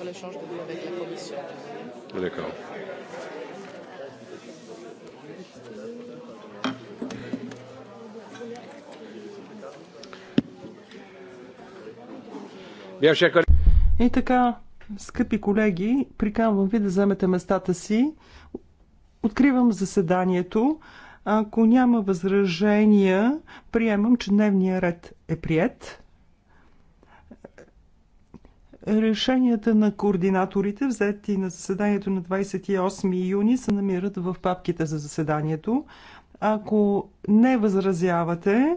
sur l'échange de vues avec la Commission. D'accord. И така, скъпи колеги, приканвам ви да вземете местата си. Откривам заседанието. Ако няма възражения, приемам, че дневния ред е прият. Решенията на координаторите, взети на заседанието на 28 юни, се намират в папките за заседанието. Ако не възразявате,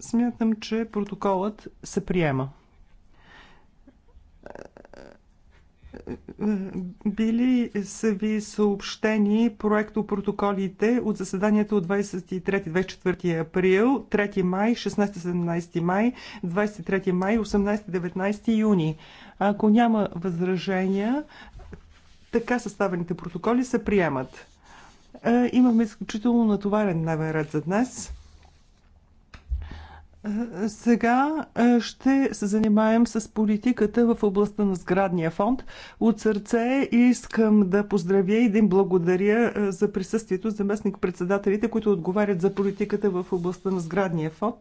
смятам, че протоколът се приема. били са ви съобщени проекто протоколите от заседанието от 23-24 април, 3 май, 16-17 май, 23 май, 18-19 юни. Ако няма възражения, така съставените протоколи се приемат. Е, имаме изключително натоварен дневен ред за днес. Сега е, ще се занимаем с политиката в областта на сградния фонд. От сърце искам да поздравя и да им благодаря е, за присъствието заместник-председателите, които отговарят за политиката в областта на сградния фонд.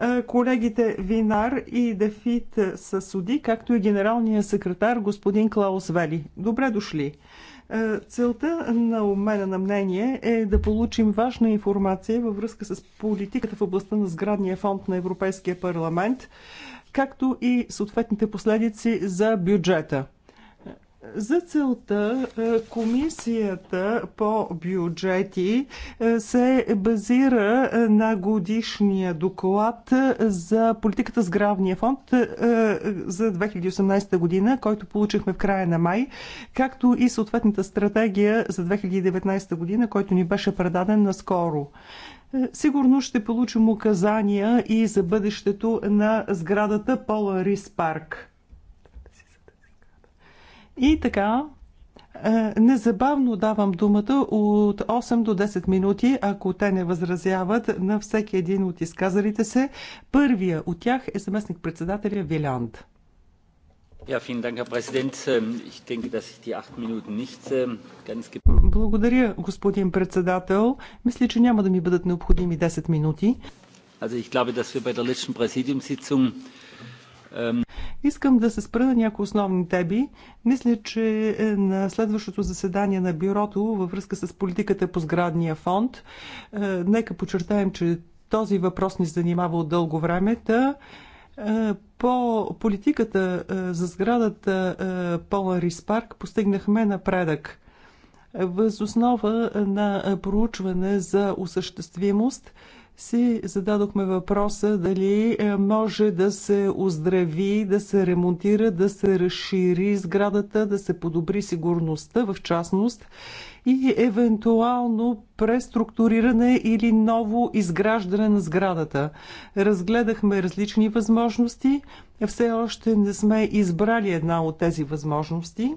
Е, колегите Винар и Дефит Сасуди, както и генералния секретар господин Клаус Вели. Добре дошли! Е, целта на обмена на мнение е да получим важна информация във връзка с политиката в областта на сградния фонд на Европейския парламент, както и съответните последици за бюджета. За целта е, комисията по бюджети е, се базира е, на годишния доклад за политиката сгравния фонд за 2018 година, който получихме в края на май, както и съответната стратегия за 2019 година, който ни беше предаден наскоро. Сигурно ще получим указания и за бъдещето на сградата Пола Рис Парк. И така, е, Незабавно давам думата от 8 до 10 минути, ако те не възразяват на всеки един от изказалите се. Първия от тях е заместник председателя Вилянд. Ähm, ähm, ganz... Благодаря, господин председател. Мисля, че няма да ми бъдат необходими 10 минути. Also ich glaube, dass wir bei der letzten Präsidiumssitzung Искам да се спра на някои основни теби. Мисля, че е, на следващото заседание на бюрото във връзка с политиката по сградния фонд, е, нека почертаем, че този въпрос ни занимава от дълго време. Та, е, по политиката за сградата Поларис Парк постигнахме напредък. Въз основа на проучване за осъществимост – си зададохме въпроса дали е, може да се оздрави, да се ремонтира, да се разшири сградата, да се подобри сигурността в частност и евентуално преструктуриране или ново изграждане на сградата. Разгледахме различни възможности. Все още не сме избрали една от тези възможности.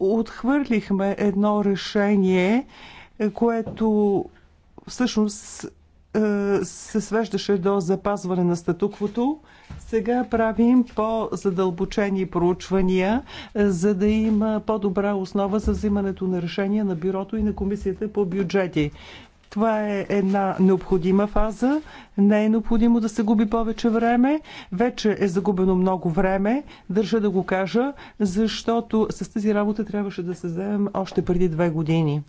Отхвърлихме едно решение, което всъщност е, се свеждаше до запазване на статуквото. Сега правим по-задълбочени проучвания, е, за да има по-добра основа за взимането на решения на бюрото и на комисията по бюджети. Това е една необходима фаза. Не е необходимо да се губи повече време. Вече е загубено много време, държа да го кажа, защото с тази работа трябваше да се вземем още преди две години.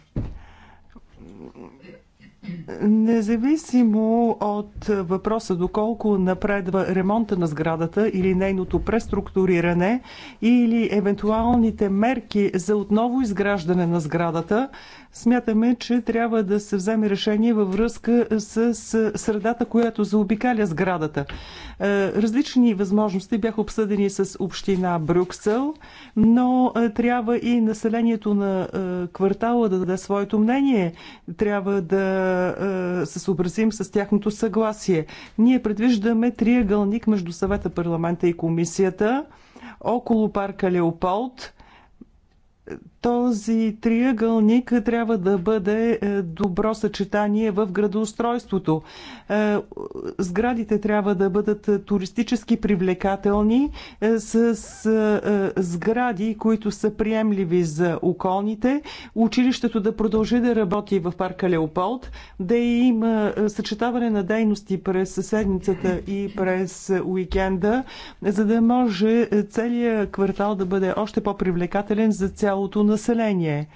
Независимо от въпроса доколко напредва ремонта на сградата или нейното преструктуриране или евентуалните мерки за отново изграждане на сградата, Смятаме, че трябва да се вземе решение във връзка с средата, която заобикаля сградата. Е, различни възможности бяха обсъдени с община Брюксел, но е, трябва и населението на е, квартала да даде своето мнение. Трябва да се съобразим с тяхното съгласие. Ние предвиждаме триъгълник между съвета, парламента и комисията около парка Леополд този триъгълник трябва да бъде е, добро съчетание в градоустройството. Е, сградите трябва да бъдат е, туристически привлекателни с сгради, които са приемливи за околните. Училището да продължи да работи в парка Леополд, да има съчетаване на дейности през седмицата и през уикенда, за да може целият квартал да бъде още по-привлекателен за цялото население.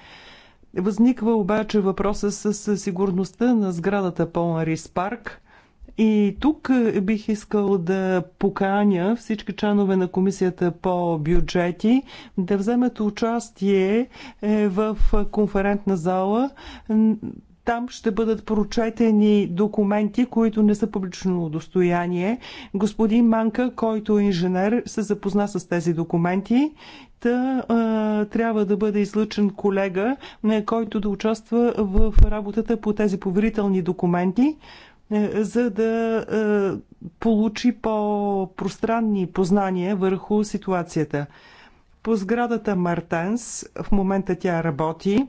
Възниква обаче въпроса с сигурността на сградата Полнарис парк. И тук бих искал да поканя всички чанове на комисията по бюджети да вземат участие е, в конферентна зала там ще бъдат прочетени документи, които не са публично достояние. Господин Манка, който е инженер, се запозна с тези документи. Та а, трябва да бъде излъчен колега, е, който да участва в работата по тези поверителни документи е, за да е, получи по-пространни познания върху ситуацията. По сградата Мартенс в момента тя работи.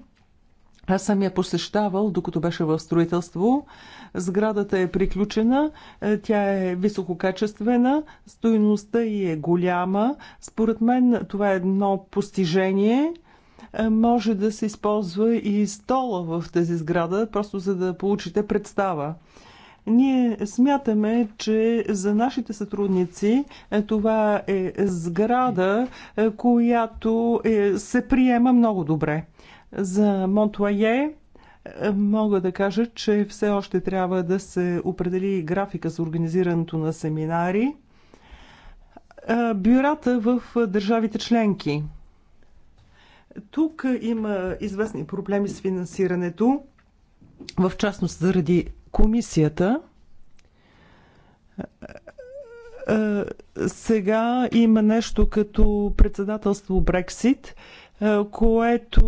Аз съм я посещавал, докато беше в строителство. Сградата е приключена, е, тя е висококачествена, стоиността й е голяма. Според мен това е едно постижение. Е, може да се използва и стола в тази сграда, просто за да получите представа. Ние смятаме, че за нашите сътрудници е, това е сграда, която се приема много добре. За Монтуае е, мога да кажа, че все още трябва да се определи графика за организирането на семинари. Е, бюрата в държавите членки. Тук има известни проблеми с финансирането, в частност заради комисията. Е, сега има нещо като председателство Брексит – е, което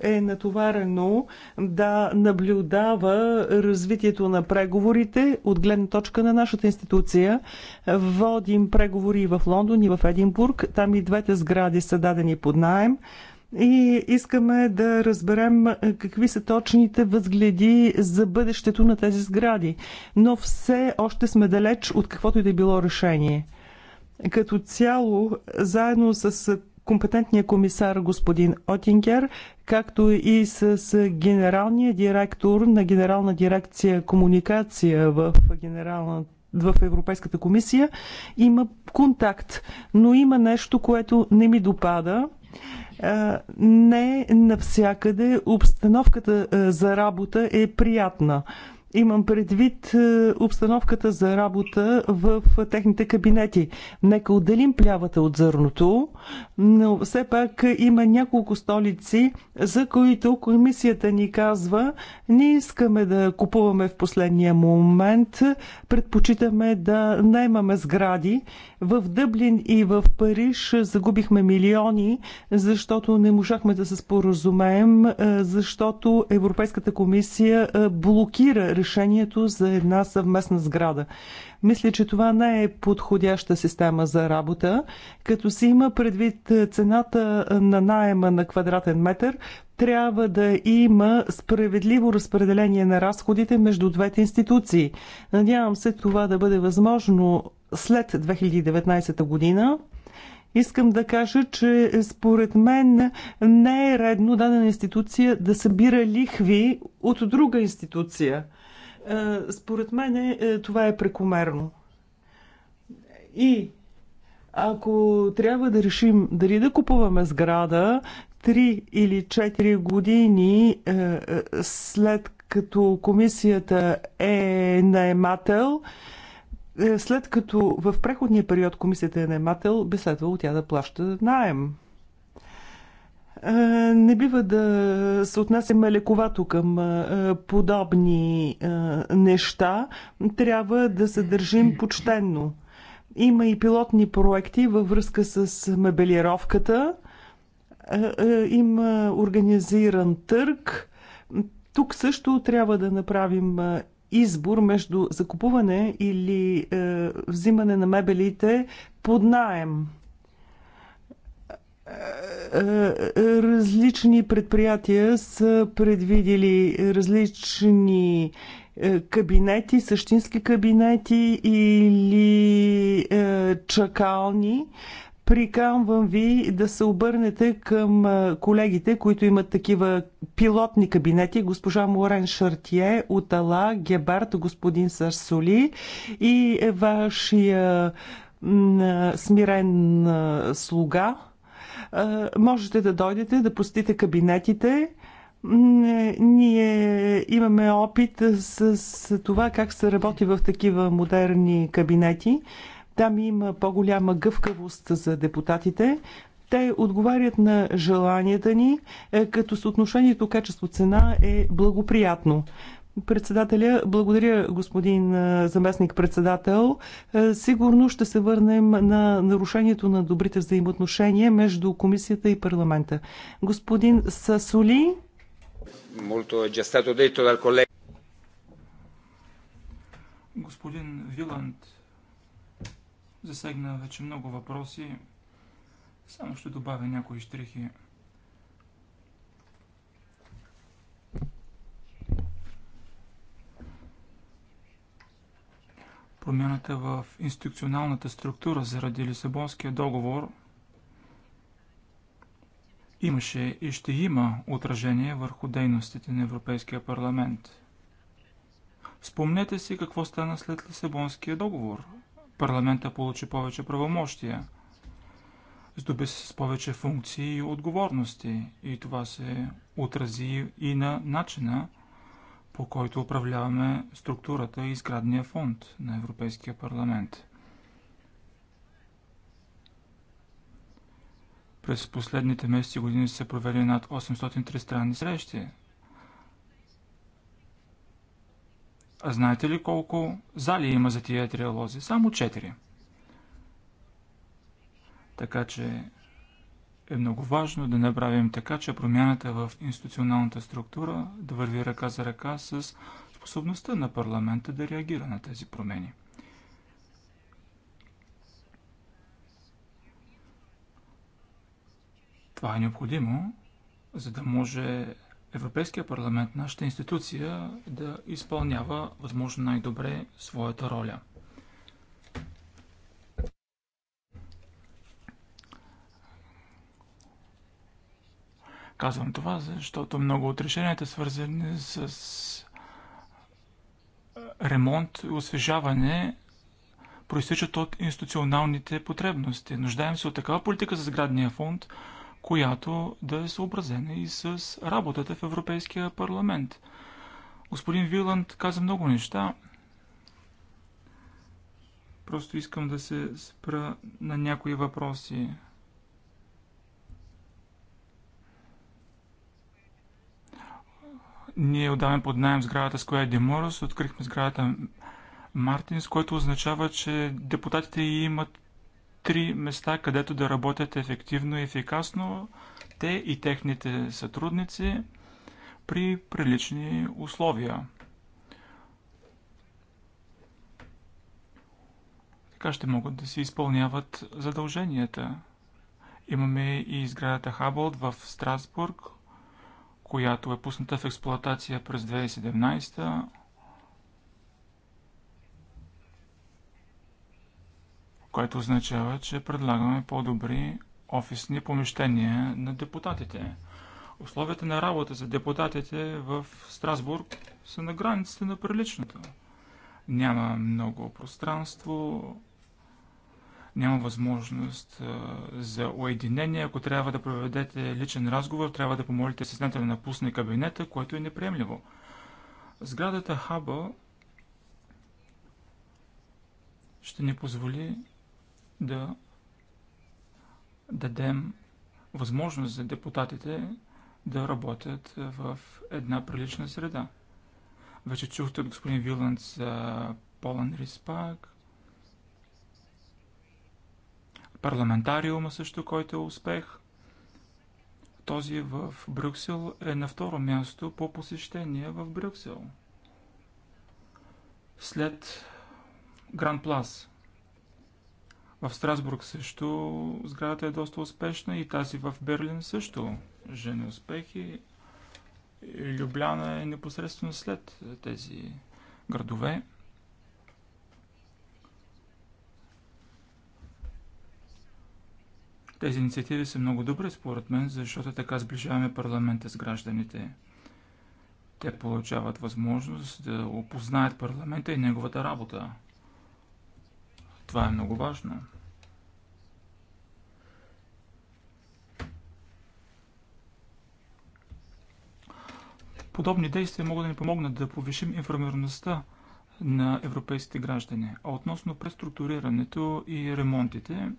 е, е натоварено да наблюдава развитието на преговорите от гледна точка на нашата институция. Водим преговори и в Лондон, и в Единбург. Там и двете сгради са дадени под найем. И искаме да разберем е, какви са точните възгледи за бъдещето на тези сгради. Но все още сме далеч от каквото и да е било решение. Като цяло, заедно с компетентния комисар господин Отингер, както и с генералния директор на Генерална дирекция комуникация в Генералната в Европейската комисия има контакт, но има нещо, което не ми допада. Не навсякъде обстановката за работа е приятна. Имам предвид е, обстановката за работа в техните кабинети. Нека отделим плявата от зърното, но все пак има няколко столици, за които комисията ни казва, не искаме да купуваме в последния момент, предпочитаме да наймаме сгради. В Дъблин и в Париж загубихме милиони, защото не можахме да се споразумеем, е, защото Европейската комисия е, блокира решението за една съвместна сграда. Мисля, че това не е подходяща система за работа. Като се има предвид е, цената е, на найема на квадратен метър, трябва да има справедливо разпределение на разходите между двете институции. Надявам се това да бъде възможно след 2019 година. Искам да кажа, че според мен не е редно дадена институция да събира лихви от друга институция. Е, според мен е, това е прекомерно. И ако трябва да решим дали да купуваме сграда 3 или 4 години е, след като комисията е наемател, след като в преходния период комисията е наемател, би следвало тя да плаща наем. Не бива да се отнасяме лековато към подобни неща. Трябва да се държим почтенно. Има и пилотни проекти във връзка с мебелировката. Има организиран търг. Тук също трябва да направим избор между закупуване или взимане на мебелите под наем. Е, е, различни предприятия са предвидели различни е, кабинети, същински кабинети или чакални. Приканвам ви да се обърнете към колегите, които имат такива пилотни кабинети. Госпожа Морен Шартие от Ала, Гебарт, господин Сарсоли и вашия смирен слуга е, можете да дойдете, да посетите кабинетите. Е, ние имаме опит с, с това как се работи в такива модерни кабинети. Там има по-голяма гъвкавост за депутатите. Те отговарят на желанията ни, е, като съотношението качество-цена е благоприятно. Председателя, благодаря господин заместник-председател. Сигурно ще се върнем на нарушението на добрите взаимоотношения между комисията и парламента. Господин Сасоли. Господин Виланд засегна вече много въпроси. Само ще добавя някои штрихи. промяната в институционалната структура заради Лисабонския договор имаше и ще има отражение върху дейностите на Европейския парламент. Спомнете си какво стана след Лисабонския договор. Парламента получи повече правомощия, здоби се с повече функции и отговорности и това се отрази и на начина, по който управляваме структурата и изградния фонд на Европейския парламент. През последните месеци години са провели над 803 странни срещи. А знаете ли колко зали има за тия триалози? Само 4. Така че е много важно да направим така, че промяната в институционалната структура да върви ръка за ръка с способността на парламента да реагира на тези промени. Това е необходимо, за да може Европейския парламент, нашата институция, да изпълнява възможно най-добре своята роля – Казвам това, защото много от решенията свързани с ремонт и освежаване проистичат от институционалните потребности. Нуждаем се от такава политика за сградния фонд, която да е съобразена и с работата в Европейския парламент. Господин Виланд каза много неща. Просто искам да се спра на някои въпроси. Ние отдаваме под найем сградата е Деморос, открихме сградата Мартинс, което означава, че депутатите имат три места, където да работят ефективно и ефикасно те и техните сътрудници при прилични условия. Така ще могат да си изпълняват задълженията. Имаме и сградата Хабълт в Страсбург, която е пусната в експлоатация през 2017 което означава, че предлагаме по-добри офисни помещения на депутатите. Условията на работа за депутатите в Страсбург са на границата на приличното. Няма много пространство, няма възможност за уединение. Ако трябва да проведете личен разговор, трябва да помолите асистента да напусне кабинета, което е неприемливо. Сградата Хаба ще ни позволи да дадем възможност за депутатите да работят в една прилична среда. Вече чухте от господин Виланд за Полан Риспак, Парламентариума също, който е успех. Този е в Брюксел е на второ място по посещение в Брюксел. След Гранд Плас. В Страсбург също сградата е доста успешна и тази в Берлин също. Жени успехи. Любляна е непосредствено след тези градове. Тези инициативи са много добри според мен, защото така сближаваме парламента с гражданите. Те получават възможност да опознаят парламента и неговата работа. Това е много важно. Подобни действия могат да ни помогнат да повишим информираността на европейските граждани. А относно преструктурирането и ремонтите,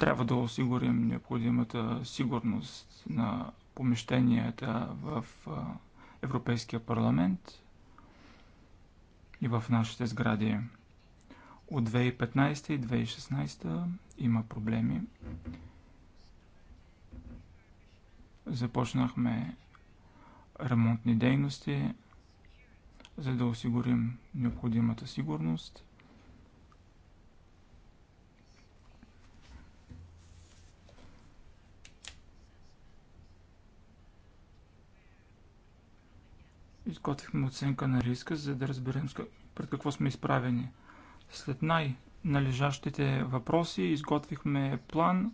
Трябва да осигурим необходимата сигурност на помещенията в Европейския парламент и в нашите сгради. От 2015 и 2016 има проблеми. Започнахме ремонтни дейности, за да осигурим необходимата сигурност. Изготвихме оценка на риска, за да разберем пред какво сме изправени. След най-належащите въпроси изготвихме план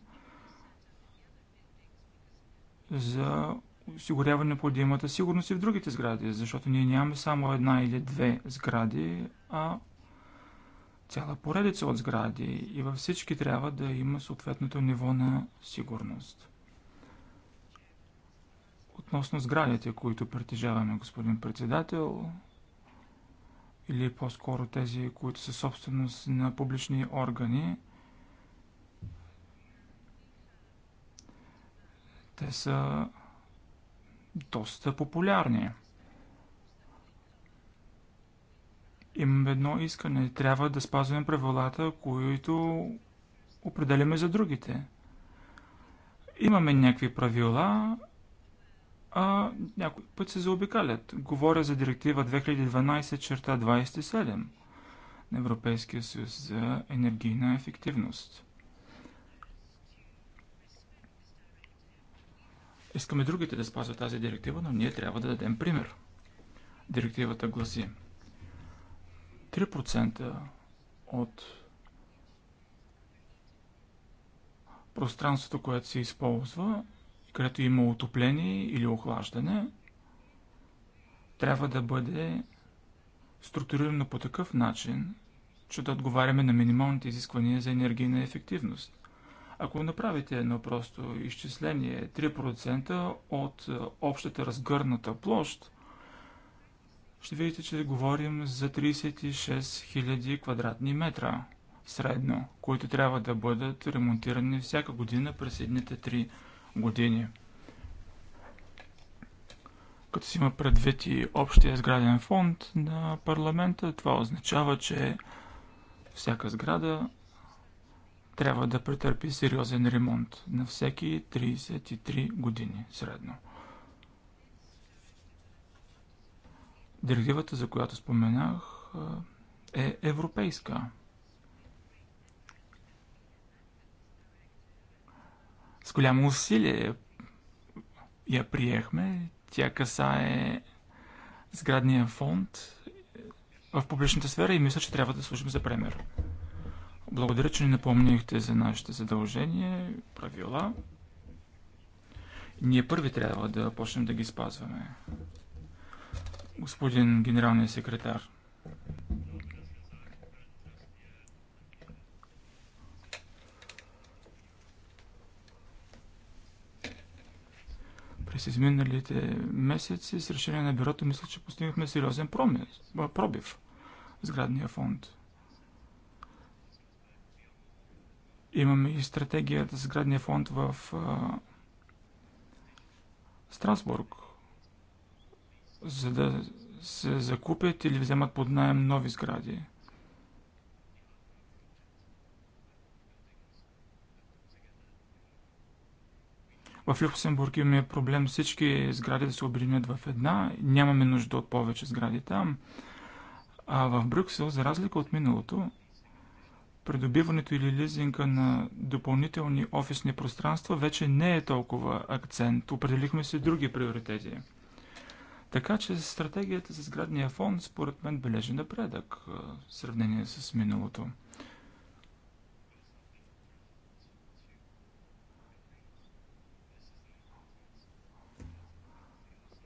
за осигуряване на подимата сигурност и в другите сгради, защото ние нямаме само една или две сгради, а цяла поредица от сгради и във всички трябва да има съответното ниво на сигурност. Относно сградите, които притежаваме, господин председател, или по-скоро тези, които са собственост на публични органи, те са доста популярни. Имам едно искане. Трябва да спазваме правилата, които определяме за другите. Имаме някакви правила, а някой път се заобикалят. Говоря за директива 2012 черта 27 на Европейския съюз за енергийна ефективност. Искаме другите да спазват тази директива, но ние трябва да дадем пример. Директивата гласи 3% от пространството, което се използва, където има отопление или охлаждане, трябва да бъде структурирано по такъв начин, че да отговаряме на минималните изисквания за енергийна ефективност. Ако направите едно просто изчисление 3% от е, общата разгърната площ, ще видите, че говорим за 36 000 квадратни метра средно, които трябва да бъдат ремонтирани всяка година през едните 3 години. Като си има предвид и общия сграден фонд на парламента, това означава, че всяка сграда трябва да претърпи сериозен ремонт на всеки 33 години средно. Директивата, за която споменах, е европейска. С голямо усилие я приехме. Тя касае сградния фонд в публичната сфера и мисля, че трябва да служим за пример. Благодаря, че ни напомнихте за нашите задължения, правила. Ние първи трябва да почнем да ги спазваме. Господин генералния секретар. През изминалите месеци с решение на бюрото мисля, че постигнахме сериозен пробив в сградния фонд. Имаме и стратегията за сградния фонд в а, Страсбург, за да се закупят или вземат под найем нови сгради – В Люксембург имаме проблем всички сгради да се обединят в една. Нямаме нужда от повече сгради там. А в Брюксел, за разлика от миналото, придобиването или лизинга на допълнителни офисни пространства вече не е толкова акцент. Определихме се други приоритети. Така че стратегията за сградния фонд според мен бележи напредък в сравнение с миналото.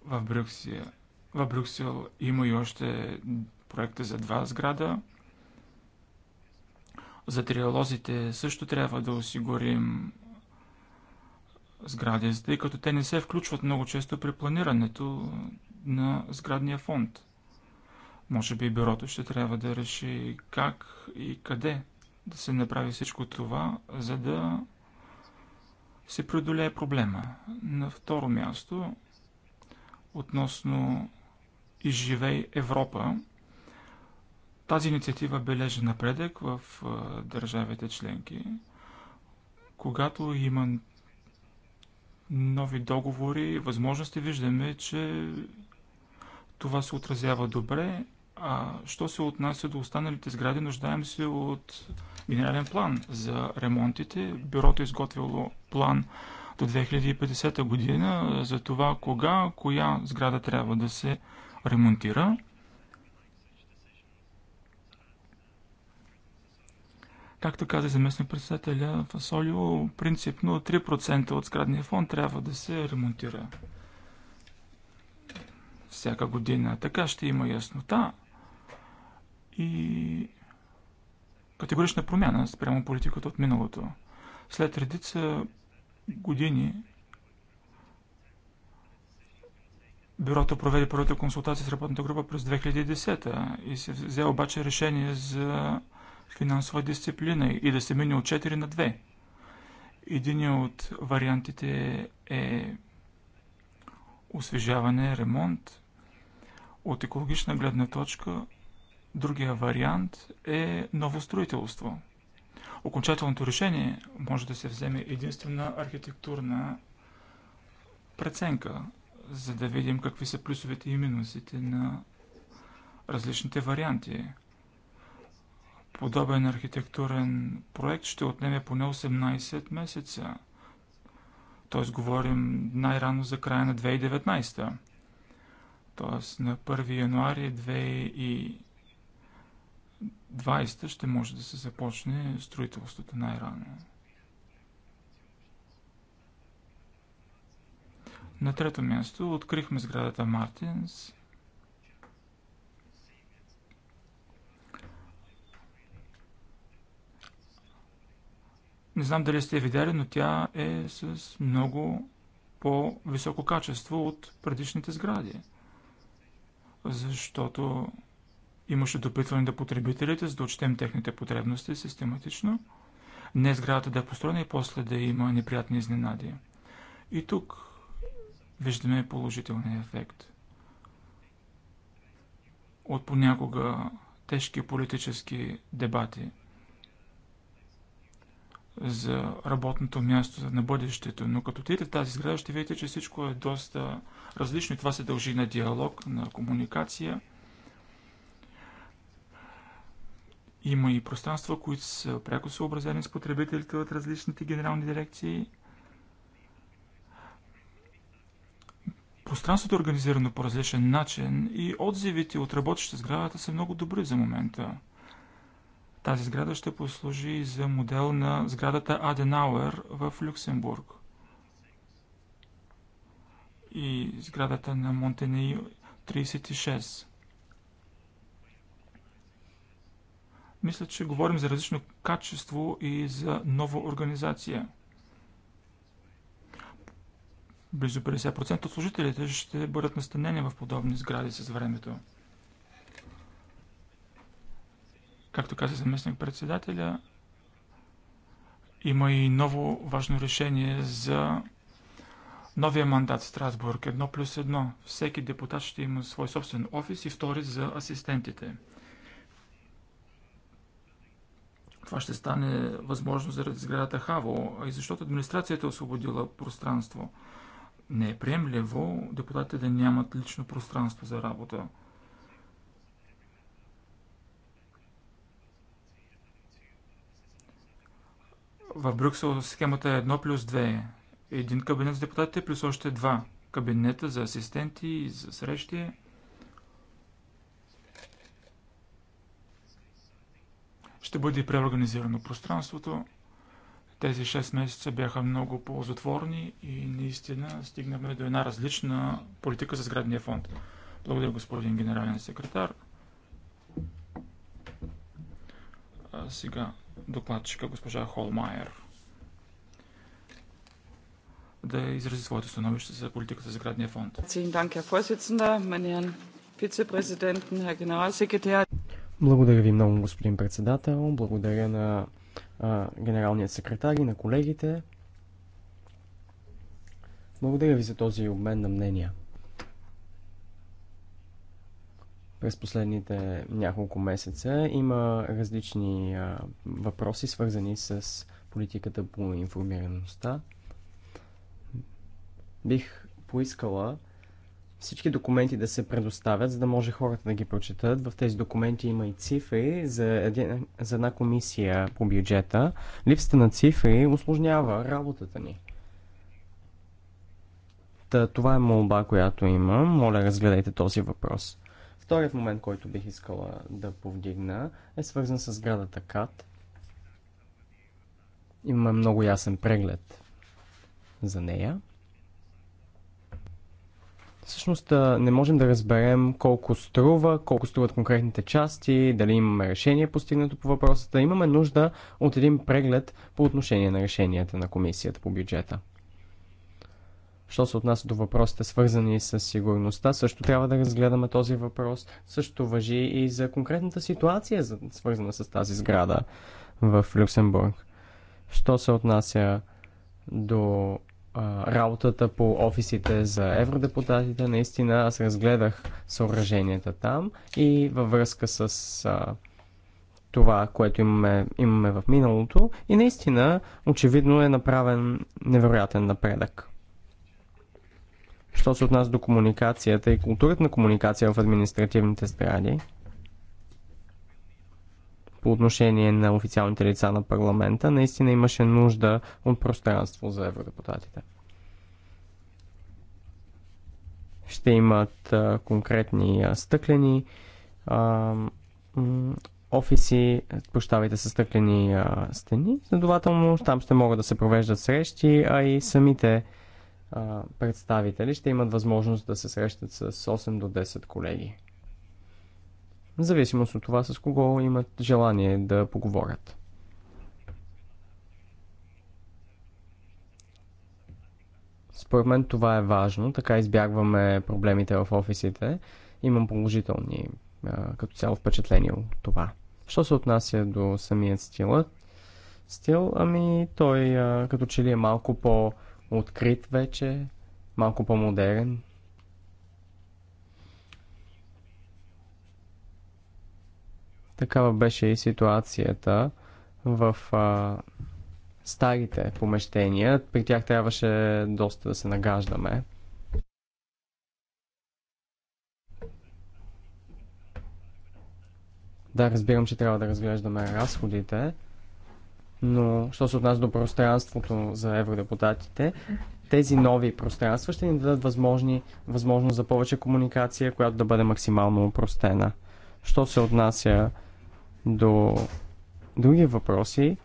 в Брюксел. В Брюксел има и още проекта за два сграда. За триалозите също трябва да осигурим сгради, тъй като те не се включват много често при планирането на сградния фонд. Може би бюрото ще трябва да реши как и къде да се направи всичко това, за да се преодолее проблема. На второ място относно Изживей Европа. Тази инициатива бележи напредък в държавите членки. Когато има нови договори и възможности, виждаме, че това се отразява добре. А що се отнася до останалите сгради, нуждаем се от генерален план за ремонтите. Бюрото е изготвило план до 2050 година за това кога, коя сграда трябва да се ремонтира. Както каза заместник председателя Фасолио, принципно 3% от сградния фонд трябва да се ремонтира всяка година. Така ще има яснота и категорична промяна спрямо политиката от миналото. След редица години Бюрото проведе първата консултация с работната група през 2010 и се взе обаче решение за финансова дисциплина и да се мине от 4 на 2. Един от вариантите е освежаване, ремонт. От екологична гледна точка, другия вариант е ново строителство – Окончателното решение може да се вземе единствена архитектурна преценка, за да видим какви са плюсовете и минусите на различните варианти. Подобен архитектурен проект ще отнеме поне 18 месеца. Т.е. говорим най-рано за края на 2019. Т.е. на 1 януари 2020 ще може да се започне строителството най-рано. На трето място открихме сградата Мартинс. Не знам дали сте видяли, но тя е с много по-високо качество от предишните сгради. Защото Имаше допитване до потребителите, за да отчетем техните потребности систематично. Не сградата да е построена и после да има неприятни изненади. И тук виждаме положителния ефект. От понякога тежки политически дебати за работното място на бъдещето, но като отидете в тази сграда ще видите, че всичко е доста различно и това се дължи на диалог, на комуникация Има и пространства, които са пряко съобразени с потребителите от различните генерални дирекции. Пространството е организирано по различен начин и отзивите от работещите сградата са много добри за момента. Тази сграда ще послужи за модел на сградата Аденауер в Люксембург и сградата на Монтени 36. Мисля, че говорим за различно качество и за нова организация. Близо 50% от служителите ще бъдат настанени в подобни сгради с времето. Както каза заместник председателя, има и ново важно решение за новия мандат в Страсбург. Едно плюс едно. Всеки депутат ще има свой собствен офис и втори за асистентите. Това ще стане възможно заради сградата Хаво, и защото администрацията е освободила пространство. Не е приемливо депутатите да нямат лично пространство за работа. В Брюксел схемата е 1 плюс 2. Един кабинет с депутатите плюс още два кабинета за асистенти и за срещи. ще бъде преорганизирано пространството. Тези 6 месеца бяха много ползотворни и наистина стигнахме до една различна политика за сградния фонд. Благодаря, господин генерален секретар. А сега докладчика госпожа Холмайер да изрази своето становище за политиката за сградния фонд. Благодаря ви много, господин председател. Благодаря на а, генералният секретар и на колегите. Благодаря ви за този обмен на мнения. През последните няколко месеца има различни а, въпроси, свързани с политиката по информираността. Бих поискала всички документи да се предоставят, за да може хората да ги прочетат. В тези документи има и цифри за, един, за една комисия по бюджета. Липсата на цифри осложнява работата ни. Та, това е молба, която имам. Моля, разгледайте този въпрос. Вторият момент, който бих искала да повдигна, е свързан с сградата КАТ. Имаме много ясен преглед за нея всъщност не можем да разберем колко струва, колко струват конкретните части, дали имаме решение постигнато по въпросата. Имаме нужда от един преглед по отношение на решенията на комисията по бюджета. Що се отнася до въпросите, свързани с сигурността, също трябва да разгледаме този въпрос. Също въжи и за конкретната ситуация, свързана с тази сграда в Люксембург. Що се отнася до работата по офисите за евродепутатите. Наистина аз разгледах съоръженията там и във връзка с а, това, което имаме, имаме в миналото. И наистина, очевидно е направен невероятен напредък. Що се отнася до комуникацията и културата на комуникация в административните сгради, по отношение на официалните лица на парламента, наистина имаше нужда от пространство за евродепутатите. Ще имат а, конкретни а, стъклени а, офиси, площавите с стъклени а, стени. Следователно, там ще могат да се провеждат срещи, а и самите а, представители ще имат възможност да се срещат с 8 до 10 колеги в зависимост от това с кого имат желание да поговорят. Според мен това е важно, така избягваме проблемите в офисите. Имам положителни като цяло впечатление от това. Що се отнася до самият стилът? Стил, ами той като че ли е малко по-открит вече, малко по-модерен, Такава беше и ситуацията в а, старите помещения. При тях трябваше доста да се нагаждаме. Да, разбирам, че трябва да разглеждаме разходите, но що се отнася до пространството за евродепутатите, тези нови пространства ще ни дадат възможни, възможност за повече комуникация, която да бъде максимално упростена. Що се отнася до други въпроси,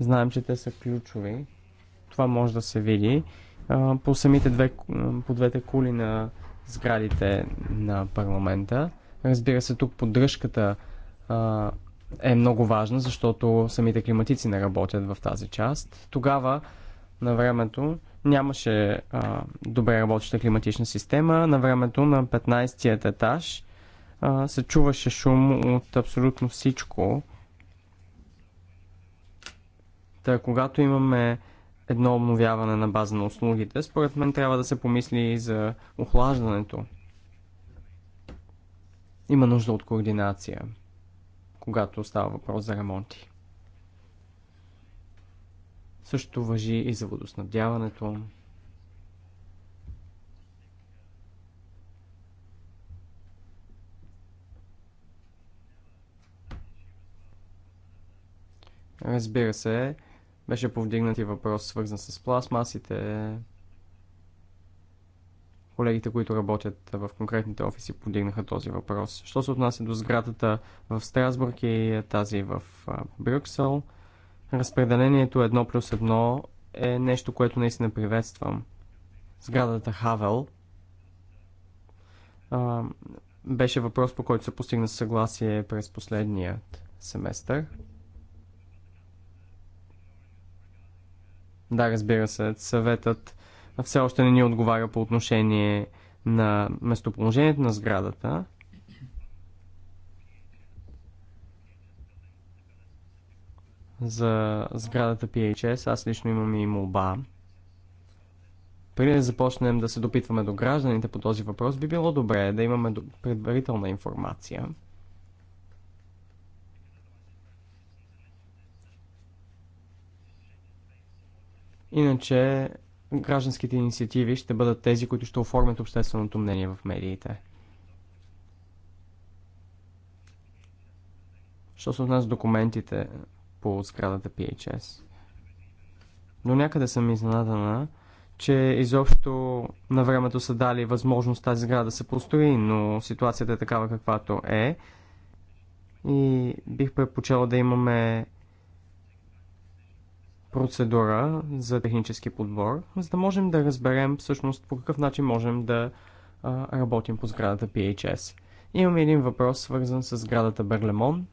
знаем, че те са ключови. Това може да се види по самите две, по двете кули на сградите на парламента. Разбира се, тук поддръжката а, е много важна, защото самите климатици не работят в тази част. Тогава, на времето, нямаше а, добре работеща климатична система. На времето на 15-тият етаж а, се чуваше шум от абсолютно всичко. Та, когато имаме едно обновяване на база на услугите, според мен трябва да се помисли и за охлаждането. Има нужда от координация, когато става въпрос за ремонти. Същото въжи и за водоснабдяването. Разбира се, беше повдигнат и въпрос, свързан с пластмасите. Колегите, които работят в конкретните офиси, повдигнаха този въпрос. Що се отнася до сградата в Страсбург и тази в Брюксел, разпределението 1 плюс 1 е нещо, което наистина приветствам. Сградата Хавел беше въпрос, по който се постигна съгласие през последният семестър. Да, разбира се, съветът все още не ни отговаря по отношение на местоположението на сградата. За сградата PHS аз лично имам и молба. Преди да започнем да се допитваме до гражданите по този въпрос, би било добре да имаме предварителна информация – Иначе гражданските инициативи ще бъдат тези, които ще оформят общественото мнение в медиите. Що се отнася документите по сградата PHS? До някъде съм изненадана, че изобщо на времето са дали възможност тази сграда да се построи, но ситуацията е такава каквато е. И бих предпочела да имаме процедура за технически подбор, за да можем да разберем всъщност по какъв начин можем да а, работим по сградата PHS. Имаме един въпрос, свързан с сградата Берлемон,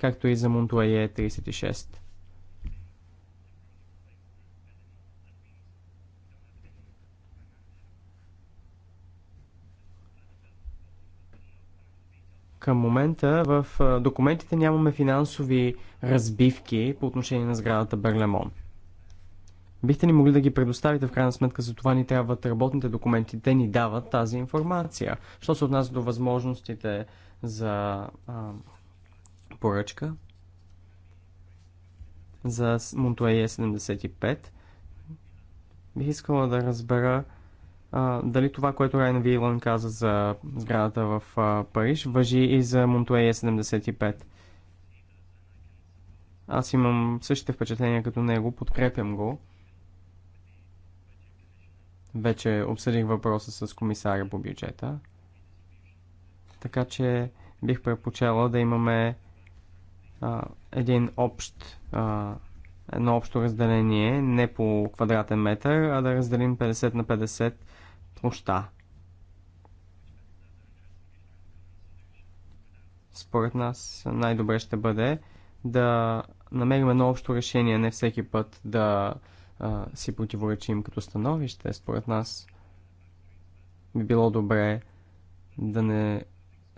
както и за Монтуае 36. Към момента в документите нямаме финансови разбивки по отношение на сградата Берлемон. Бихте ни могли да ги предоставите, в крайна сметка за това ни трябват работните документи, те ни дават тази информация. Що се отнася до възможностите за а, поръчка, за Монтуея 75, е бих искала да разбера а, дали това, което Райан Вилан каза за сградата в а, Париж, въжи и за Монтуея 75. Е Аз имам същите впечатления като него, подкрепям го. Вече обсъдих въпроса с комисаря по бюджета. Така че бих предпочела да имаме а, един общ, а, едно общо разделение, не по квадратен метър, а да разделим 50 на 50 Обща. Според нас най-добре ще бъде да намерим едно общо решение, не всеки път да а, си противоречим като становище. Според нас би било добре да не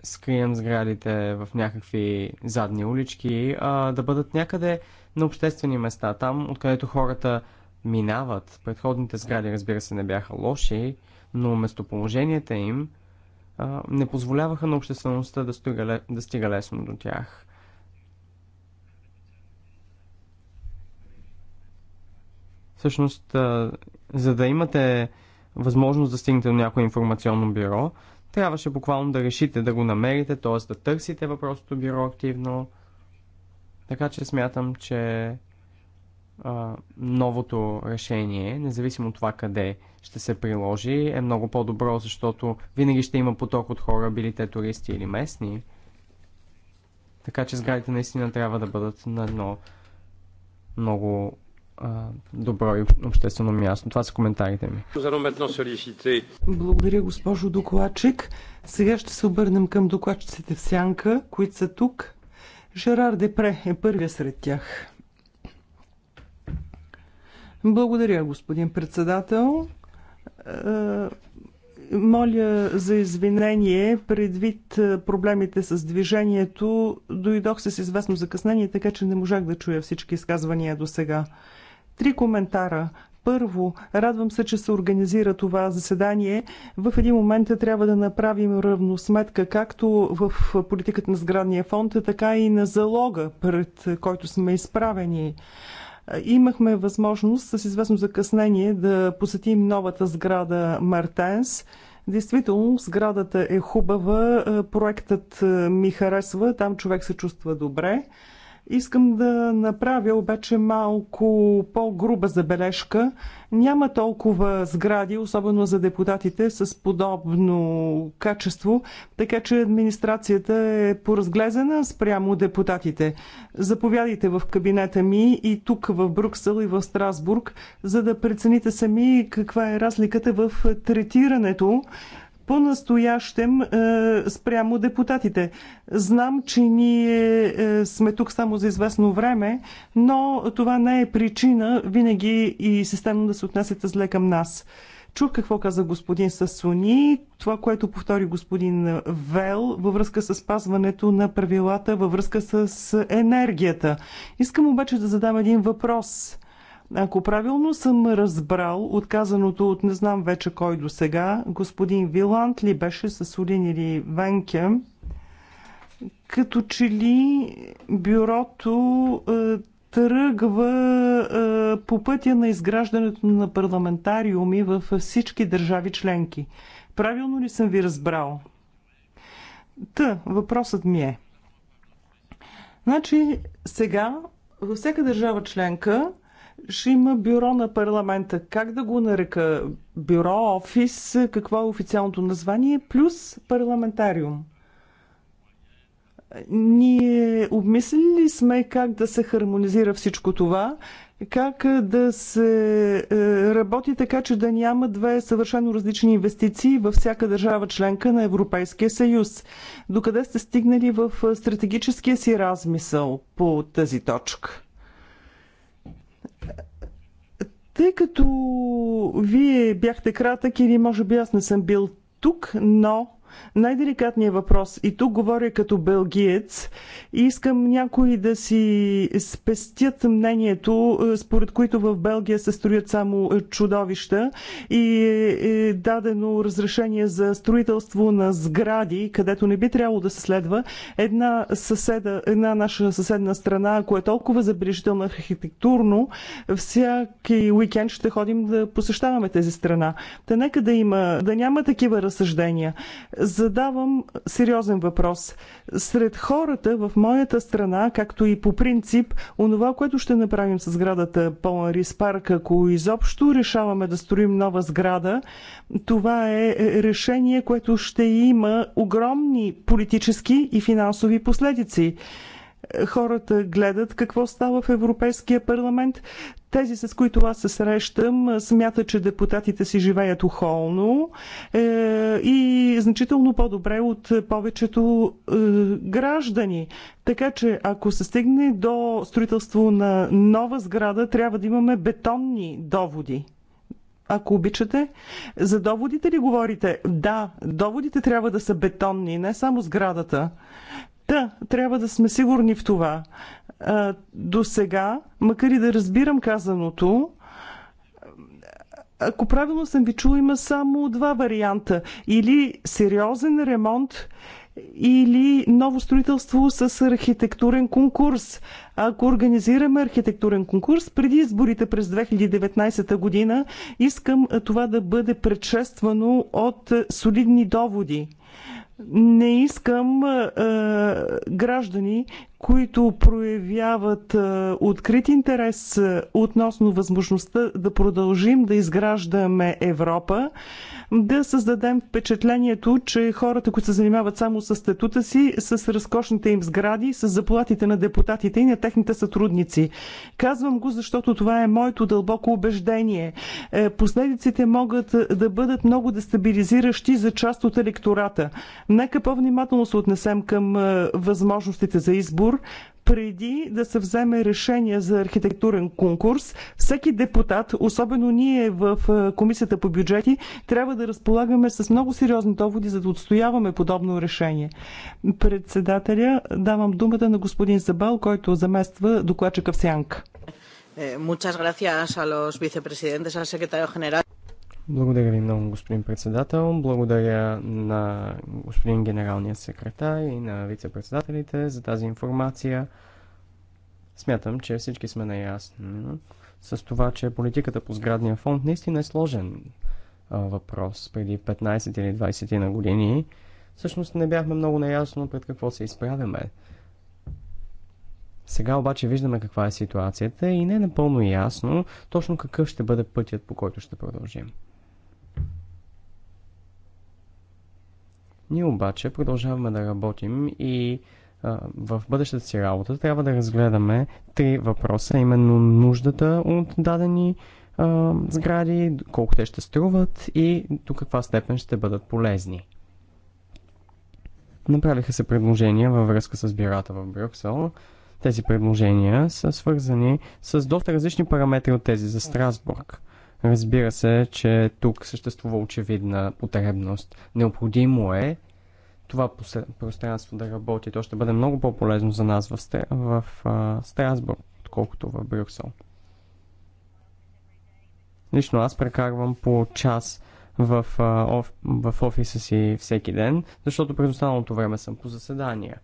скрием сградите в някакви задни улички, а да бъдат някъде на обществени места, там откъдето хората минават. Предходните сгради, разбира се, не бяха лоши, но местоположенията им а, не позволяваха на обществеността да стига, да стига лесно до тях. Всъщност, а, за да имате възможност да стигнете до някое информационно бюро, трябваше буквално да решите да го намерите, т.е. да търсите въпросното бюро активно. Така че смятам, че новото решение, независимо от това къде ще се приложи, е много по-добро, защото винаги ще има поток от хора, били те туристи или местни. Така че сградите наистина трябва да бъдат на едно много а, добро и обществено място. Това са коментарите ми. Благодаря, госпожо докладчик. Сега ще се обърнем към докладчиците в Сянка, които са тук. Жерар Депре е първия сред тях. Благодаря, господин председател. Е, моля за извинение, предвид е, проблемите с движението, дойдох с известно закъснение, така че не можах да чуя всички изказвания до сега. Три коментара. Първо, радвам се, че се организира това заседание. В един момент трябва да направим равносметка както в политиката на сградния фонд, така и на залога, пред който сме изправени. Имахме възможност с известно закъснение да посетим новата сграда Мартенс. Действително, сградата е хубава, проектът ми харесва, там човек се чувства добре. Искам да направя обаче малко по-груба забележка. Няма толкова сгради, особено за депутатите, с подобно качество, така че администрацията е поразглезена спрямо депутатите. Заповядайте в кабинета ми и тук в Брюксел и в Страсбург, за да прецените сами каква е разликата в третирането по-настоящем е, спрямо депутатите. Знам, че ние е, сме тук само за известно време, но това не е причина винаги и системно да се отнасяте зле към нас. Чух какво каза господин Сасуни, това, което повтори господин Вел във връзка с спазването на правилата във връзка с енергията. Искам обаче да задам един въпрос. Ако правилно съм разбрал отказаното от не знам вече кой до сега, господин Виланд ли беше с Сулин или Венке, като че ли бюрото е, тръгва е, по пътя на изграждането на парламентариуми във всички държави членки. Правилно ли съм ви разбрал? Та, въпросът ми е. Значи, сега във всяка държава членка ще има бюро на парламента. Как да го нарека? Бюро, офис, какво е официалното название, плюс парламентариум. Ние обмислили сме как да се хармонизира всичко това, как да се е, работи така, че да няма две съвършено различни инвестиции във всяка държава членка на Европейския съюз. Докъде сте стигнали в е, стратегическия си размисъл по тази точка? Тъй като вие бяхте кратък или може би аз не съм бил тук, но най-деликатният въпрос, и тук говоря като белгиец, и искам някои да си спестят мнението, е, според които в Белгия се строят само е, чудовища и е, е дадено разрешение за строителство на сгради, където не би трябвало да се следва една, съседа, една наша съседна страна, ако е толкова забележителна архитектурно, всяки уикенд ще ходим да посещаваме тези страна. Та нека да има, да няма такива разсъждения задавам сериозен въпрос. Сред хората в моята страна, както и по принцип, онова, което ще направим с сградата Рис парк, ако изобщо решаваме да строим нова сграда, това е решение, което ще има огромни политически и финансови последици. Хората гледат какво става в Европейския парламент. Тези, с които аз се срещам, смятат, че депутатите си живеят ухолно е, и значително по-добре от повечето е, граждани. Така че, ако се стигне до строителство на нова сграда, трябва да имаме бетонни доводи ако обичате. За доводите ли говорите? Да, доводите трябва да са бетонни, не само сградата. Та, трябва да сме сигурни в това. До сега, макар и да разбирам казаното, ако правилно съм ви чула, има само два варианта. Или сериозен ремонт, или ново строителство с архитектурен конкурс. Ако организираме архитектурен конкурс преди изборите през 2019 година, искам това да бъде предшествано от солидни доводи не искам а, граждани, които проявяват открит интерес относно възможността да продължим да изграждаме Европа, да създадем впечатлението, че хората, които се занимават само с статута си, с разкошните им сгради, с заплатите на депутатите и на техните сътрудници. Казвам го, защото това е моето дълбоко убеждение. Е, последиците могат да бъдат много дестабилизиращи за част от електората. Нека по-внимателно се отнесем към възможностите за избор, избор, преди да се вземе решение за архитектурен конкурс, всеки депутат, особено ние в е, Комисията по бюджети, трябва да разполагаме с много сериозни доводи, за да отстояваме подобно решение. Председателя, давам думата на господин Забал, който замества докладчика в Сянка. Muchas gracias a los vicepresidentes, al secretario general. Благодаря ви много, господин председател. Благодаря на господин генералния секретар и на вице-председателите за тази информация. Смятам, че всички сме наясни с това, че политиката по сградния фонд наистина е сложен а, въпрос. Преди 15 или 20 на години всъщност не бяхме много наясно пред какво се изправяме. Сега обаче виждаме каква е ситуацията и не е напълно ясно точно какъв ще бъде пътят, по който ще продължим. Ние обаче продължаваме да работим и в бъдещата си работа трябва да разгледаме три въпроса, именно нуждата от дадени а, сгради, колко те ще струват и до каква степен ще бъдат полезни. Направиха се предложения във връзка с бюрата в Брюксел. Тези предложения са свързани с доста различни параметри от тези за Страсбург – Разбира се, че тук съществува очевидна потребност. Необходимо е това пространство да работи. То ще бъде много по-полезно за нас в, Стр... в а, Страсбург, отколкото в Брюксел. Лично аз прекарвам по час в, а, оф... в офиса си всеки ден, защото през останалото време съм по заседания.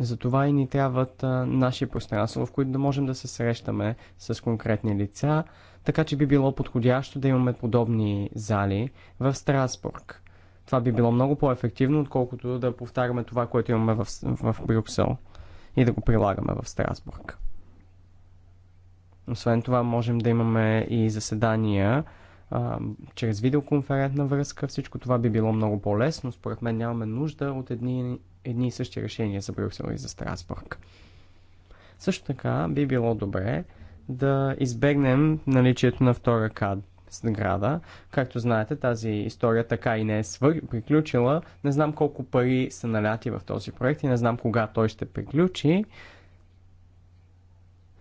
Затова и ни трябват а, наши пространства, в които да можем да се срещаме с конкретни лица, така че би било подходящо да имаме подобни зали в Страсбург. Това би било много по-ефективно, отколкото да повтаряме това, което имаме в, в Брюксел и да го прилагаме в Страсбург. Освен това, можем да имаме и заседания а, чрез видеоконферентна връзка. Всичко това би било много по-лесно. Според мен нямаме нужда от едни едни и същи решения за Брюксел и за Страсбург. Също така би било добре да избегнем наличието на втора кад сграда. Както знаете, тази история така и не е свър... приключила. Не знам колко пари са наляти в този проект и не знам кога той ще приключи.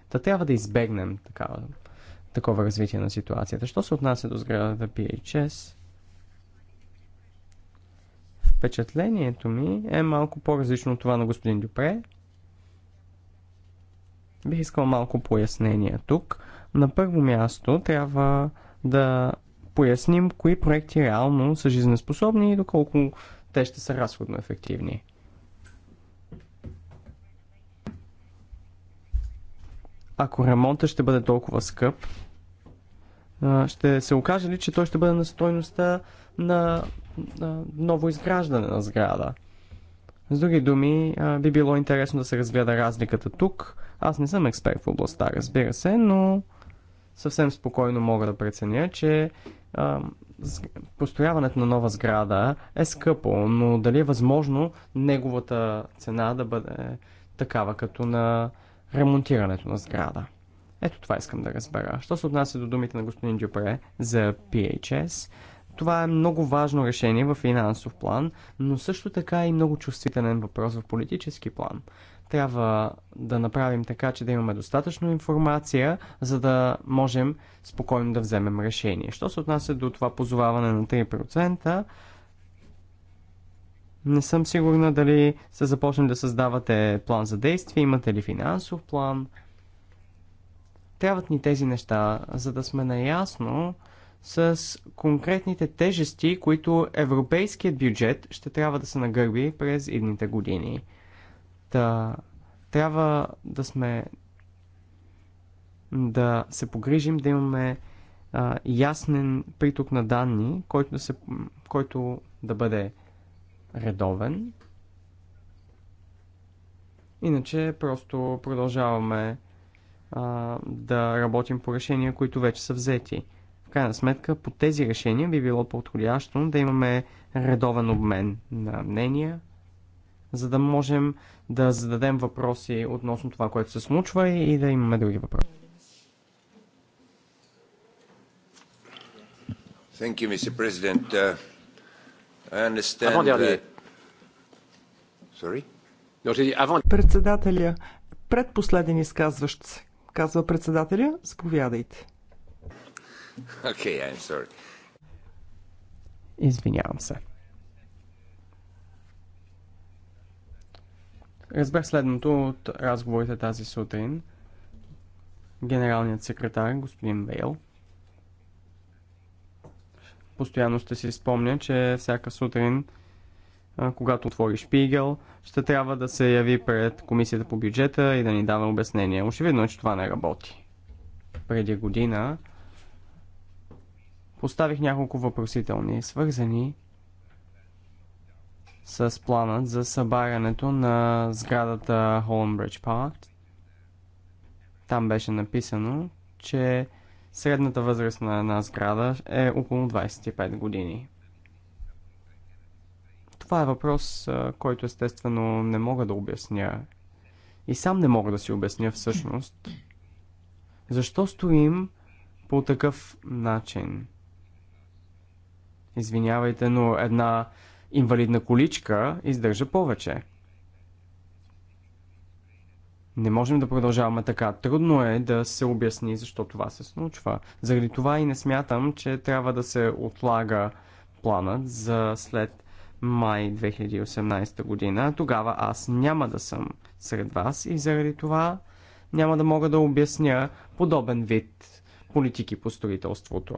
Та трябва да избегнем такава, такова развитие на ситуацията. Що се отнася до сградата PHS? Впечатлението ми е малко по-различно от това на господин Дюпре. Бих искал малко пояснение тук. На първо място трябва да поясним кои проекти реално са жизнеспособни и доколко те ще са разходно ефективни. Ако ремонта ще бъде толкова скъп, ще се окаже ли, че той ще бъде на стойността на ново изграждане на сграда. С други думи, би било интересно да се разгледа разликата тук. Аз не съм експерт в областта, разбира се, но съвсем спокойно мога да преценя, че а, построяването на нова сграда е скъпо, но дали е възможно неговата цена да бъде такава като на ремонтирането на сграда. Ето това искам да разбера. Що се отнася до думите на господин Дюпре за PHS, това е много важно решение в финансов план, но също така е и много чувствителен въпрос в политически план. Трябва да направим така, че да имаме достатъчно информация, за да можем спокойно да вземем решение. Що се отнася до това позоваване на 3%, не съм сигурна дали се започне да създавате план за действие, имате ли финансов план. Трябват ни тези неща, за да сме наясно, с конкретните тежести, които европейският бюджет ще трябва да се нагърби през идните години. Та, трябва да сме да се погрижим да имаме а, ясен приток на данни, който да, се, който да бъде редовен. Иначе просто продължаваме а, да работим по решения, които вече са взети. В крайна сметка, по тези решения би било подходящо да имаме редовен обмен на мнения, за да можем да зададем въпроси относно това, което се случва и да имаме други въпроси. Thank you, Mr. President. Uh, I understand that... Председателя, предпоследен изказващ се, казва председателя, заповядайте. Okay, I'm sorry. Извинявам се. Разбрах следното от разговорите тази сутрин. Генералният секретар, господин Вейл, постоянно ще си спомня, че всяка сутрин, когато отвори Шпигел, ще трябва да се яви пред комисията по бюджета и да ни дава обяснение. Очевидно е, че това не работи. Преди година Поставих няколко въпросителни, свързани с планът за събарянето на сградата Holmbridge Park. Там беше написано, че средната възраст на една сграда е около 25 години. Това е въпрос, който естествено не мога да обясня. И сам не мога да си обясня всъщност. Защо стоим по такъв начин? Извинявайте, но една инвалидна количка издържа повече. Не можем да продължаваме така. Трудно е да се обясни защо това се случва. Заради това и не смятам, че трябва да се отлага планът за след май 2018 година. Тогава аз няма да съм сред вас и заради това няма да мога да обясня подобен вид политики по строителството.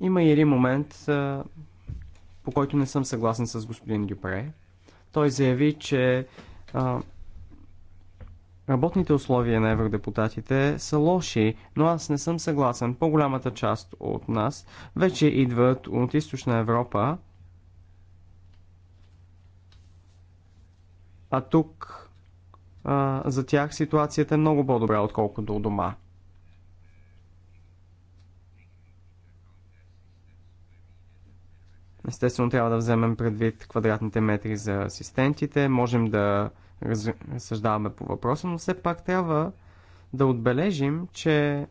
Има и един момент, по който не съм съгласен с господин Дюпре. Той заяви, че Работните условия на евродепутатите са лоши, но аз не съм съгласен. По-голямата част от нас вече идват от източна Европа, а тук а, за тях ситуацията е много по-добра, отколкото у дома. Естествено, трябва да вземем предвид квадратните метри за асистентите. Можем да разсъждаваме по въпроса, но все пак трябва да отбележим, че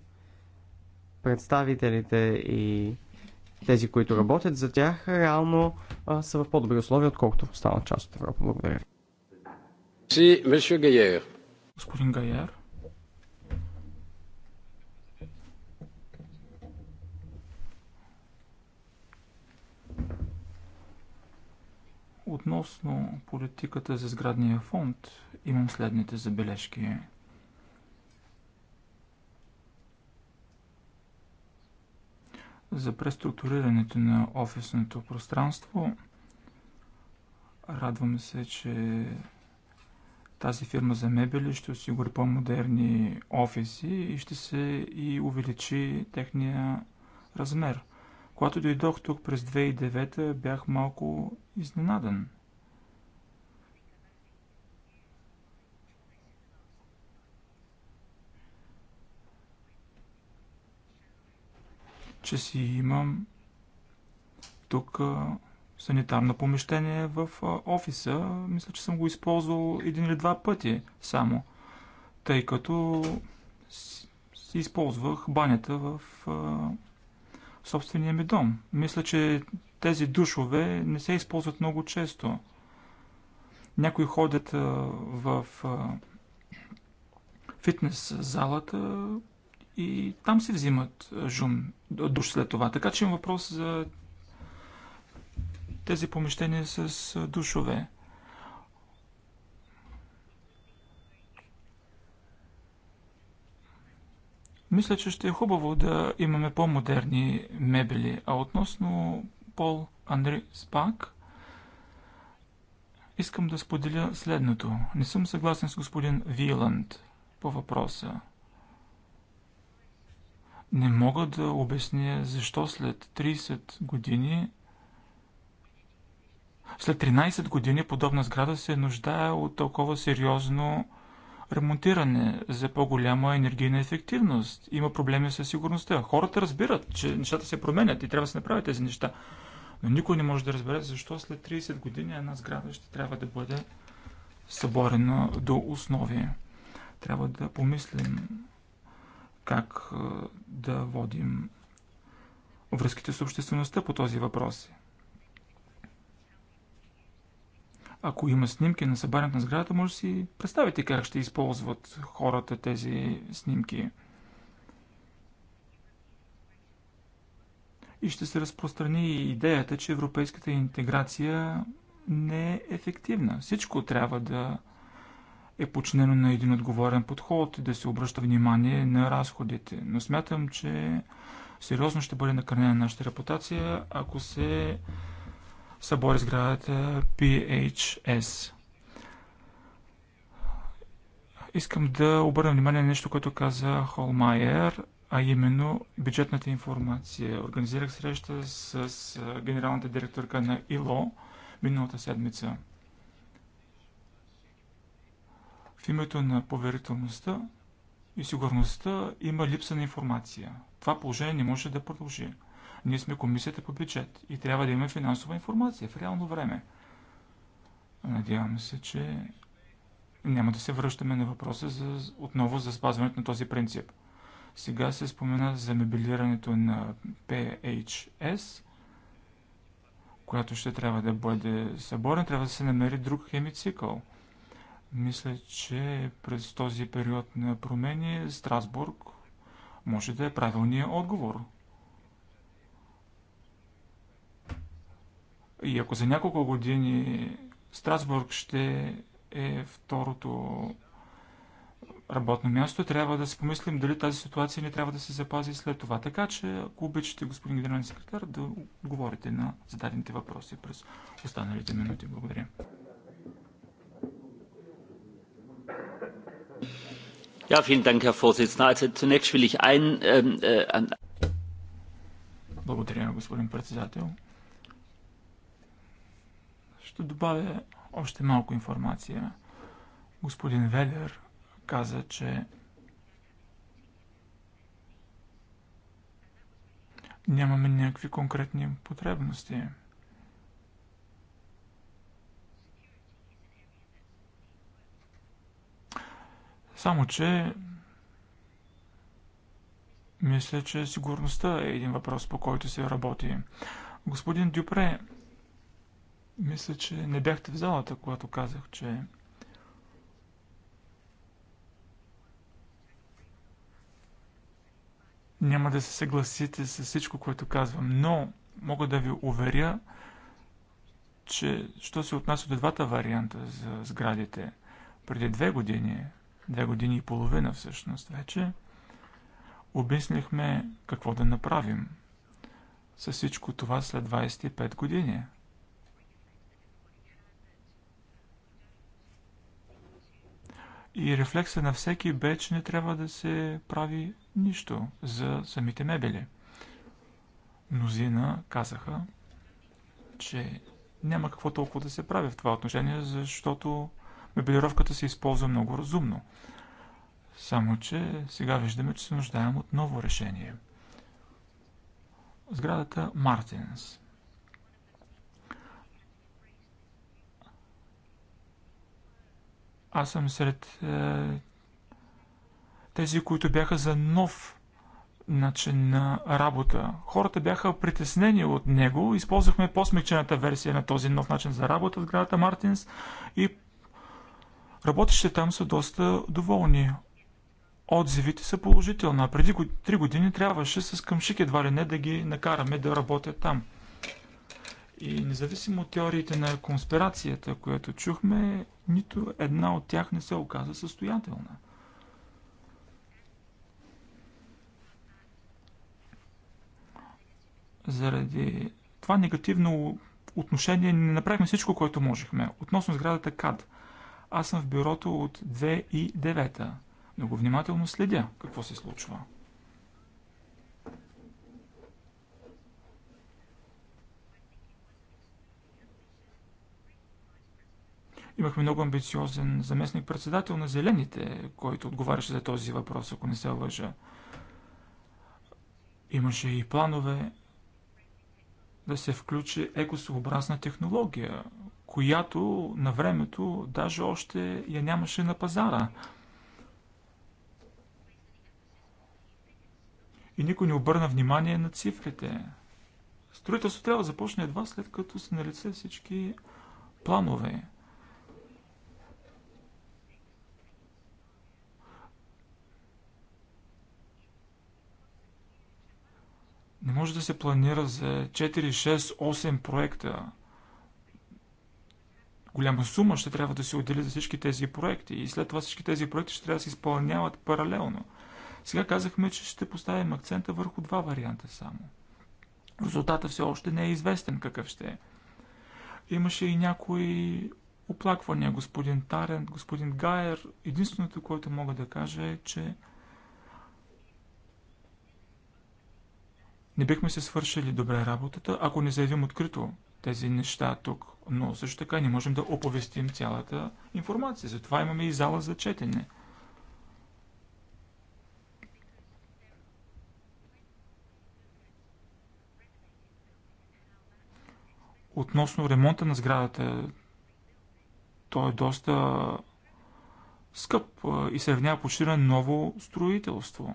представителите и тези, които работят за тях, реално а, са в по-добри условия, отколкото в останалата част от Европа. Благодаря. Господин Гайер. Относно политиката за сградния фонд имам следните забележки. За преструктурирането на офисното пространство радвам се, че тази фирма за мебели ще осигури по-модерни офиси и ще се и увеличи техния размер – когато дойдох тук през 2009, бях малко изненадан. че си имам тук санитарно помещение в офиса. Мисля, че съм го използвал един или два пъти само, тъй като си използвах банята в собствения ми дом. Мисля, че тези душове не се използват много често. Някои ходят в фитнес залата и там си взимат жум, душ след това. Така че има въпрос за тези помещения с душове. Мисля, че ще е хубаво да имаме по-модерни мебели. А относно Пол Андри Спак, искам да споделя следното. Не съм съгласен с господин Виланд по въпроса. Не мога да обясня защо след 30 години след 13 години подобна сграда се нуждае от толкова сериозно ремонтиране за по-голяма енергийна ефективност. Има проблеми със сигурността. Хората разбират, че нещата се променят и трябва да се направят тези неща. Но никой не може да разбере защо след 30 години една сграда ще трябва да бъде съборена до основи. Трябва да помислим как да водим връзките с обществеността по този въпрос. Ако има снимки на събарянето на сградата, може да си представите как ще използват хората тези снимки. И ще се разпространи идеята, че европейската интеграция не е ефективна. Всичко трябва да е починено на един отговорен подход и да се обръща внимание на разходите. Но смятам, че сериозно ще бъде накърнена нашата репутация, ако се събори сградата BHS. Искам да обърна внимание на нещо, което каза Холмайер, а именно бюджетната информация. Организирах среща с, с генералната директорка на ИЛО миналата седмица. В името на поверителността и сигурността има липса на информация. Това положение не може да продължи. Ние сме комисията по бюджет и трябва да имаме финансова информация в реално време. Надявам се, че няма да се връщаме на въпроса за, отново за спазването на този принцип. Сега се спомена за мебелирането на PHS, която ще трябва да бъде съборен, трябва да се намери друг хемицикъл. Мисля, че през този период на промени Страсбург може да е правилният отговор. И ако за няколко години Страсбург ще е второто работно място, трябва да си помислим дали тази ситуация не трябва да се запази след това. Така че, ако обичате, господин генерален секретар, да говорите на зададените въпроси през останалите минути. Благодаря. Ja, vielen Dank, Herr Vorsitzender. Also zunächst will ich ein... Ähm, äh, Благодаря, господин председател. Ще добавя още малко информация. Господин Велер каза, че нямаме някакви конкретни потребности. Само, че мисля, че сигурността е един въпрос, по който се работи. Господин Дюпре мисля, че не бяхте в залата, когато казах, че няма да се съгласите с всичко, което казвам, но мога да ви уверя, че що се отнася до двата варианта за сградите, преди две години, две години и половина всъщност вече, обяснихме какво да направим с всичко това след 25 години – И рефлекса на всеки бе, че не трябва да се прави нищо за самите мебели. Мнозина казаха, че няма какво толкова да се прави в това отношение, защото мебелировката се използва много разумно. Само, че сега виждаме, че се нуждаем от ново решение. Сградата Мартинс – Аз съм сред е, тези, които бяха за нов начин на работа. Хората бяха притеснени от него. Използвахме по-смекчената версия на този нов начин за работа в градата Мартинс и работещите там са доста доволни. Отзивите са положителни. Преди 3 години трябваше с къмшик едва ли не да ги накараме да работят там. И независимо от теориите на конспирацията, която чухме, нито една от тях не се оказа състоятелна. Заради това негативно отношение не направихме всичко, което можехме. Относно сградата КАД. Аз съм в бюрото от 2009. Много внимателно следя какво се случва. Имахме много амбициозен заместник-председател на Зелените, който отговаряше за този въпрос, ако не се лъжа. Имаше и планове да се включи екосъобразна технология, която на времето даже още я нямаше на пазара. И никой не обърна внимание на цифрите. Строителството трябва да започне едва след като са налице всички планове. Не може да се планира за 4, 6, 8 проекта. Голяма сума ще трябва да се отдели за всички тези проекти и след това всички тези проекти ще трябва да се изпълняват паралелно. Сега казахме, че ще поставим акцента върху два варианта само. Резултата все още не е известен какъв ще е. Имаше и някои оплаквания, господин Тарен, господин Гайер. Единственото, което мога да кажа е, че Не бихме се свършили добре работата, ако не заявим открито тези неща тук. Но също така не можем да оповестим цялата информация. Затова имаме и зала за четене. Относно ремонта на сградата, той е доста скъп и се равнява почти на ново строителство.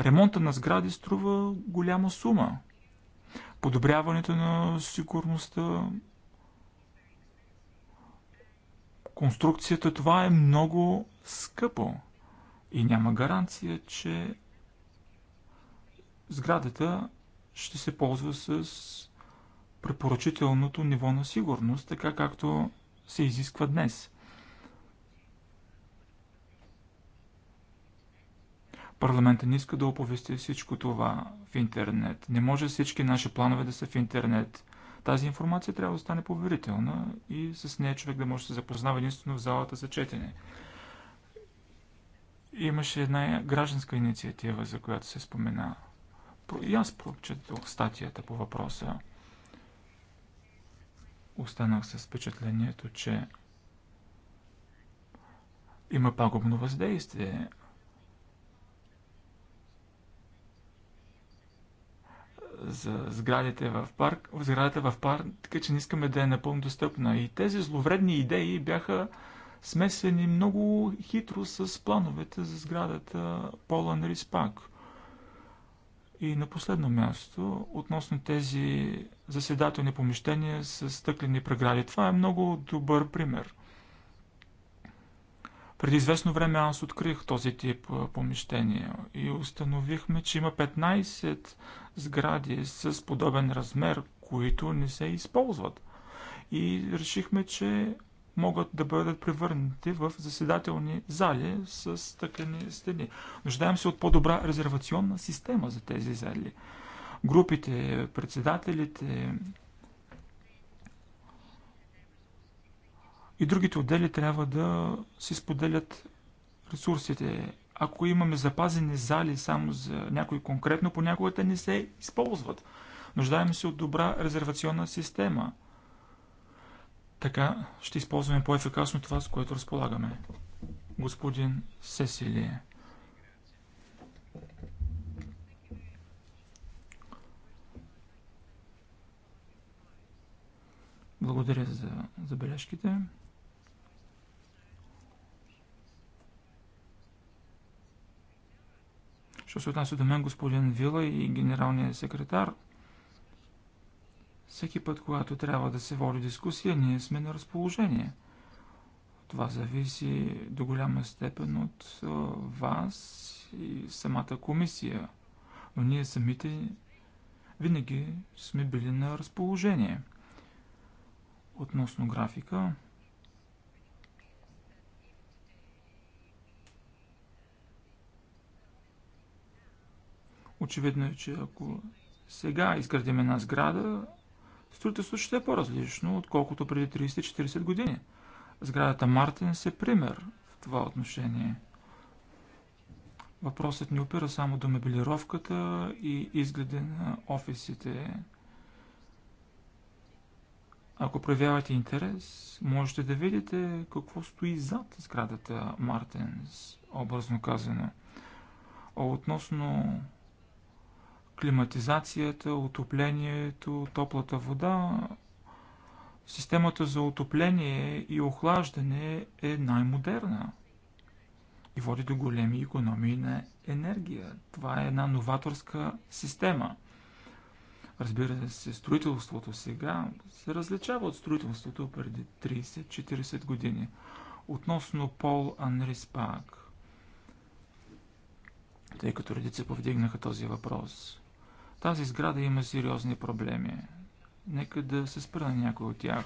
Ремонта на сгради струва голяма сума. Подобряването на сигурността, конструкцията, това е много скъпо и няма гаранция, че сградата ще се ползва с препоръчителното ниво на сигурност, така както се изисква днес. Парламента не иска да оповести всичко това в интернет. Не може всички наши планове да са в интернет. Тази информация трябва да стане поверителна и с нея човек да може да се запознава единствено в залата за четене. Имаше една гражданска инициатива, за която се спомена. И аз прочетох статията по въпроса. Останах с впечатлението, че има пагубно въздействие, за сградите в парк, в сградата в парк, така че не искаме да е напълно достъпна. И тези зловредни идеи бяха смесени много хитро с плановете за сградата Полан Риспак. И на последно място, относно тези заседателни помещения с стъклени прегради. Това е много добър пример. Преди известно време аз открих този тип помещение и установихме, че има 15 сгради с подобен размер, които не се използват. И решихме, че могат да бъдат превърнати в заседателни зали с стъклени стени. Нуждаем се от по-добра резервационна система за тези зали. Групите, председателите, и другите отдели трябва да си споделят ресурсите. Ако имаме запазени зали само за някой конкретно, понякога те не се използват. Нуждаем се от добра резервационна система. Така ще използваме по-ефикасно това, с което разполагаме. Господин Сесилие. Благодаря за забележките. Що се отнася до мен, господин Вила и генералния секретар, всеки път, когато трябва да се води дискусия, ние сме на разположение. Това зависи до голяма степен от вас и самата комисия, но ние самите винаги сме били на разположение. Относно графика, Очевидно е, че ако сега изградим една сграда, строителството ще е по-различно, отколкото преди 30-40 години. Сградата Мартин е пример в това отношение. Въпросът ни опира само до мебелировката и изгледа на офисите. Ако проявявате интерес, можете да видите какво стои зад сградата Мартинс, образно казано. А относно климатизацията, отоплението, топлата вода. Системата за отопление и охлаждане е най-модерна и води до големи економии на енергия. Това е една новаторска система. Разбира се, строителството сега се различава от строителството преди 30-40 години. Относно Пол Анрис Пак, тъй като редица повдигнаха този въпрос. Тази сграда има сериозни проблеми. Нека да се спра на някой от тях.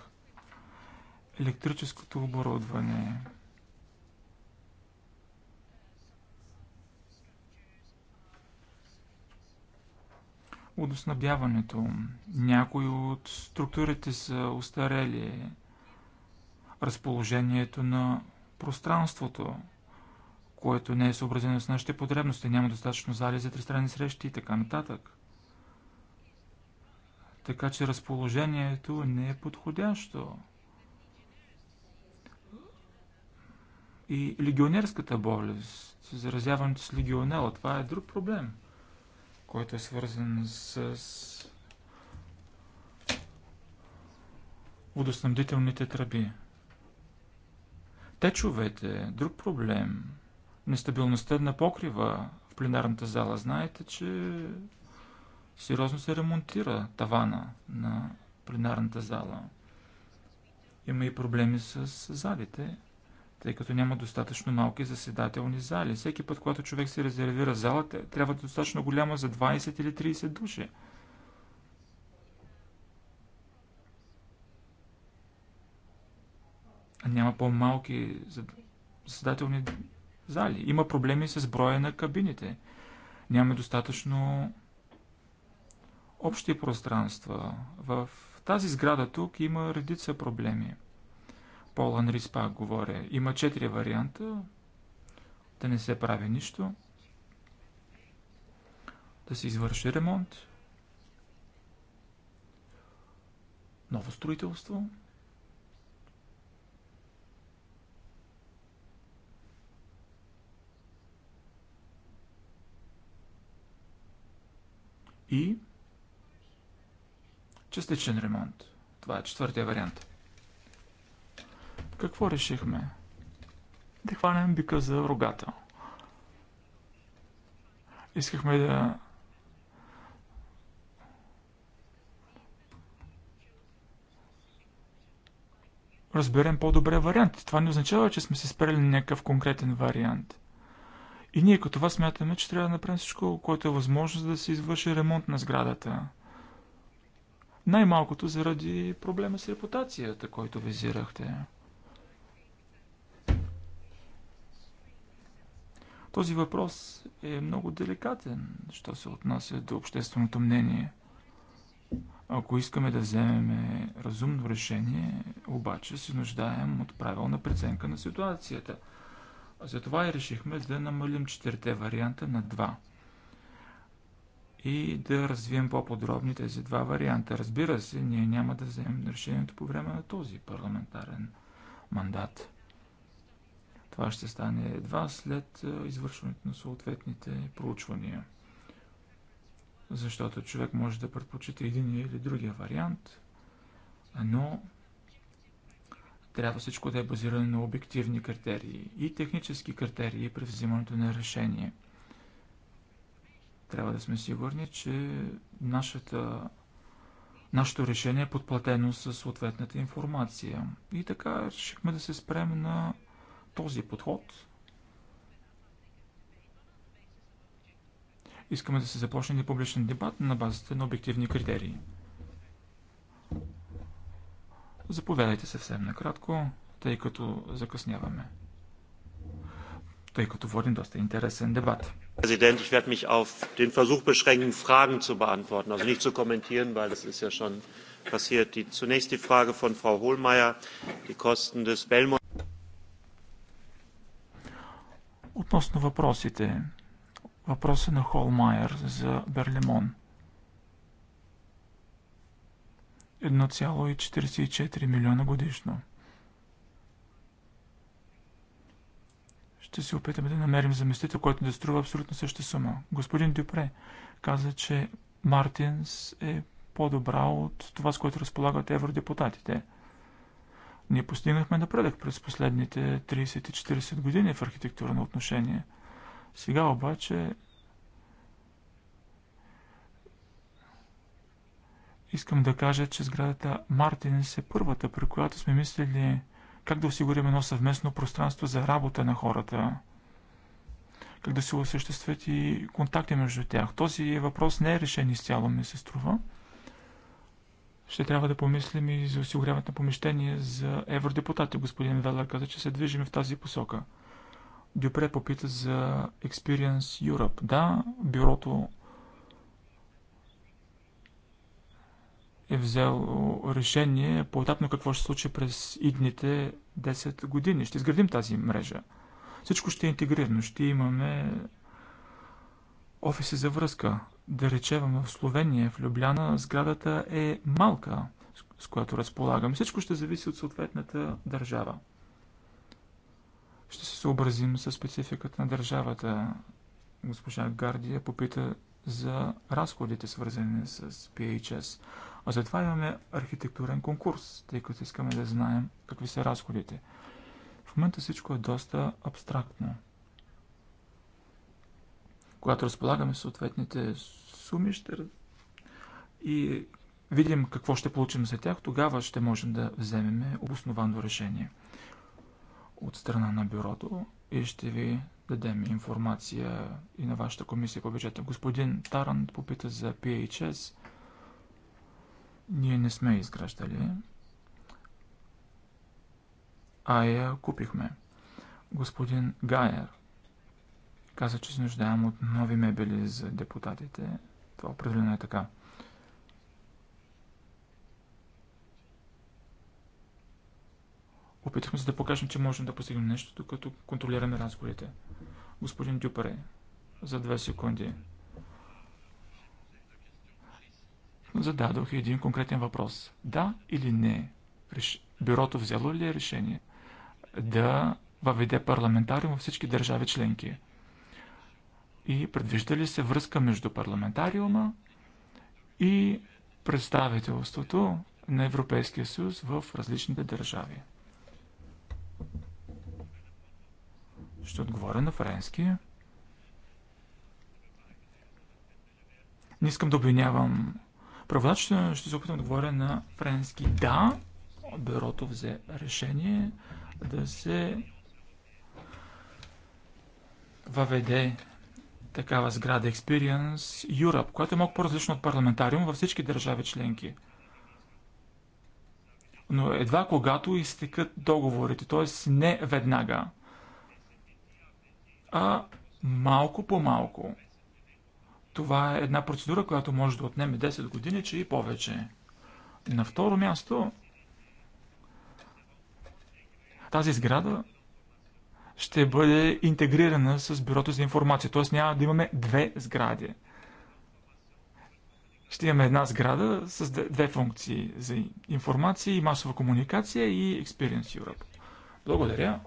Електрическото оборудване, Удоснабяването Някои от структурите са устарели. Разположението на пространството, което не е съобразено с нашите потребности, няма достатъчно зали за тристранни срещи и така нататък. Така че разположението не е подходящо. И легионерската болест, заразяването с легионела, това е друг проблем, който е свързан с водоснабдителните тръби. Течовете, е друг проблем. Нестабилността на покрива в пленарната зала. Знаете, че сериозно се ремонтира тавана на пленарната зала. Има и проблеми с залите, тъй като няма достатъчно малки заседателни зали. Всеки път, когато човек се резервира залата, трябва да е достатъчно голяма за 20 или 30 души. Няма по-малки заседателни зали. Има проблеми с броя на кабините. Няма достатъчно общи пространства. В тази сграда тук има редица проблеми. Пол Анрис пак говоря. Има четири варианта. Да не се прави нищо. Да се извърши ремонт. Ново строителство. И Частичен ремонт. Това е четвъртия вариант. Какво решихме? Да хванем бика за рогата. Искахме да разберем по-добре вариант. Това не означава, че сме се спрели на някакъв конкретен вариант. И ние като това смятаме, че трябва да направим всичко, което е възможно, за да се извърши ремонт на сградата. Най-малкото заради проблема с репутацията, който визирахте. Този въпрос е много деликатен, що се отнася до общественото мнение. Ако искаме да вземем разумно решение, обаче се нуждаем от правилна преценка на ситуацията. Затова и решихме да намалим четирите варианта на два – и да развием по-подробно тези два варианта. Разбира се, ние няма да вземем решението по време на този парламентарен мандат. Това ще стане едва след е, извършването на съответните проучвания. Защото човек може да предпочита един или другия вариант, но трябва всичко да е базирано на обективни критерии и технически критерии при взимането на решение – трябва да сме сигурни, че нашата, нашето решение е подплатено с съответната информация. И така решихме да се спрем на този подход. Искаме да се започне публичен дебат на базата на обективни критерии. Заповядайте съвсем накратко, тъй като закъсняваме тъй като водим доста интересен дебат. Präsident, ich werde mich auf den Versuch beschränken, Fragen zu beantworten, also nicht zu kommentieren, weil das ist ja schon passiert. Die, zunächst die Frage von Frau Hohlmeier, die Kosten des Belmont. Относно въпросите, въпроса на Холмайер за Берлемон. 1,44 милиона годишно. ще се опитаме да намерим заместител, който да струва абсолютно същата сума. Господин Дюпре каза, че Мартинс е по-добра от това, с което разполагат евродепутатите. Ние постигнахме напредък през последните 30-40 години в архитектурно отношение. Сега обаче искам да кажа, че сградата Мартинс е първата, при която сме мислили как да осигурим едно съвместно пространство за работа на хората, как да се осъществят и контакти между тях. Този въпрос не е решен изцяло, ми се струва. Ще трябва да помислим и за осигуряването на помещение за евродепутати. Господин Велер каза, че се движим в тази посока. Дюпре попита за Experience Europe. Да, бюрото е взел решение по етапно какво ще се случи през идните 10 години. Ще изградим тази мрежа. Всичко ще е интегрирано. Ще имаме офиси за връзка. Да речем в Словения, в Любляна, сградата е малка, с която разполагаме. Всичко ще зависи от съответната държава. Ще се съобразим с спецификата на държавата. Госпожа Гардия попита за разходите, свързани с PHS. А затова имаме архитектурен конкурс, тъй като искаме да знаем какви са разходите. В момента всичко е доста абстрактно. Когато разполагаме съответните суми ще... и видим какво ще получим за тях, тогава ще можем да вземем обосновано решение от страна на бюрото и ще ви дадем информация и на вашата комисия по бюджета. Господин Тарант попита за PHS. Ние не сме изграждали. А я купихме. Господин Гайер каза, че се нуждаем от нови мебели за депутатите. Това определено е така. Опитахме се да покажем, че можем да постигнем нещо, докато контролираме разговорите. Господин Дюпаре, за две секунди. зададох един конкретен въпрос. Да или не? Бюрото взело ли е решение да въведе парламентариум във всички държави членки? И предвижда ли се връзка между парламентариума и представителството на Европейския съюз в различните държави? Ще отговоря на френски. Не искам да обвинявам Правда, ще, ще се опитам да говоря на френски. Да, бюрото взе решение да се въведе такава сграда Experience Europe, която е малко по-различна от парламентариум във всички държави членки. Но едва когато изтекат договорите, т.е. не веднага, а малко по малко. Това е една процедура, която може да отнеме 10 години, че и повече. на второ място, тази сграда ще бъде интегрирана с бюрото за информация. Т.е. няма да имаме две сгради. Ще имаме една сграда с две функции за информация и масова комуникация и Experience Europe. Благодаря.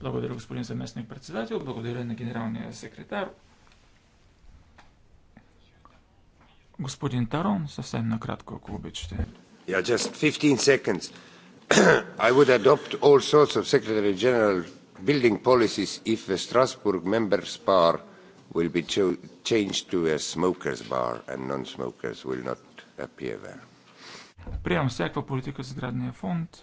Благодаря господин заместник председател, благодаря на генералния секретар. Господин Тарон, съвсем накратко, ако обичате. Yeah, just 15 seconds. I would adopt all sorts of Secretary General building policies if the Strasbourg members bar will be cho- changed to a smokers bar and non-smokers will not appear there. Приемам всякаква политика за сградния фонд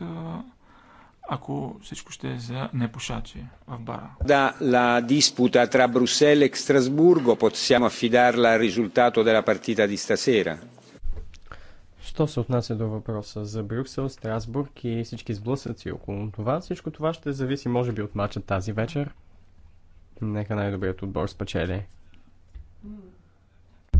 ако всичко ще е за непушачи в бара. Да, la disputa tra Bruxelles e Strasburgo possiamo affidarla al risultato della partita di stasera. Що се отнася до въпроса за Брюксел, Страсбург и всички сблъсъци около това, всичко това ще зависи може би от мача тази вечер. Нека най-добрият отбор спечели.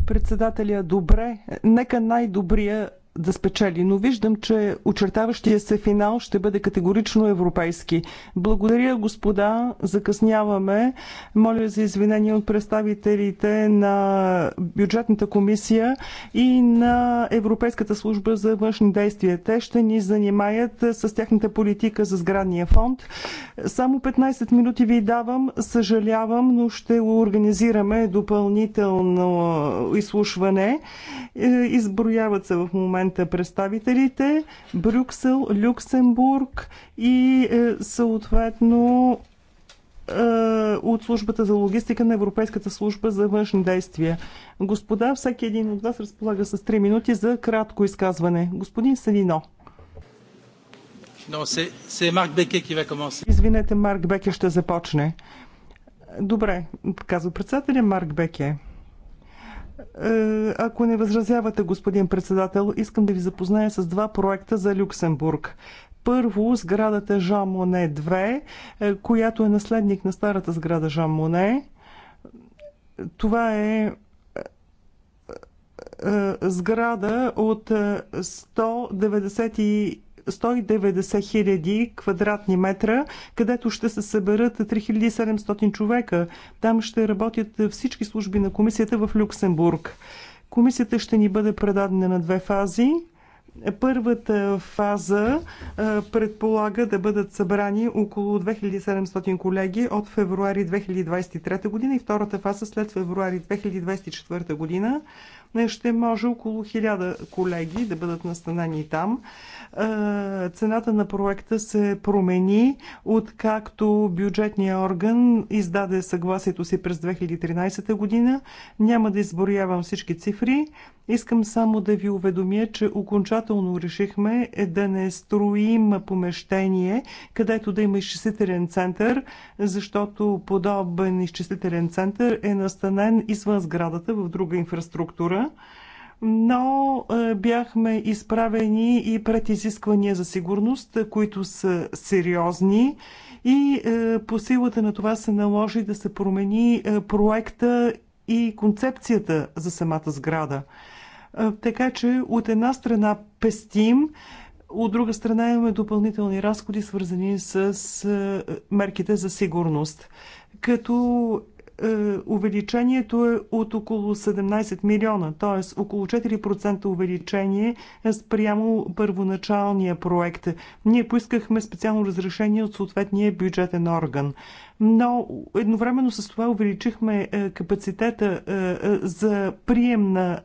Председателя, добре. Нека най-добрия да спечели, но виждам, че очертаващия се финал ще бъде категорично европейски. Благодаря, господа, закъсняваме. Моля за извинение от представителите на бюджетната комисия и на Европейската служба за външни действия. Те ще ни занимаят с тяхната политика за сградния фонд. Само 15 минути ви давам, съжалявам, но ще организираме допълнително изслушване. Е, изброяват се в момента парламента представителите, Брюксел, Люксембург и е, съответно е, от службата за логистика на Европейската служба за външни действия. Господа, всеки един от вас разполага с 3 минути за кратко изказване. Господин Селино. Извинете, Марк Беке ще започне. Добре, казва председателя Марк Беке. Е, ако не възразявате, господин председател, искам да ви запозная с два проекта за Люксембург. Първо, сградата Жан Моне 2, е, която е наследник на старата сграда Жан Моне. Това е, е сграда от 190 190 хиляди квадратни метра, където ще се съберат 3700 човека. Там ще работят всички служби на комисията в Люксембург. Комисията ще ни бъде предадена на две фази. Първата фаза предполага да бъдат събрани около 2700 колеги от февруари 2023 година и втората фаза след февруари 2024 година ще може около 1000 колеги да бъдат настанени там. Е, цената на проекта се промени, откакто бюджетния орган издаде съгласието си през 2013 година. Няма да изборявам всички цифри. Искам само да ви уведомя, че окончателно решихме е да не строим помещение, където да има изчислителен център, защото подобен изчислителен център е настанен извън сградата в друга инфраструктура но е, бяхме изправени и пред изисквания за сигурност, които са сериозни и е, по силата на това се наложи да се промени е, проекта и концепцията за самата сграда. Така че от една страна пестим, от друга страна имаме допълнителни разходи, свързани с мерките за сигурност. Като е, увеличението е от около 17 милиона, т.е. около 4% увеличение е спрямо първоначалния проект. Ние поискахме специално разрешение от съответния бюджетен орган. Но едновременно с това увеличихме е, капацитета за прием на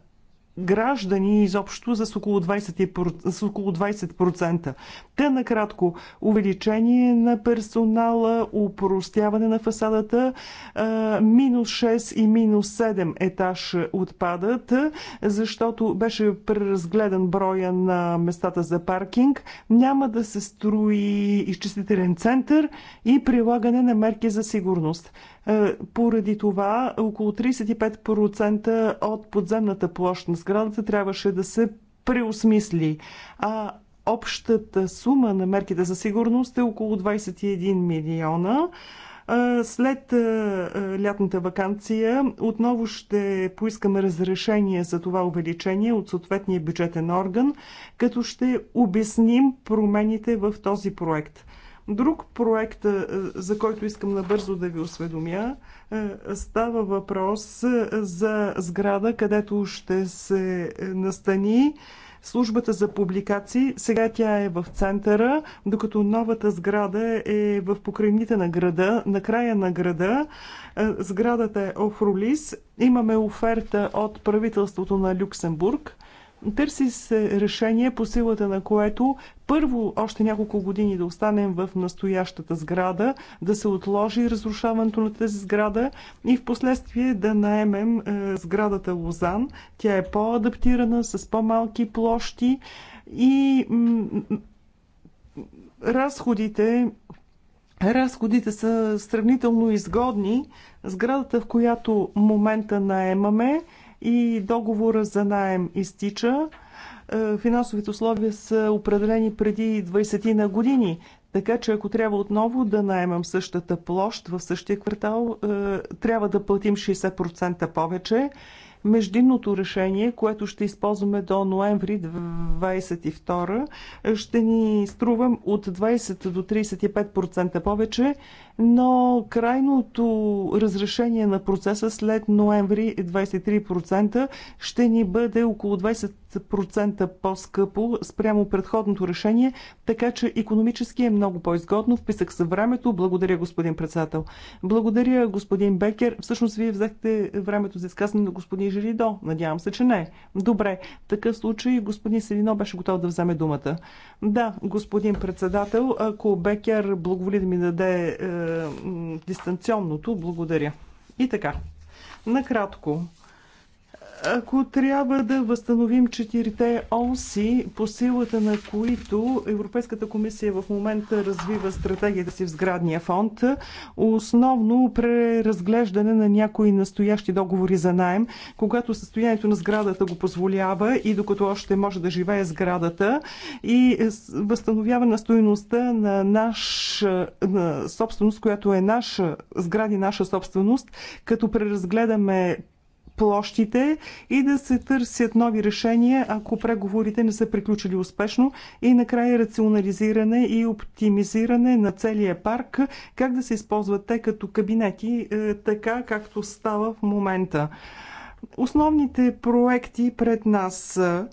граждани изобщо с около 20%. С около 20%. Те накратко увеличение на персонала, упростяване на фасадата, минус 6 и минус 7 етаж отпадат, защото беше преразгледан броя на местата за паркинг. Няма да се строи изчислителен център и прилагане на мерки за сигурност. Е, поради това около 35% от подземната площ на сградата трябваше да се преосмисли, а общата сума на мерките за сигурност е около 21 милиона. Е, след е, лятната вакансия отново ще поискаме разрешение за това увеличение от съответния бюджетен орган, като ще обясним промените в този проект. Друг проект, е, за който искам набързо да ви осведомя, е, става въпрос е, за сграда, където ще се настани службата за публикации. Сега тя е в центъра, докато новата сграда е в покрайните на града, на края на града. Сградата е Офролис. Имаме оферта от правителството на Люксембург Търси се решение по силата на което първо още няколко години да останем в настоящата сграда, да се отложи разрушаването на тази сграда и в последствие да наемем е, сградата Лозан. Тя е по-адаптирана, с по-малки площи и разходите Разходите са сравнително изгодни. Сградата, в която момента наемаме, и договора за найем изтича. Е, финансовите условия са определени преди 20 на години, така че ако трябва отново да найемам същата площ в същия квартал, е, трябва да платим 60% повече. Междинното решение, което ще използваме до ноември 22, ще ни струва от 20 до 35% повече но крайното разрешение на процеса след ноември 23% е ще ни бъде около 20% по-скъпо спрямо предходното решение, така че економически е много по-изгодно. Вписах се времето. Благодаря, господин председател. Благодаря, господин Бекер. Всъщност, вие взехте времето за изказване на господин Жиридо. Надявам се, че не. Добре. В такъв случай господин Селино беше готов да вземе думата. Да, господин председател, ако Бекер благоволи да ми даде е, дистанционното. Благодаря. И така, накратко, ако трябва да възстановим четирите оси, по силата на които Европейската комисия в момента развива стратегията си в сградния фонд, основно преразглеждане на някои настоящи договори за найем, когато състоянието на сградата го позволява и докато още може да живее сградата и възстановяване на стоеността на наша на собственост, която е наша, сгради наша собственост, като преразгледаме площите и да се търсят нови решения, ако преговорите не са приключили успешно и накрая рационализиране и оптимизиране на целия парк, как да се използват те като кабинети, е, така както става в момента. Основните проекти пред нас са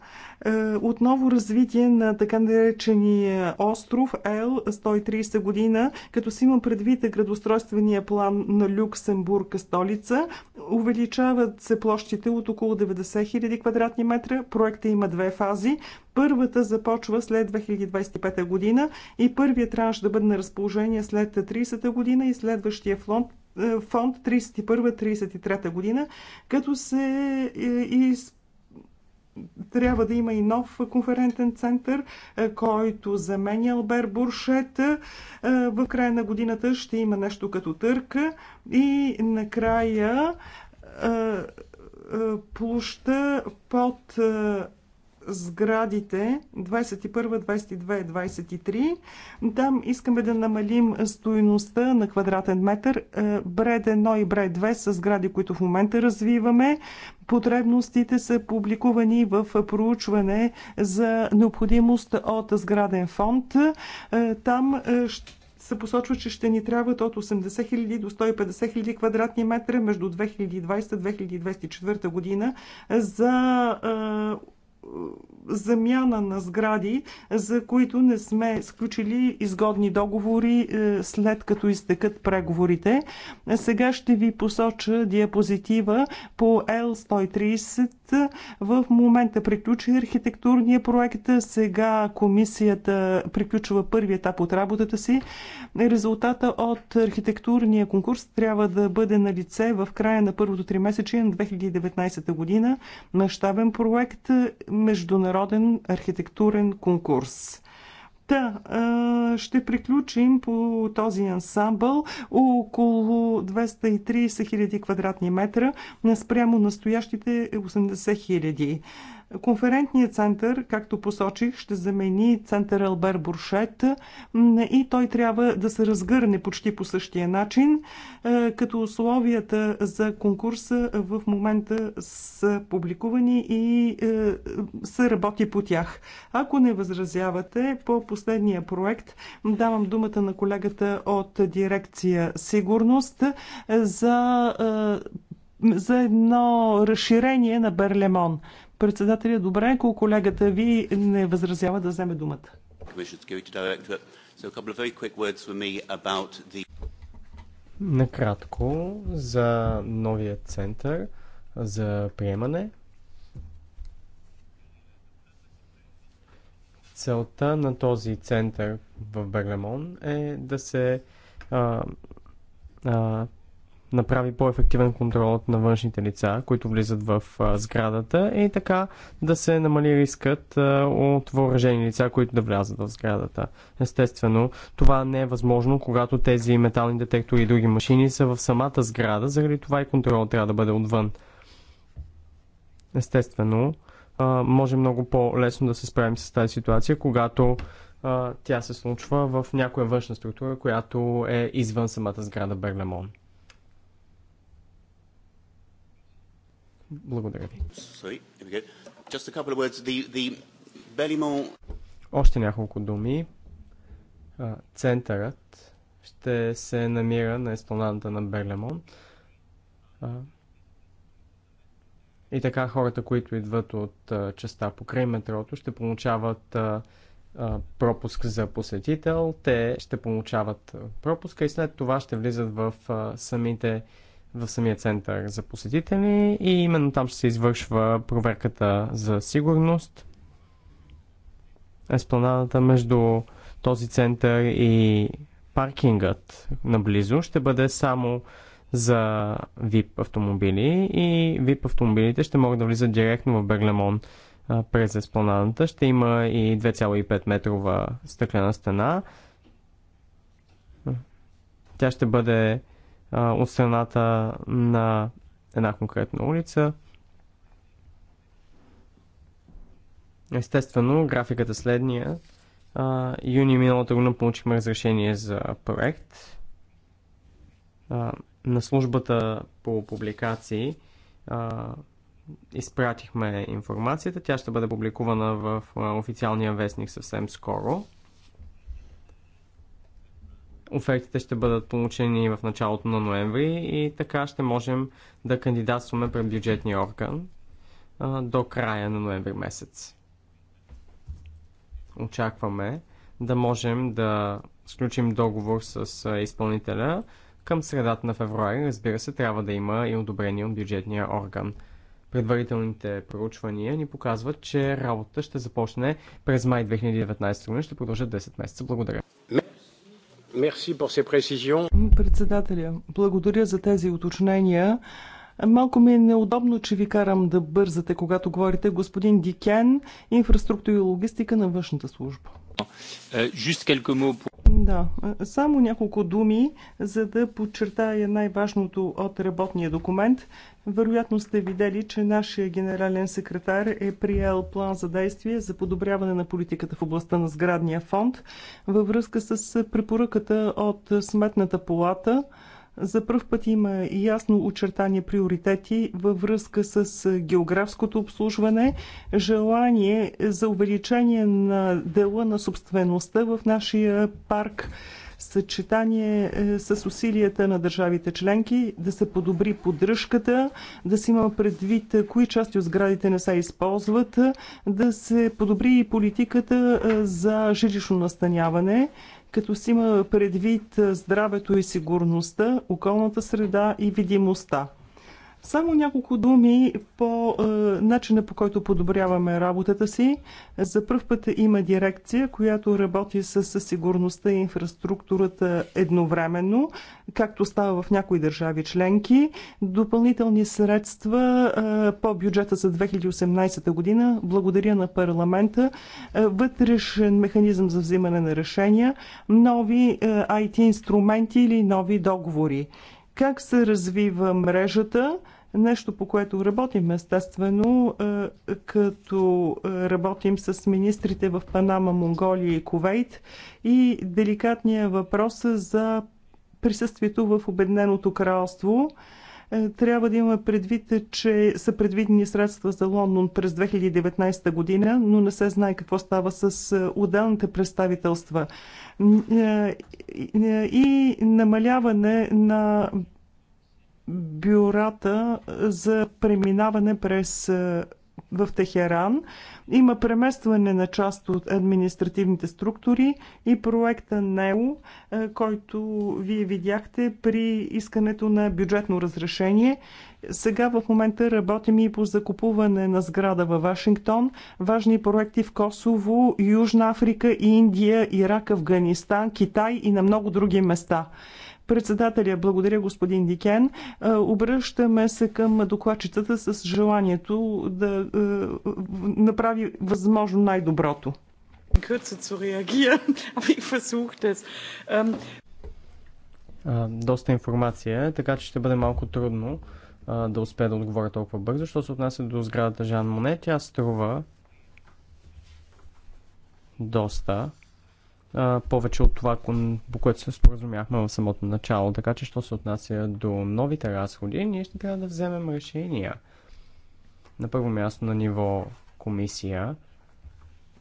е, отново развитие на така наречения остров Ел 130 година, като си има предвид градостройствения план на Люксембург столица. Увеличават се площите от около 90 000 квадратни метра. Проекта има две фази. Първата започва след 2025 година и първият транш да бъде на разположение след 30 година и следващия е, фонд фонд 31-33 година, като се е, изпълнява трябва да има и нов конферентен център, е, който заменя Албер Буршет. Е, в края на годината ще има нещо като търка и накрая е, площа под сградите 21, 22, 23. Там искаме да намалим стоеността на квадратен метър. Е, бред 1 и Бред 2 са сгради, които в момента развиваме. Потребностите са публикувани в проучване за необходимост от сграден фонд. Е, там ще се посочва, че ще ни трябват от 80 000 до 150 000 квадратни метра между 2020-2024 година за е, замяна на сгради, за които не сме сключили изгодни договори е, след като изтекат преговорите. Сега ще ви посоча диапозитива по L130. В момента приключи архитектурния проект. Сега комисията приключва първи етап от работата си. Резултата от архитектурния конкурс трябва да бъде на лице в края на първото три месече на 2019 година. Мащабен проект международен архитектурен конкурс. Та, ще приключим по този ансамбъл около 230 000 квадратни метра, спрямо настоящите 80 000. Конферентният център, както посочих, ще замени център Албер Буршет и той трябва да се разгърне почти по същия начин, е, като условията за конкурса в момента са публикувани и е, се работи по тях. Ако не възразявате, по последния проект давам думата на колегата от дирекция Сигурност е, за за едно разширение на Берлемон. Председателя, добре, ако колегата ви не възразява да вземе думата. Накратко за новия център за приемане. Целта на този център в Берлемон е да се а, а, направи по-ефективен контролът на външните лица, които влизат в сградата и така да се намали рискът от въоръжени лица, които да влязат в сградата. Естествено, това не е възможно, когато тези метални детектори и други машини са в самата сграда, заради това и контролът трябва да бъде отвън. Естествено, може много по-лесно да се справим с тази ситуация, когато тя се случва в някоя външна структура, която е извън самата сграда Берлемон. Благодаря ви. Още няколко думи. Центърът ще се намира на естонанта на Берлемон. И така хората, които идват от частта покрай метрото, ще получават пропуск за посетител. Те ще получават пропуска и след това ще влизат в самите в самия център за посетители и именно там ще се извършва проверката за сигурност. Еспланадата между този център и паркингът наблизо ще бъде само за VIP автомобили и VIP автомобилите ще могат да влизат директно в Берлемон през есплананата. Ще има и 2,5 метрова стъклена стена. Тя ще бъде а, от страната на една конкретна улица. Естествено, графиката е следния. А, юни миналата година получихме разрешение за проект а, на службата по публикации. А, изпратихме информацията. Тя ще бъде публикувана в официалния вестник съвсем скоро. Офертите ще бъдат получени в началото на ноември и така ще можем да кандидатстваме пред бюджетния орган а, до края на ноември месец. Очакваме да можем да сключим договор с изпълнителя към средата на февруари. Разбира се, трябва да има и одобрение от бюджетния орган. Предварителните проучвания ни показват, че работата ще започне през май 2019 година. Ще продължат 10 месеца. Благодаря. Председателя, благодаря за тези уточнения. Малко ми е неудобно, че ви карам да бързате, когато говорите. Господин Дикен, инфраструктура и логистика на външната служба. Е, да, е, само няколко думи, за да подчертая най-важното от работния документ. Вероятно сте видели, че нашия генерален секретар е приел план за действие за подобряване на политиката в областта на сградния фонд във връзка с препоръката от Сметната палата – за първ път има ясно очертани приоритети във връзка с географското обслужване, желание за увеличение на дела на собствеността в нашия парк, съчетание е, с усилията на държавите членки, да се подобри поддръжката, да се има предвид кои части от сградите не се използват, да се подобри и политиката за жилищно настаняване като си има предвид здравето и сигурността, околната среда и видимостта. Само няколко думи по е, начина по който подобряваме работата си. За първ път има дирекция, която работи с, сигурността и инфраструктурата едновременно, както става в някои държави членки. Допълнителни средства е, по бюджета за 2018 година, благодаря на парламента, е, вътрешен механизъм за взимане на решения, нови е, IT инструменти или нови договори. Как се развива мрежата? Нещо, по което работим естествено, е, като работим с министрите в Панама, Монголия и Кувейт и деликатния въпрос е за присъствието в Обедненото кралство. Е, трябва да има предвид, че са предвидени средства за Лондон през 2019 година, но не се знае какво става с отделните представителства и намаляване на бюрата за преминаване през е, в Техеран. Има преместване на част от административните структури и проекта НЕО, е, който вие видяхте при искането на бюджетно разрешение. Сега в момента работим и по закупуване на сграда във Вашингтон, важни проекти в Косово, Южна Африка, Индия, Ирак, Афганистан, Китай и на много други места. Председателя, благодаря господин Дикен. Е, обръщаме се към докладчицата с желанието да е, направи възможно най-доброто. Ähm, доста информация, така че ще бъде малко трудно да успея да отговоря толкова бързо, защото се отнася до сградата Жан Моне. Тя струва доста а, повече от това, по което се споразумяхме в самото начало. Така че, що се отнася до новите разходи, ние ще трябва да вземем решения. На първо място на ниво комисия,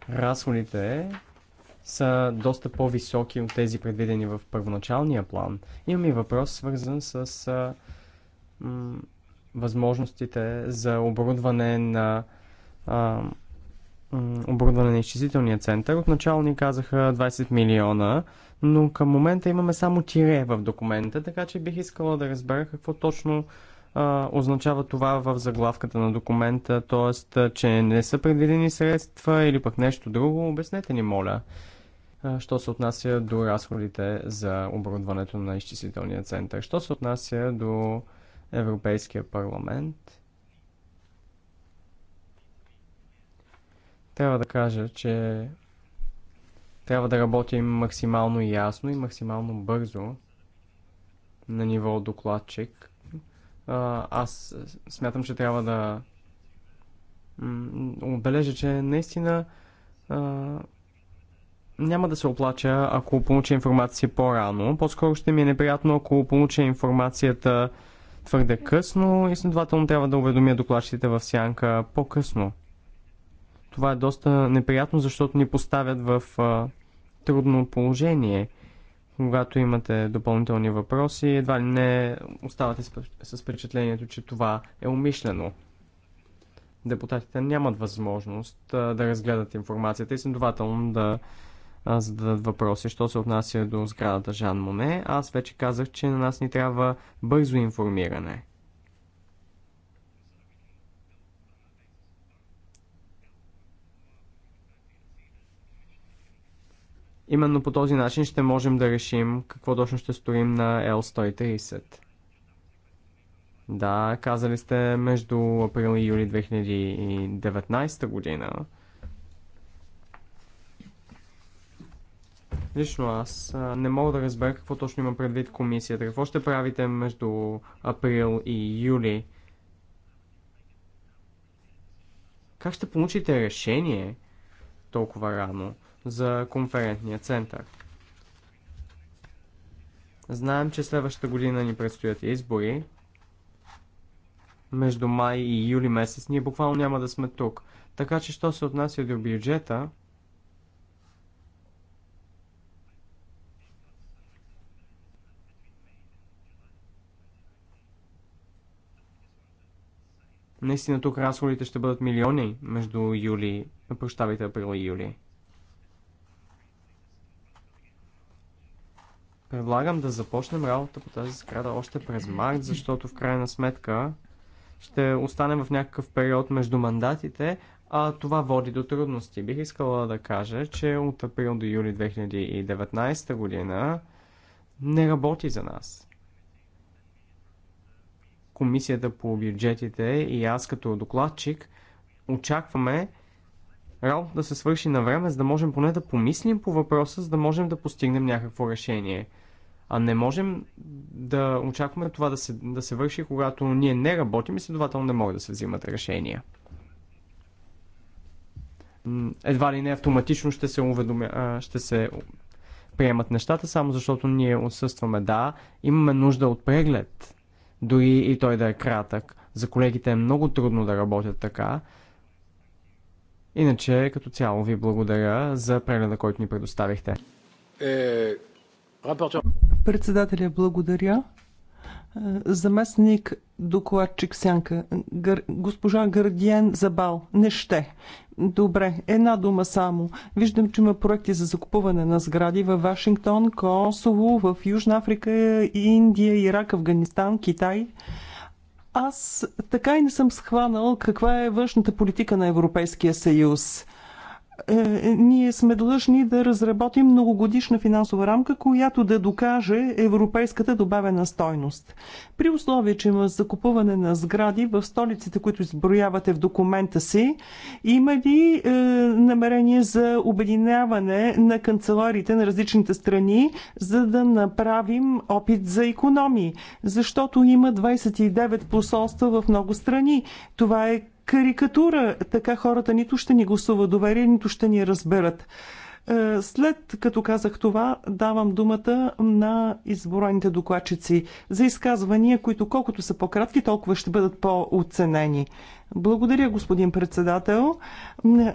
разходите са доста по-високи от тези предвидени в първоначалния план. Имам и въпрос свързан с а, м, възможностите за оборудване на а, оборудване на изчислителния център. Отначало ни казаха 20 милиона, но към момента имаме само тире в документа, така че бих искала да разбера какво точно а, означава това в заглавката на документа, т.е. че не са предвидени средства или пък нещо друго. Обяснете ни, моля, а, що се отнася до разходите за оборудването на изчислителния център. Що се отнася до Европейския парламент? Трябва да кажа, че трябва да работим максимално ясно и максимално бързо на ниво докладчик. Аз смятам, че трябва да отбележа, че наистина а, няма да се оплача, ако получа информация по-рано. По-скоро ще ми е неприятно, ако получа информацията твърде късно и следователно трябва да уведомя докладчите в сянка по-късно. Това е доста неприятно, защото ни поставят в а, трудно положение. Когато имате допълнителни въпроси, едва ли не оставате с впечатлението, че това е умишлено. Депутатите нямат възможност а, да разгледат информацията и следователно да а, зададат въпроси. Що се отнася до сградата Жан Моне, аз вече казах, че на нас ни трябва бързо информиране – Именно по този начин ще можем да решим какво точно ще стоим на L130. Да, казали сте между април и юли 2019 година. Лично аз не мога да разбера какво точно има предвид комисията. Какво ще правите между април и юли? Как ще получите решение толкова рано? за конферентния център. Знаем, че следващата година ни предстоят избори. Между май и юли месец ние буквално няма да сме тук. Така че, що се отнася до бюджета, Наистина тук разходите ще бъдат милиони между юли, прощавайте, април и юли. Предлагам да започнем работа по тази сграда още през март, защото в крайна сметка ще останем в някакъв период между мандатите, а това води до трудности. Бих искала да кажа, че от април до юли 2019 година не работи за нас. Комисията по бюджетите и аз като докладчик очакваме работа да се свърши на време, за да можем поне да помислим по въпроса, за да можем да постигнем някакво решение – а не можем да очакваме това да се, да се върши, когато ние не работим и следователно не могат да се взимат решения. Едва ли не автоматично ще се, уведомя, ще се приемат нещата, само защото ние отсъстваме. Да, имаме нужда от преглед, дори и той да е кратък. За колегите е много трудно да работят така. Иначе, като цяло, ви благодаря за прегледа, който ни предоставихте. Е... Председателя, благодаря. Заместник докладчик Сянка, Гър... госпожа Гардиен Забал, не ще. Добре, една дума само. Виждам, че има проекти за закупуване на сгради в Вашингтон, Косово, в Южна Африка, Индия, Ирак, Афганистан, Китай. Аз така и не съм схванал каква е външната политика на Европейския съюз. Е, е, ние сме длъжни да разработим многогодишна финансова рамка, която да докаже европейската добавена стойност. При условие, че има закупуване на сгради в столиците, които изброявате в документа си, има ли е, намерение за обединяване на канцеларите на различните страни, за да направим опит за економии? Защото има 29 посолства в много страни. Това е карикатура. Така хората нито ще ни гласуват доверие, нито ще ни разберат. Е, след като казах това, давам думата на изброените докладчици за изказвания, които колкото са по-кратки, толкова ще бъдат по-оценени. Благодаря, господин председател.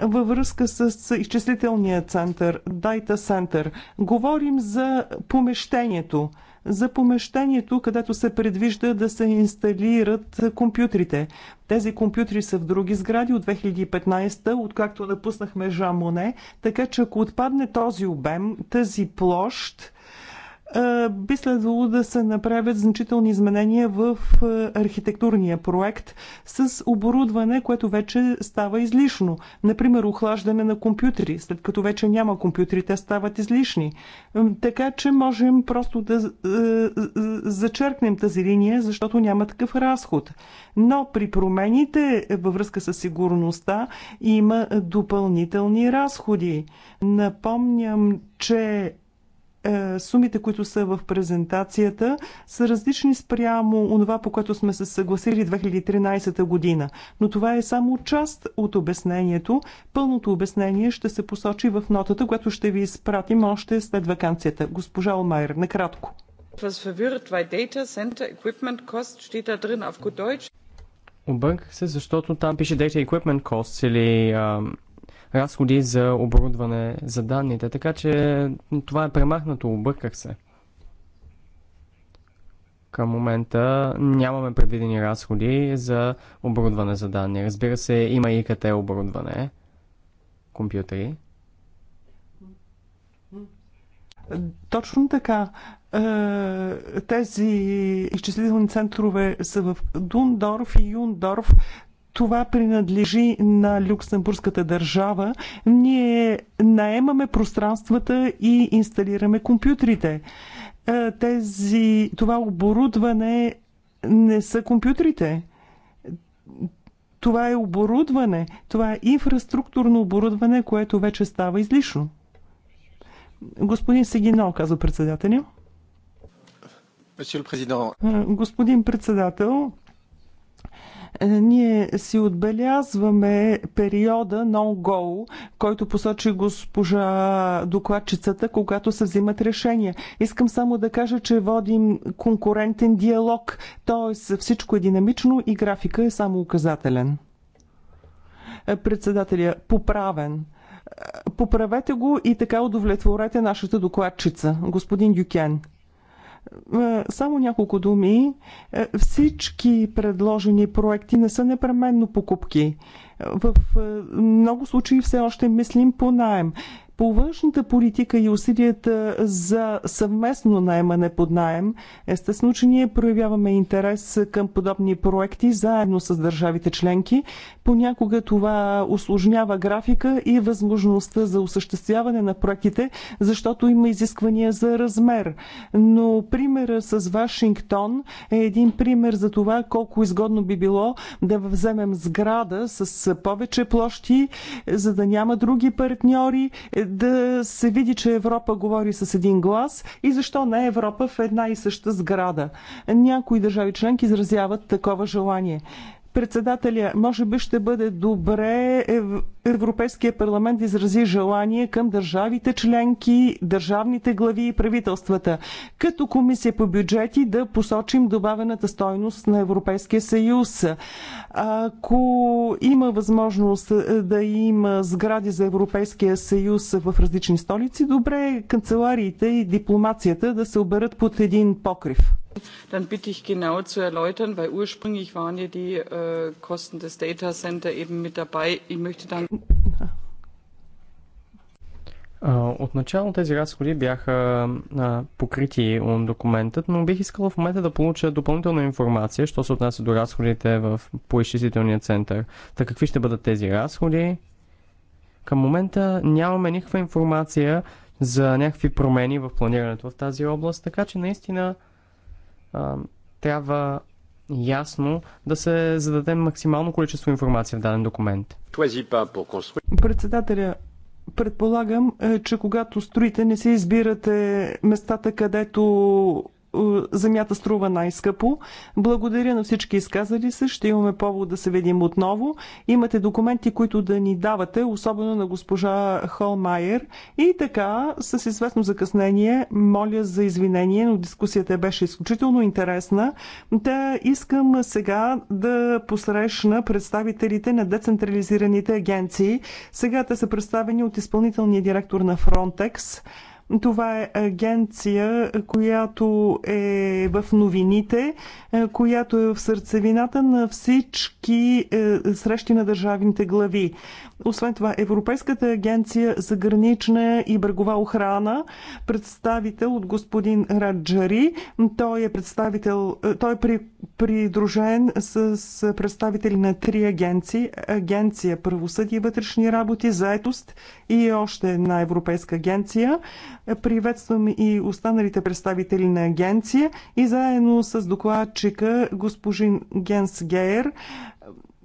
Във връзка с изчислителния център, Data Center, говорим за помещението за помещението, където се предвижда да се инсталират компютрите. Тези компютри са в други сгради от 2015, откакто напуснахме Жан Моне, така че ако отпадне този обем, тази площ, е, би следвало да се направят значителни изменения в е, архитектурния проект с оборудване, което вече става излишно. Например, охлаждане на компютри. След като вече няма компютри, те стават излишни. Така че можем просто да е, зачеркнем тази линия, защото няма такъв разход. Но при промените във връзка с сигурността има допълнителни разходи. Напомням, че е, сумите, които са в презентацията, са различни спрямо онова, по което сме се съгласили 2013 година. Но това е само част от обяснението. Пълното обяснение ще се посочи в нотата, която ще ви изпратим още след вакансията. Госпожа Олмайер, накратко. Обърках се, защото там пише Data Equipment Costs или uh, разходи за оборудване за данните. Така че това е премахнато, обърках се. Към момента нямаме предвидени разходи за оборудване за данни. Разбира се, има и КТ оборудване, компютри. Точно така. Е, тези изчислителни центрове са в Дундорф и Юндорф. Това принадлежи на люксембургската държава. Ние наемаме пространствата и инсталираме компютрите. Е, тези, това оборудване не са компютрите. Това е оборудване, това е инфраструктурно оборудване, което вече става излишно. Господин Сегинал, казва председателя. Е, господин председател, е, ние си отбелязваме периода no-go, който посочи госпожа докладчицата, когато се взимат решения. Искам само да кажа, че водим конкурентен диалог, т.е. всичко е динамично и графика е само указателен. Е, председателя, поправен. Е, поправете го и така удовлетворете нашата докладчица, господин Дюкен. Е, само няколко думи. Е, всички предложени проекти не са непременно покупки. Е, в много случаи все още мислим по найем. По външната политика и усилията за съвместно найемане под найем, естествено, че ние проявяваме интерес към подобни проекти заедно с държавите членки. Понякога това осложнява графика и възможността за осъществяване на проектите, защото има изисквания за размер. Но примера с Вашингтон е един пример за това колко изгодно би било да вземем сграда с повече площи, за да няма други партньори, да се види, че Европа говори с един глас и защо не Европа в една и съща сграда. Някои държави членки изразяват такова желание председателя, може би ще бъде добре Европейския парламент изрази желание към държавите членки, държавните глави и правителствата, като комисия по бюджети да посочим добавената стойност на Европейския съюз. Ако има възможност е, да има сгради за Европейския съюз в различни столици, добре е канцелариите и дипломацията да се оберат под един покрив. Dann bitte ich genau zu erläutern, weil ursprünglich waren ja die äh, Kosten des Data Center eben mit dabei. Ich möchte dann... Е, Отначално тези разходи бяха е, покрити от документът, но бих искал в момента да получа допълнителна информация, що се отнася до разходите в поизчислителния център. Та какви ще бъдат тези разходи? Към момента нямаме никаква информация за някакви промени в планирането в тази област, така че наистина трябва ясно да се зададе максимално количество информация в даден документ. Председателя, предполагам, е, че когато строите, не се избирате местата, където земята струва най-скъпо. Благодаря на всички изказали се. Ще имаме повод да се видим отново. Имате документи, които да ни давате, особено на госпожа Холмайер. И така, с известно закъснение, моля за извинение, но дискусията беше изключително интересна. Да искам сега да посрещна представителите на децентрализираните агенции. Сега те са представени от изпълнителния директор на Frontex. Това е агенция, която е в новините, е, която е в сърцевината на всички е, срещи на държавните глави. Освен това, Европейската агенция за гранична и брегова охрана, представител от господин Раджари. Той е представител, е, той е при, придружен с представители на три агенции. Агенция правосъдие и вътрешни работи, заетост и още една Европейска агенция. Приветствам и останалите представители на агенция и заедно с докладчика господин Генс Гейер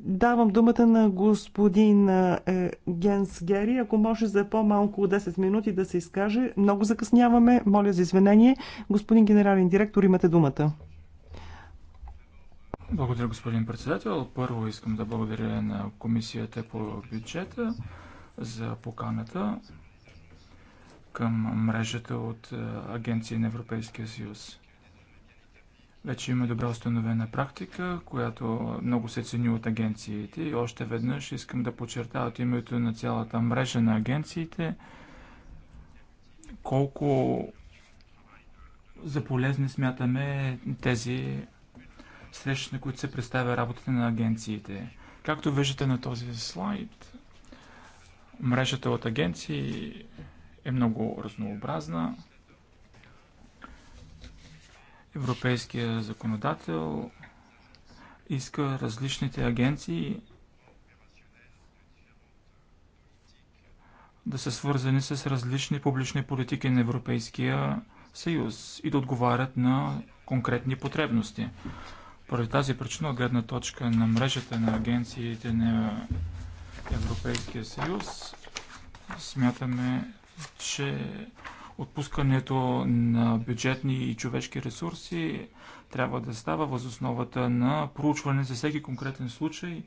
Давам думата на господин е, Генс Гери. Ако може за по-малко от 10 минути да се изкаже. Много закъсняваме. Моля за извинение. Господин генерален директор, имате думата. Благодаря, господин председател. Първо искам да благодаря на комисията по бюджета за поканата към мрежата от агенции на Европейския съюз. Вече има добре установена практика, която много се цени от агенциите и още веднъж искам да подчертая от името на цялата мрежа на агенциите колко за полезни смятаме тези срещи, на които се представя работата на агенциите. Както виждате на този слайд, мрежата от агенции е много разнообразна. Европейския законодател иска различните агенции да са свързани с различни публични политики на Европейския съюз и да отговарят на конкретни потребности. Поради тази причина, от гледна точка на мрежата на агенциите на Европейския съюз, смятаме, че Отпускането на бюджетни и човешки ресурси трябва да става въз основата на проучване за всеки конкретен случай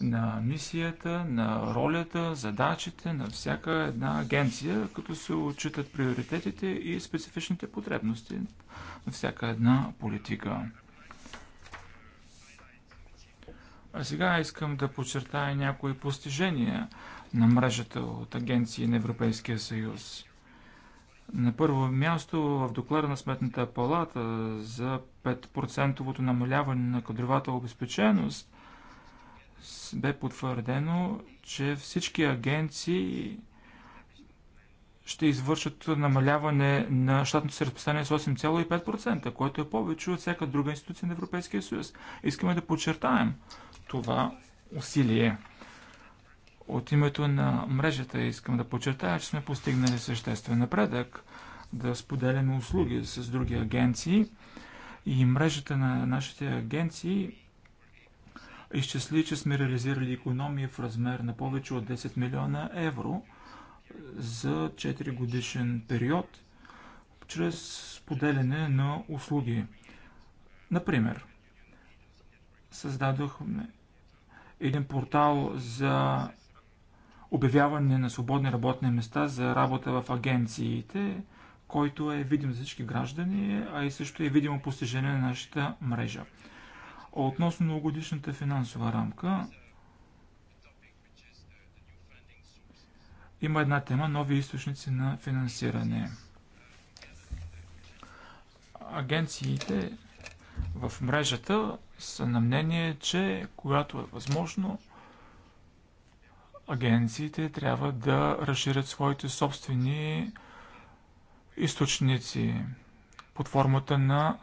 на мисията, на ролята, задачите на всяка една агенция, като се отчитат приоритетите и специфичните потребности на всяка една политика. А сега искам да подчертая някои постижения на мрежата от агенции на Европейския съюз. На първо място в доклада на Сметната палата за 5 намаляване на кадровата обезпеченост бе потвърдено, че всички агенции ще извършат намаляване на щатното си разписание с 8,5%, което е повече от всяка друга институция на Европейския съюз. Искаме да подчертаем това усилие. От името на мрежата искам да подчертая, че сме постигнали съществен напредък да споделяме услуги с други агенции и мрежата на нашите агенции изчисли, че сме реализирали економии в размер на повече от 10 милиона евро за 4 годишен период чрез споделяне на услуги. Например, създадохме един портал за обявяване на свободни работни места за работа в агенциите, който е видим за всички граждани, а и също е видимо постижение на нашата мрежа. Относно многогодишната финансова рамка, има една тема нови източници на финансиране. Агенциите в мрежата са на мнение, че когато е възможно, агенциите трябва да разширят своите собствени източници под формата на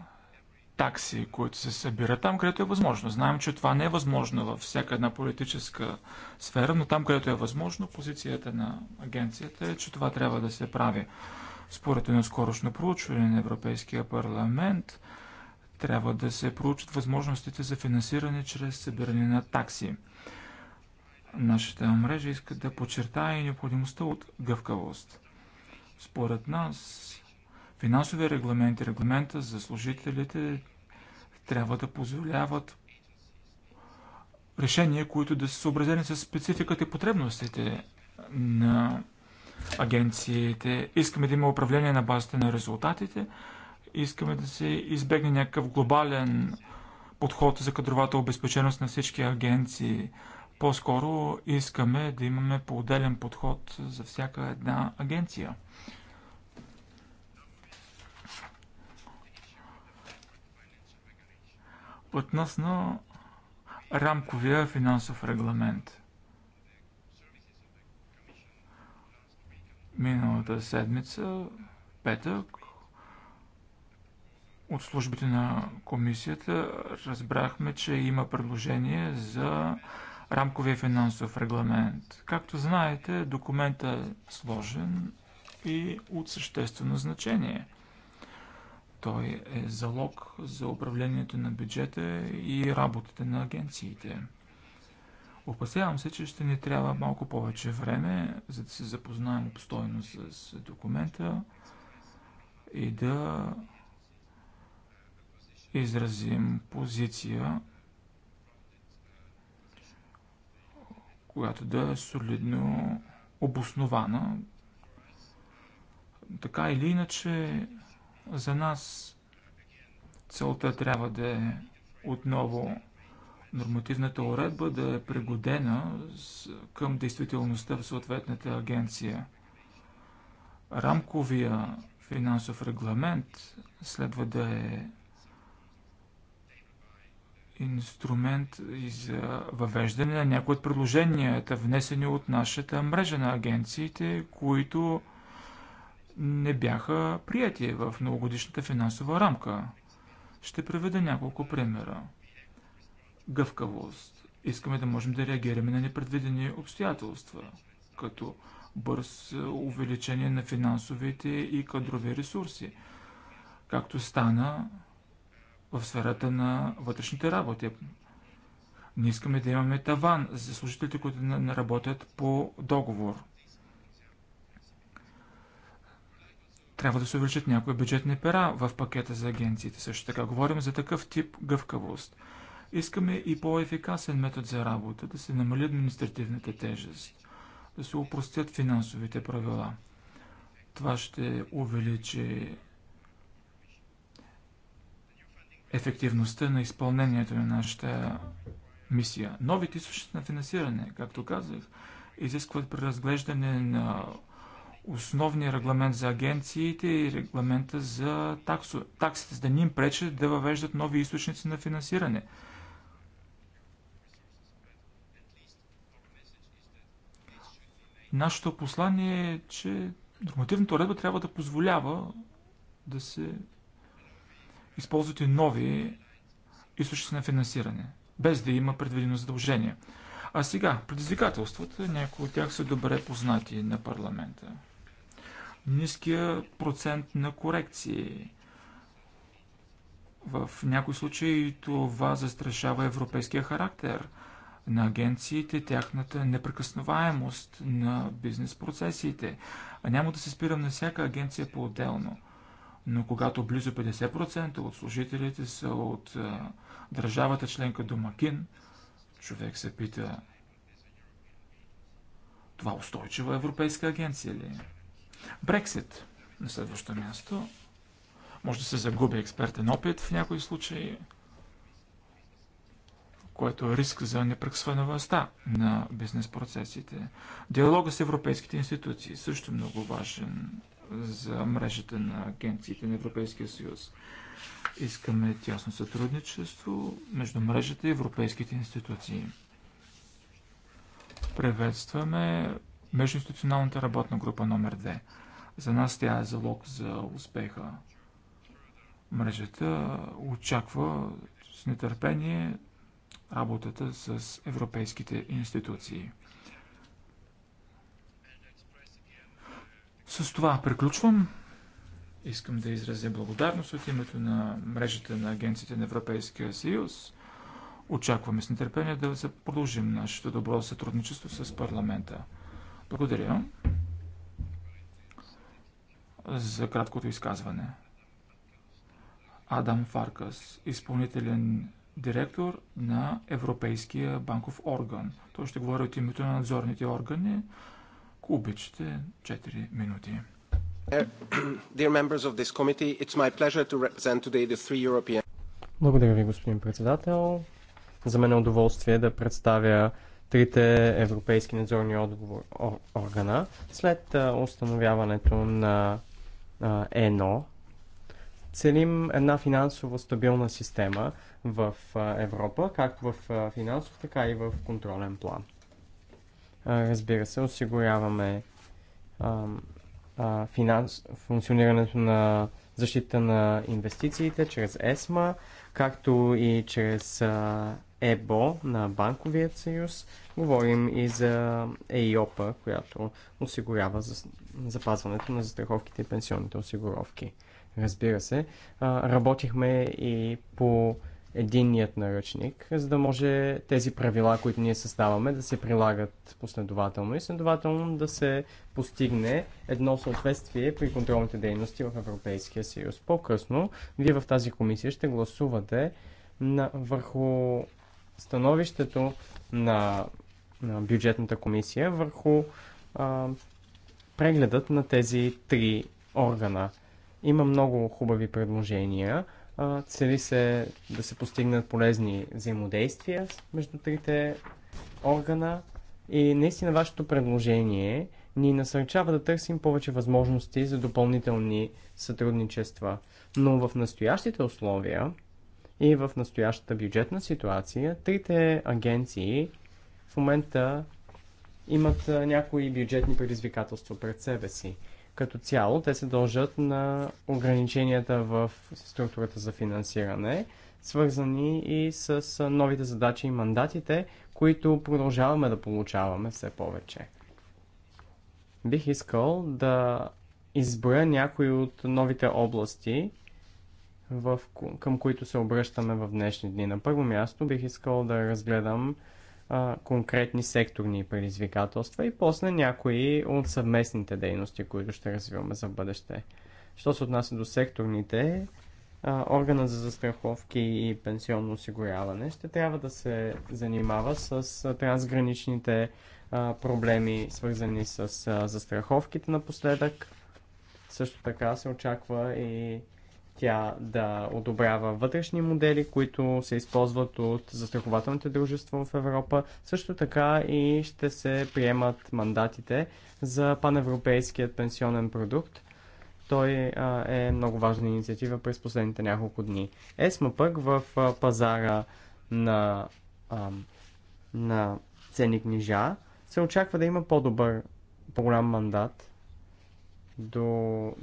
такси, които се събират там, където е възможно. Знаем, че това не е възможно във всяка една политическа сфера, но там, където е възможно, позицията на агенцията е, че това трябва да се прави. Според едно скорошно проучване на Европейския парламент, трябва да се проучат възможностите за финансиране чрез събиране на такси. Нашата мрежа иска да подчертае необходимостта от гъвкавост. Според нас, финансови регламент и регламента за служителите трябва да позволяват решения, които да са съобразени с спецификата и потребностите на агенциите. Искаме да има управление на базата на резултатите. Искаме да се избегне някакъв глобален подход за кадровата обезпеченост на всички агенции. По-скоро искаме да имаме по-отделен подход за всяка една агенция. Относно рамковия финансов регламент. Миналата седмица, петък, от службите на комисията разбрахме, че има предложение за рамковия финансов регламент. Както знаете, документът е сложен и от съществено значение. Той е залог за управлението на бюджета и работата на агенциите. Опасявам се, че ще ни трябва малко повече време, за да се запознаем обстойно с документа и да изразим позиция която да е солидно обоснована. Така или иначе, за нас целта трябва да е отново нормативната уредба да е пригодена към действителността в съответната агенция. Рамковия финансов регламент следва да е инструмент и за въвеждане на някои от предложенията, внесени от нашата мрежа на агенциите, които не бяха прияти в многогодишната финансова рамка. Ще приведа няколко примера. Гъвкавост. Искаме да можем да реагираме на непредвидени обстоятелства, като бърз увеличение на финансовите и кадрови ресурси, както стана в сферата на вътрешните работи. Не искаме да имаме таван за служителите, които не работят по договор. Трябва да се увеличат някои бюджетни пера в пакета за агенциите. Също така говорим за такъв тип гъвкавост. Искаме и по-ефикасен метод за работа, да се намали административната тежест, да се упростят финансовите правила. Това ще увеличи ефективността на изпълнението на нашата мисия. Новите източници на финансиране, както казах, изискват преразглеждане на основния регламент за агенциите и регламента за таксо, таксите, за да ни им пречат да въвеждат нови източници на финансиране. Нашето послание е, че нормативната уредба трябва да позволява да се използвате нови източници на финансиране, без да има предвидено задължение. А сега, предизвикателствата, някои от тях са добре познати на парламента. Ниския процент на корекции. В някои случаи това застрашава европейския характер на агенциите, тяхната непрекъснаваемост на бизнес процесите. А няма да се спирам на всяка агенция по-отделно – но когато близо 50% от служителите са от държавата членка домакин, човек се пита, това устойчива европейска агенция ли е? Брексит на следващо място. Може да се загуби експертен опит в някои случаи, което е риск за непрекъсваността на бизнес процесите. Диалога с европейските институции също много важен за мрежата на агенциите на Европейския съюз. Искаме тясно сътрудничество между мрежата и европейските институции. Приветстваме междуинституционалната работна група номер 2. За нас тя е залог за успеха. Мрежата очаква с нетърпение работата с европейските институции. С това приключвам. Искам да изразя благодарност от името на мрежата на агенциите на Европейския съюз. Очакваме с нетърпение да продължим нашето добро сътрудничество с парламента. Благодаря за краткото изказване. Адам Фаркас, изпълнителен директор на Европейския банков орган. Той ще говори от името на надзорните органи обичате 4 минути. Благодаря ви, господин председател. За мен е удоволствие да представя трите европейски надзорни отговор, ор, органа след установяването на ЕНО. Целим една финансово стабилна система в Европа, както в финансов, така и в контролен план. Разбира се, осигуряваме финанс, функционирането на защита на инвестициите чрез ЕСМА, както и чрез ЕБО на Банковият съюз. Говорим и за ЕИОПА, която осигурява запазването на застраховките и пенсионните осигуровки. Разбира се, работихме и по единният наръчник, за да може тези правила, които ние създаваме, да се прилагат последователно и следователно да се постигне едно съответствие при контролните дейности в Европейския съюз. По-късно, вие в тази комисия ще гласувате на, върху становището на, на бюджетната комисия върху а, прегледът на тези три органа. Има много хубави предложения. Цели се да се постигнат полезни взаимодействия между трите органа и наистина вашето предложение ни насърчава да търсим повече възможности за допълнителни сътрудничества. Но в настоящите условия и в настоящата бюджетна ситуация, трите агенции в момента имат някои бюджетни предизвикателства пред себе си. Като цяло те се дължат на ограниченията в структурата за финансиране, свързани и с новите задачи и мандатите, които продължаваме да получаваме все повече. Бих искал да изброя някои от новите области, в, към които се обръщаме в днешни дни. На първо място бих искал да разгледам а, конкретни секторни предизвикателства и после някои от съвместните дейности, които ще развиваме за бъдеще. Що се отнася до секторните, а, органът за застраховки и пенсионно осигуряване ще трябва да се занимава с а, трансграничните а, проблеми, свързани с а, застраховките напоследък. Също така се очаква и тя да одобрява вътрешни модели, които се използват от застрахователните дружества в Европа. Също така и ще се приемат мандатите за паневропейският пенсионен продукт. Той а, е много важна инициатива през последните няколко дни. ЕСМА пък в а, пазара на, а, на цени книжа се очаква да има по-добър, по-голям мандат до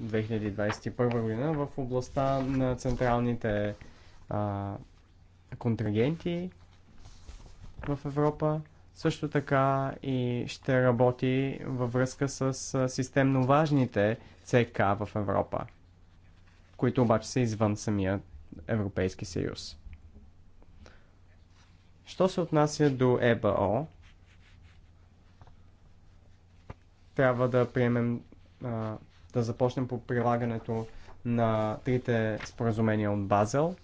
2021 година в областта на централните а, контрагенти в Европа. Също така и ще работи във връзка с системно важните ЦК в Европа, които обаче са извън самия Европейски съюз. Що се отнася до ЕБО, трябва да приемем да започнем по прилагането на трите споразумения от Базел.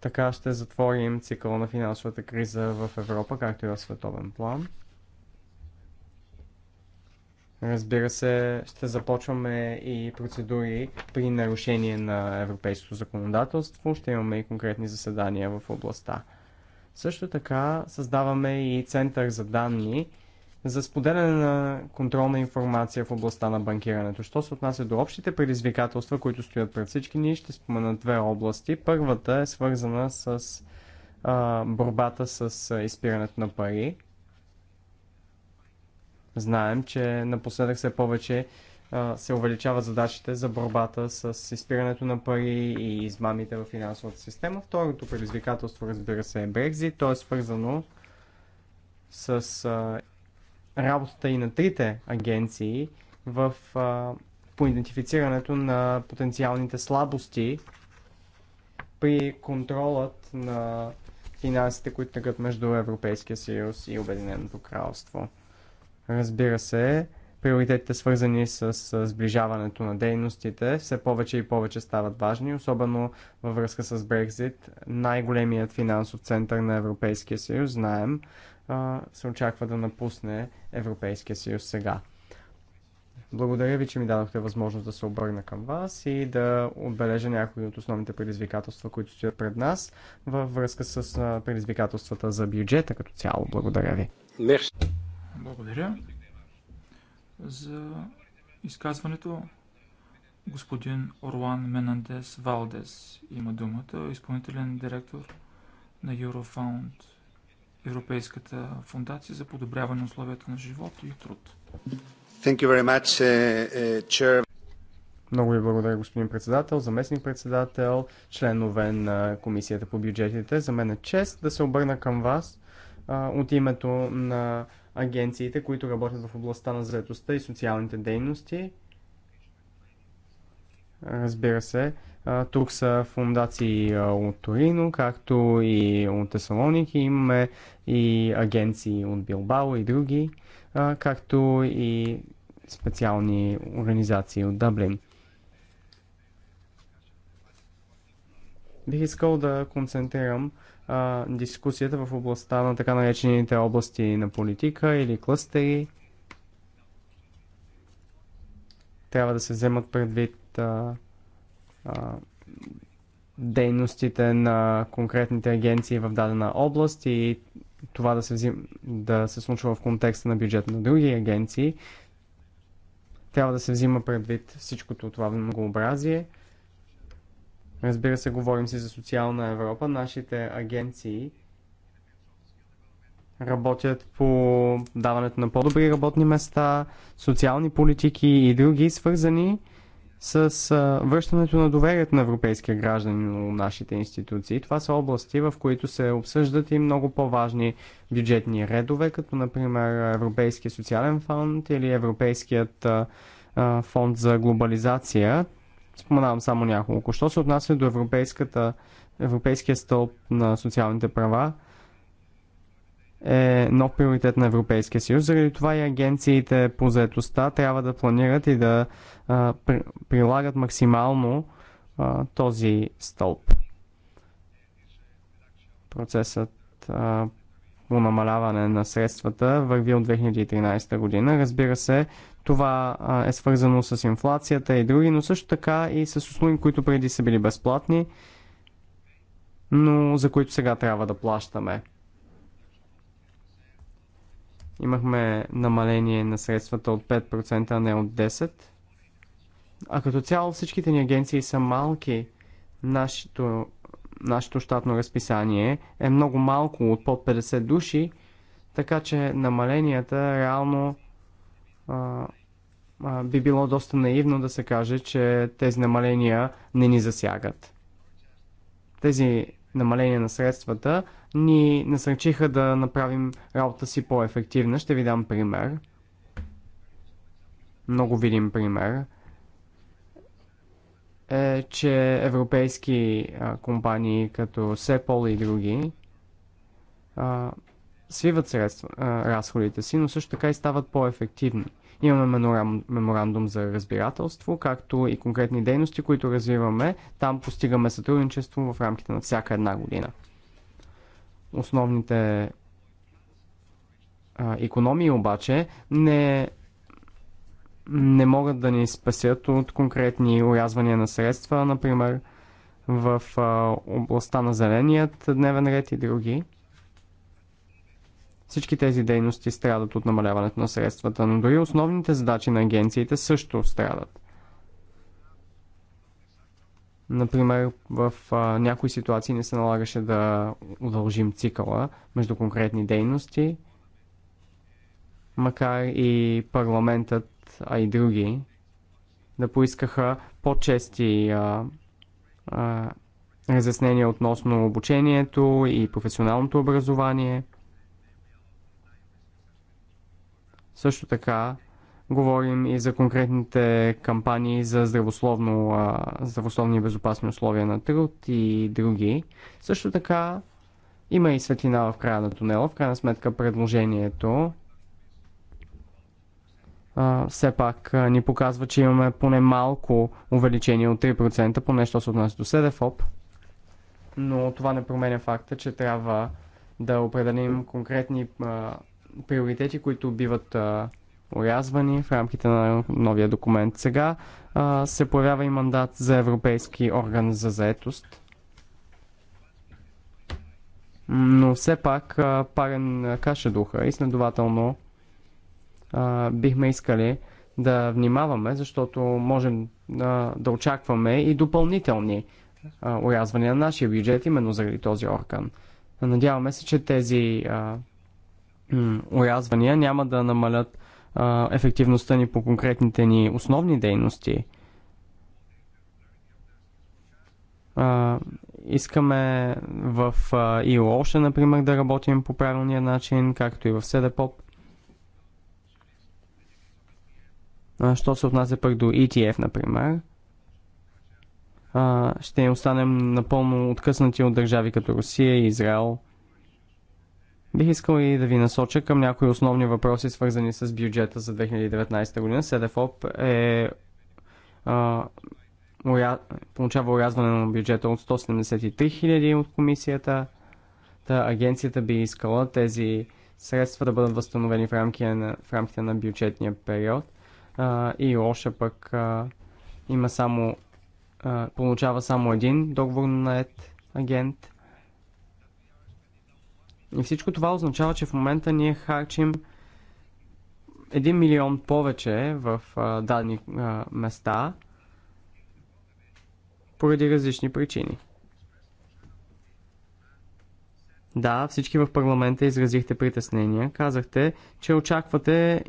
Така ще затворим цикъла на финансовата криза в Европа, както и в световен план. Разбира се, ще започваме и процедури при нарушение на европейското законодателство. Ще имаме и конкретни заседания в областта. Също така създаваме и център за данни, за споделяне на контролна информация в областта на банкирането. Що се отнася до общите предизвикателства, които стоят пред всички, ние ще спомена две области. Първата е свързана с а, борбата с изпирането на пари. Знаем, че напоследък все повече а, се увеличават задачите за борбата с изпирането на пари и измамите в финансовата система. Второто предизвикателство, разбира се, е Брекзит. То е свързано с а, работата и на трите агенции в, а, по идентифицирането на потенциалните слабости при контролът на финансите, които тъгат между Европейския съюз и Обединеното кралство. Разбира се, приоритетите свързани с сближаването на дейностите все повече и повече стават важни, особено във връзка с Брекзит. Най-големият финансов център на Европейския съюз, знаем, се очаква да напусне Европейския съюз сега. Благодаря ви, че ми дадохте възможност да се обърна към вас и да отбележа някои от основните предизвикателства, които стоят пред нас във връзка с предизвикателствата за бюджета като цяло. Благодаря ви. Благодаря за изказването. Господин Орлан Менандес Валдес има думата, изпълнителен директор на Eurofound. Европейската фундация за подобряване на условията на живот и труд. Thank you very much, uh, uh, chair. Много ви благодаря, господин председател, заместник председател, членове на Комисията по бюджетите. За мен е чест да се обърна към вас а, от името на агенциите, които работят в областта на заедостта и социалните дейности. Разбира се, тук са фундации от Торино, както и от Тесалоники. Имаме и агенции от Билбао и други, както и специални организации от Даблин. Бих искал да концентрирам а, дискусията в областта на така наречените области на политика или клъстери. Трябва да се вземат предвид а, дейностите на конкретните агенции в дадена област и това да се, взим, да се случва в контекста на бюджет на други агенции, трябва да се взима предвид всичкото това многообразие. Разбира се, говорим си за социална Европа. Нашите агенции работят по даването на по-добри работни места, социални политики и други свързани с а, връщането на доверието на европейския гражданин на нашите институции. Това са области, в които се обсъждат и много по-важни бюджетни редове, като например Европейския социален фонд или Европейският а, а, фонд за глобализация. Споменавам само няколко. Що се отнася до европейската, Европейския стълб на социалните права, е нов приоритет на Европейския съюз. Заради това и агенциите по заедостта трябва да планират и да а, при, прилагат максимално а, този стълб. Процесът а, по намаляване на средствата върви от 2013 година. Разбира се, това а, е свързано с инфлацията и други, но също така и с услуги, които преди са били безплатни, но за които сега трябва да плащаме. Имахме намаление на средствата от 5%, а не от 10%. А като цяло всичките ни агенции са малки. Нашето, нашето щатно разписание е много малко от под 50 души, така че намаленията реално а, а, би било доста наивно да се каже, че тези намаления не ни засягат. Тези намаления на средствата ни насърчиха да направим работа си по-ефективна. Ще ви дам пример. Много видим пример е, че европейски а, компании като Сепол и други а, свиват средства, а, разходите си, но също така и стават по-ефективни. Имаме меморандум за разбирателство, както и конкретни дейности, които развиваме. Там постигаме сътрудничество в рамките на всяка една година. Основните а, економии обаче не, не могат да ни спасят от конкретни урязвания на средства, например в а, областта на зеленият дневен ред и други. Всички тези дейности страдат от намаляването на средствата, но дори основните задачи на агенциите също страдат. Например, в а, някои ситуации не се налагаше да удължим цикъла между конкретни дейности, макар и парламентът, а и други, да поискаха по-чести разяснения относно обучението и професионалното образование. Също така Говорим и за конкретните кампании за здравословно, здравословни и безопасни условия на труд и други. Също така има и светлина в края на тунела. В крайна сметка предложението все пак ни показва, че имаме поне малко увеличение от 3%, поне що се отнася до СДФОП. Но това не променя факта, че трябва да определим конкретни а, приоритети, които биват а, урязвани в рамките на новия документ. Сега а, се появява и мандат за Европейски орган за заетост. Но все пак а, парен каша духа и следователно а, бихме искали да внимаваме, защото можем а, да очакваме и допълнителни а, урязвания на нашия бюджет именно заради този орган. Надяваме се, че тези а, урязвания няма да намалят ефективността ни по конкретните ни основни дейности. искаме в EOOSHA, например, да работим по правилния начин, както и в CDPOP. Що се отнася пък до ETF, например, ще останем напълно откъснати от държави като Русия и Израел – Бих искал и да ви насоча към някои основни въпроси, свързани с бюджета за 2019 година. СДФОП е а, уря... получава урязване на бюджета от 173 хиляди от комисията. Та агенцията би искала тези средства да бъдат възстановени в, рамките на, в рамките на бюджетния период. А, и още пък а, има само, а, получава само един договор на ед агент и всичко това означава, че в момента ние харчим 1 милион повече в а, дадени а, места поради различни причини. Да, всички в парламента изразихте притеснения. Казахте, че очаквате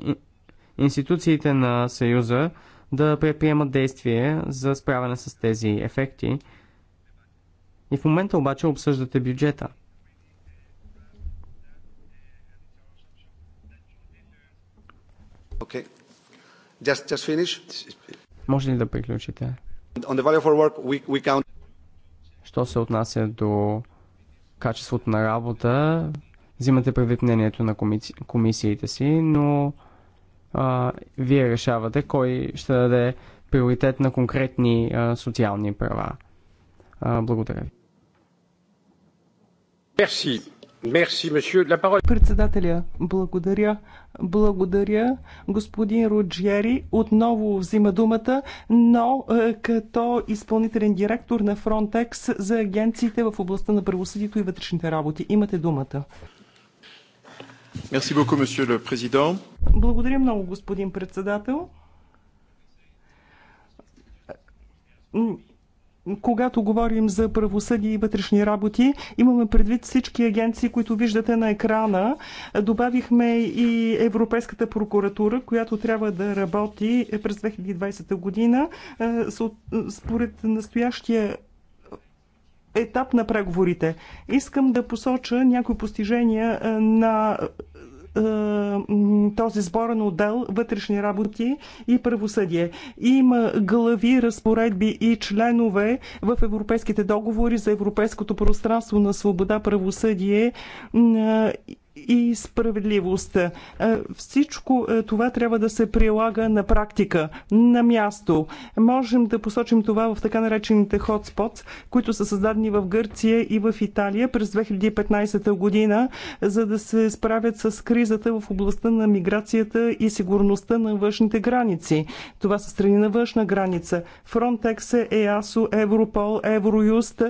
институциите на Съюза да предприемат действие за справяне с тези ефекти. И в момента обаче обсъждате бюджета – Okay. Just, just finish. Може ли да приключите? On the value for work, we, we count... Що се отнася до качеството на работа, взимате предвид мнението на комици... комисиите си, но а, вие решавате кой ще даде приоритет на конкретни а, социални права. А, благодаря ви. Merci. Председателя, благодаря. Благодаря. Господин Роджери отново взима думата, но е, като изпълнителен директор на Frontex за агенциите в областта на правосъдието и вътрешните работи. Имате думата. Благодаря много, господин председател когато говорим за правосъдие и вътрешни работи, имаме предвид всички агенции, които виждате на екрана. Добавихме и Европейската прокуратура, която трябва да работи през 2020 година. Е, според настоящия етап на преговорите. Искам да посоча някои постижения е, на е, този сборен отдел вътрешни работи и правосъдие. Има глави, разпоредби и членове в европейските договори за европейското пространство на свобода, правосъдие и справедливостта. Е, всичко е, това трябва да се прилага на практика, на място. Можем да посочим това в така наречените хотспот, които са създадени в Гърция и в Италия през 2015 година, за да се справят с кризата в областта на миграцията и сигурността на външните граници. Това са страни на външна граница. Frontex, EASO, Европол, Евроюст,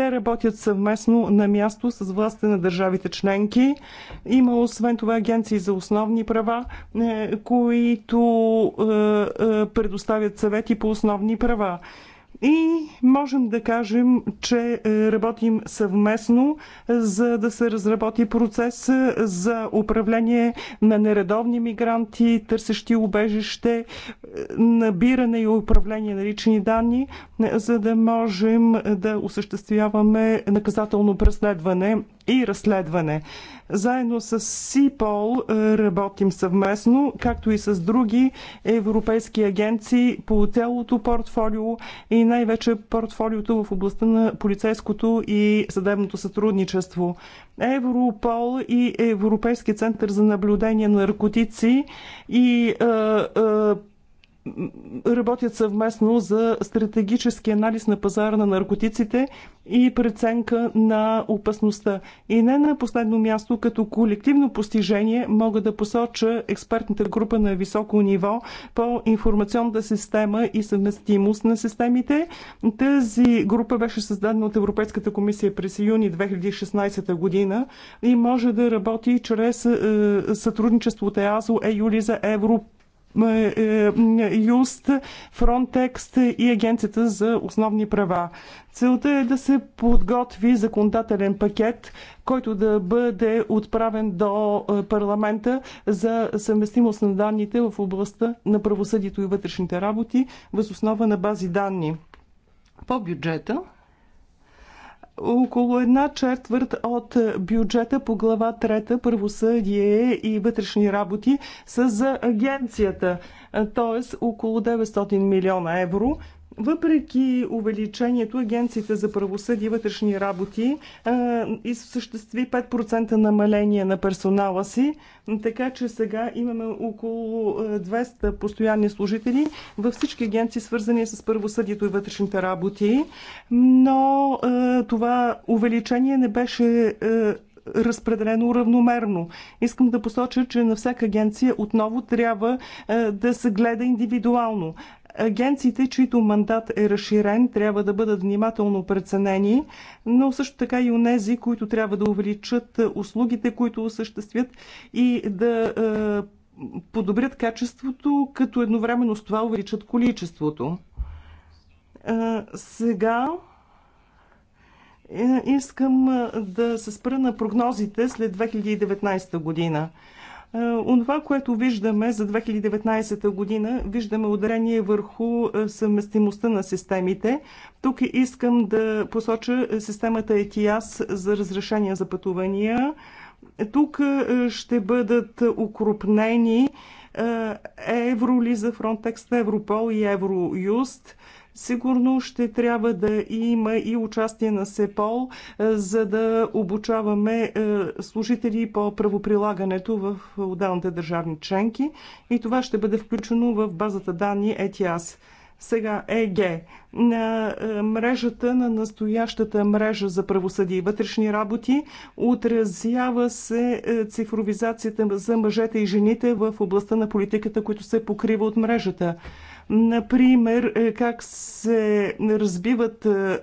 те работят съвместно на място с властта на държавите членки. Има освен това агенции за основни права, е, които е, е, предоставят съвети по основни права. И можем да кажем, че е, работим съвместно, за да се разработи процес е, за управление на нередовни мигранти, търсещи убежище, е, набиране и управление на лични данни, за да можем да осъществяваме наказателно преследване и разследване. Заедно с СИПОЛ е, работим съвместно, както и с други европейски агенции по цялото портфолио и най-вече портфолиото в областта на полицейското и съдебното сътрудничество. Европол и Европейски център за наблюдение на наркотици и е, е, работят съвместно за стратегически анализ на пазара на наркотиците и преценка на опасността. И не на последно място, като колективно постижение, мога да посоча експертната група на високо ниво по информационната система и съвместимост на системите. Тази група беше създадена от Европейската комисия през юни 2016 година и може да работи чрез е, сътрудничество от ЕАЗО, ЕЮЛИЗА, Европа е, е, е, Юст, Фронтекст и Агенцията за основни права. Целта е да се подготви законодателен пакет, който да бъде отправен до парламента за съвместимост на данните в областта на правосъдието и вътрешните работи, възоснова основа на бази данни. По бюджета около една четвърт от бюджета по глава 3 правосъдие и вътрешни работи са за агенцията, т.е. около 900 милиона евро. Въпреки увеличението, Агенцията за правосъдие и вътрешни работи изсъществи 5% намаление на персонала си, така че сега имаме около 200 постоянни служители във всички агенции, свързани с правосъдието и вътрешните работи. Но това увеличение не беше разпределено равномерно. Искам да посоча, че на всяка агенция отново трябва да се гледа индивидуално. Агенциите, чийто мандат е разширен, трябва да бъдат внимателно преценени, но също така и онези, които трябва да увеличат услугите, които осъществят и да е, подобрят качеството, като едновременно с това увеличат количеството. Е, сега е, искам е, да се спра на прогнозите след 2019 година. Е, онова, което виждаме за 2019 година, виждаме ударение върху е, съвместимостта на системите. Тук искам да посоча е, системата ETIAS за разрешение за пътувания. Тук ще бъдат укрупнени Евроли за Frontex, Европол и Евроюст – Сигурно ще трябва да има и участие на СЕПОЛ, е, за да обучаваме е, служители по правоприлагането в отделните държавни членки и това ще бъде включено в базата данни ETIAS. Сега ЕГ. На е, мрежата на настоящата мрежа за правосъдие и вътрешни работи отразява се цифровизацията за мъжете и жените в областта на политиката, които се покрива от мрежата. Например, е, как се разбиват е, е,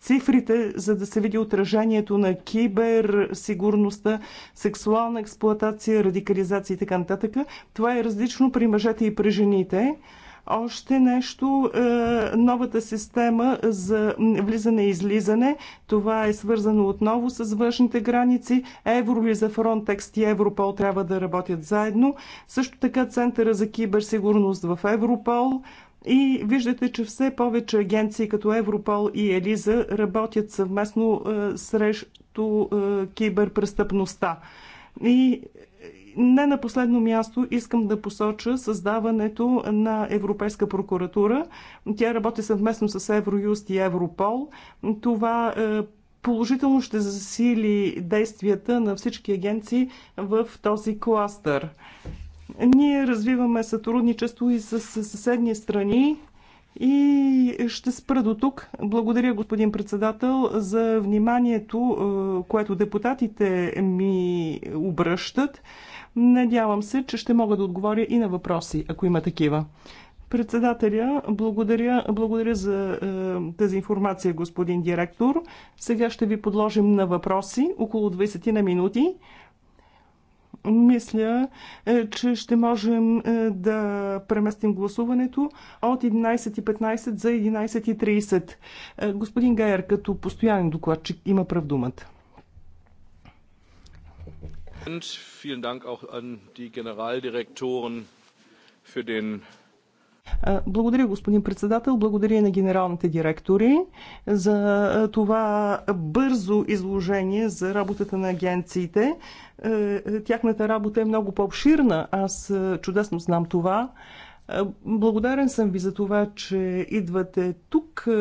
цифрите, за да се види отражението на киберсигурността, сексуална експлоатация, радикализация и така нататък. Това е различно при мъжете и при жените. Още нещо, е, новата система за влизане и излизане, това е свързано отново с външните граници. Евроли за Фронтекст и Европол трябва да работят заедно. Също така Центъра за киберсигурност в Европол. И виждате, че все повече агенции като Европол и Елиза работят съвместно е, срещу е, киберпрестъпността. И не на последно място искам да посоча създаването на Европейска прокуратура. Тя работи съвместно с Евроюст и Европол. Това е, положително ще засили действията на всички агенции в този кластър. Ние развиваме сътрудничество и с съседни страни. И ще спра до тук. Благодаря, господин председател, за вниманието, е, което депутатите ми обръщат. Надявам се, че ще мога да отговоря и на въпроси, ако има такива. Председателя, благодаря, благодаря за е, тази информация, господин директор. Сега ще ви подложим на въпроси около 20 на минути мисля, е, че ще можем е, да преместим гласуването от 11.15 за 11.30. Е, господин Гайер, като постоянен докладчик, има прав думата. Vielen Dank auch an die Generaldirektoren für den е, благодаря, господин председател. Благодаря на генералните директори за е, това бързо изложение за работата на агенциите. Е, тяхната работа е много по-обширна. Аз чудесно знам това. Е, благодарен съм ви за това, че идвате тук, е,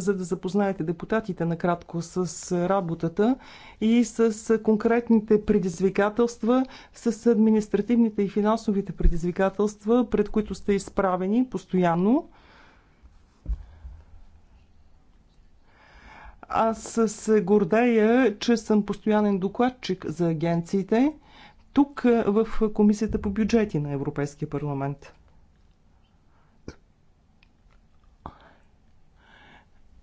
за да запознаете депутатите накратко с работата и с конкретните предизвикателства, с административните и финансовите предизвикателства, пред които сте изправени постоянно. Аз се гордея, че съм постоянен докладчик за агенциите тук е, в Комисията по бюджети на Европейския парламент.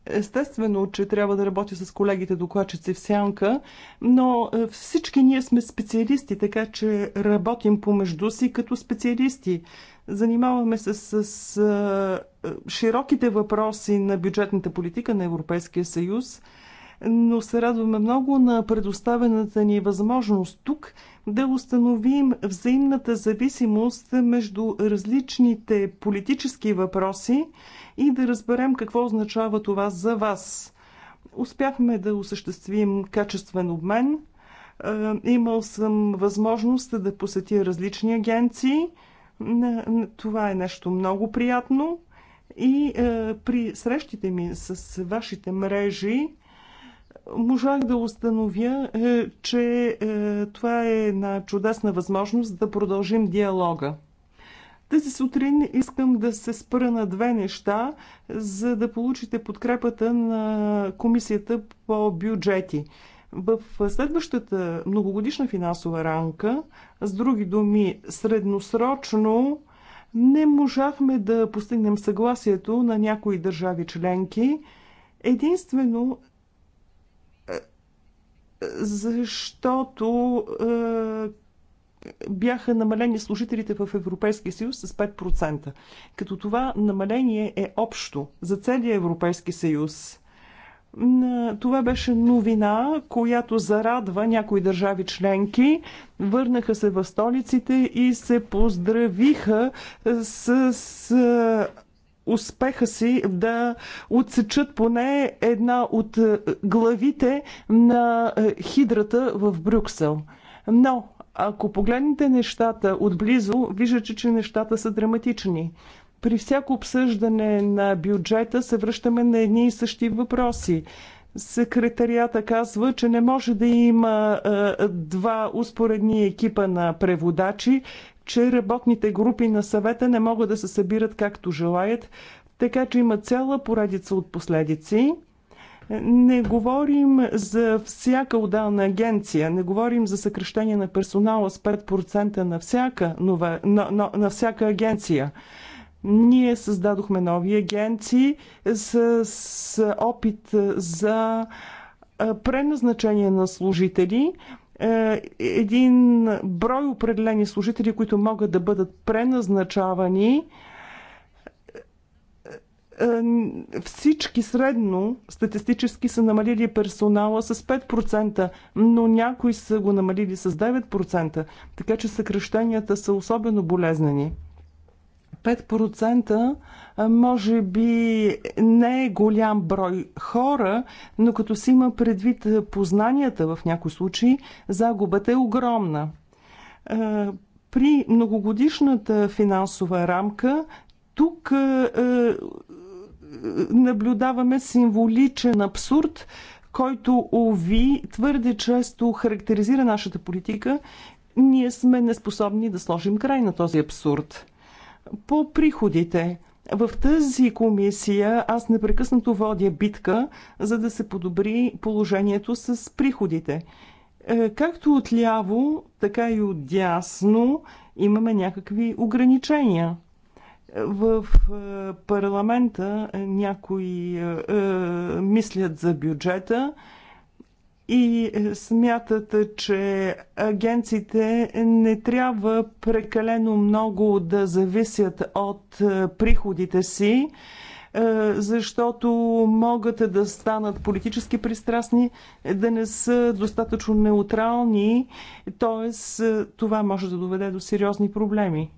Естествено, че трябва да работя с колегите докладчици в сянка, но е, всички ние сме специалисти, така че работим помежду си като специалисти. Занимаваме се с, с е, широките въпроси на бюджетната политика на Европейския съюз, но се радваме много на предоставената ни възможност тук да установим взаимната зависимост между различните политически въпроси и да разберем какво означава това за вас. Успяхме да осъществим качествен обмен. Е, имал съм възможност да посетя различни агенции. Това е нещо много приятно. И е, при срещите ми с вашите мрежи, можах да установя, е, че е, това е една чудесна възможност да продължим диалога. Тази сутрин искам да се спра на две неща, за да получите подкрепата на Комисията по бюджети. В следващата многогодишна финансова рамка, с други думи, средносрочно, не можахме да постигнем съгласието на някои държави членки, единствено защото е, бяха намалени служителите в Европейския съюз с 5%. Като това намаление е общо за целия Европейски съюз. Това беше новина, която зарадва някои държави членки. Върнаха се в столиците и се поздравиха с успеха си да отсечат поне една от е, главите на е, хидрата в Брюксел. Но ако погледнете нещата отблизо, виждате, че нещата са драматични. При всяко обсъждане на бюджета се връщаме на едни и същи въпроси. Секретарията казва, че не може да има е, два успоредни екипа на преводачи, че работните групи на съвета не могат да се събират както желаят, така че има цяла поредица от последици. Не говорим за всяка отделна агенция, не говорим за съкрещение на персонала с 5% на всяка, нова, на, на, на всяка агенция. Ние създадохме нови агенции с, с опит за преназначение на служители, е, един брой определени служители, които могат да бъдат преназначавани. Е, е, всички средно статистически са намалили персонала с 5%, но някои са го намалили с 9%, така че съкръщенията са особено болезнени. 5% може би не е голям брой хора, но като си има предвид познанията в някои случаи, загубата е огромна. При многогодишната финансова рамка тук наблюдаваме символичен абсурд, който, ови, твърде често характеризира нашата политика. Ние сме неспособни да сложим край на този абсурд. По приходите – в тази комисия аз непрекъснато водя битка, за да се подобри положението с приходите. Е, както от ляво, така и от дясно имаме някакви ограничения. В е, парламента някои е, мислят за бюджета, и е, смятат, че агенциите не трябва прекалено много да зависят от е, приходите си, е, защото могат да станат политически пристрастни, да не са достатъчно неутрални, т.е. това може да доведе до сериозни проблеми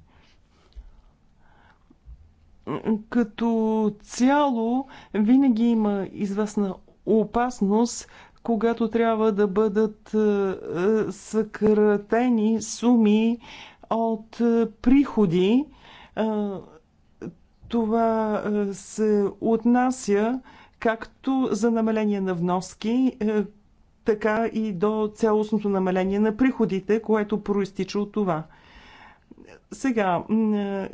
като цяло винаги има известна опасност когато трябва да бъдат е, е, съкратени суми от е, приходи. Това се отнася както за намаление на вноски, така и до цялостното намаление на приходите, което проистича от това. Сега,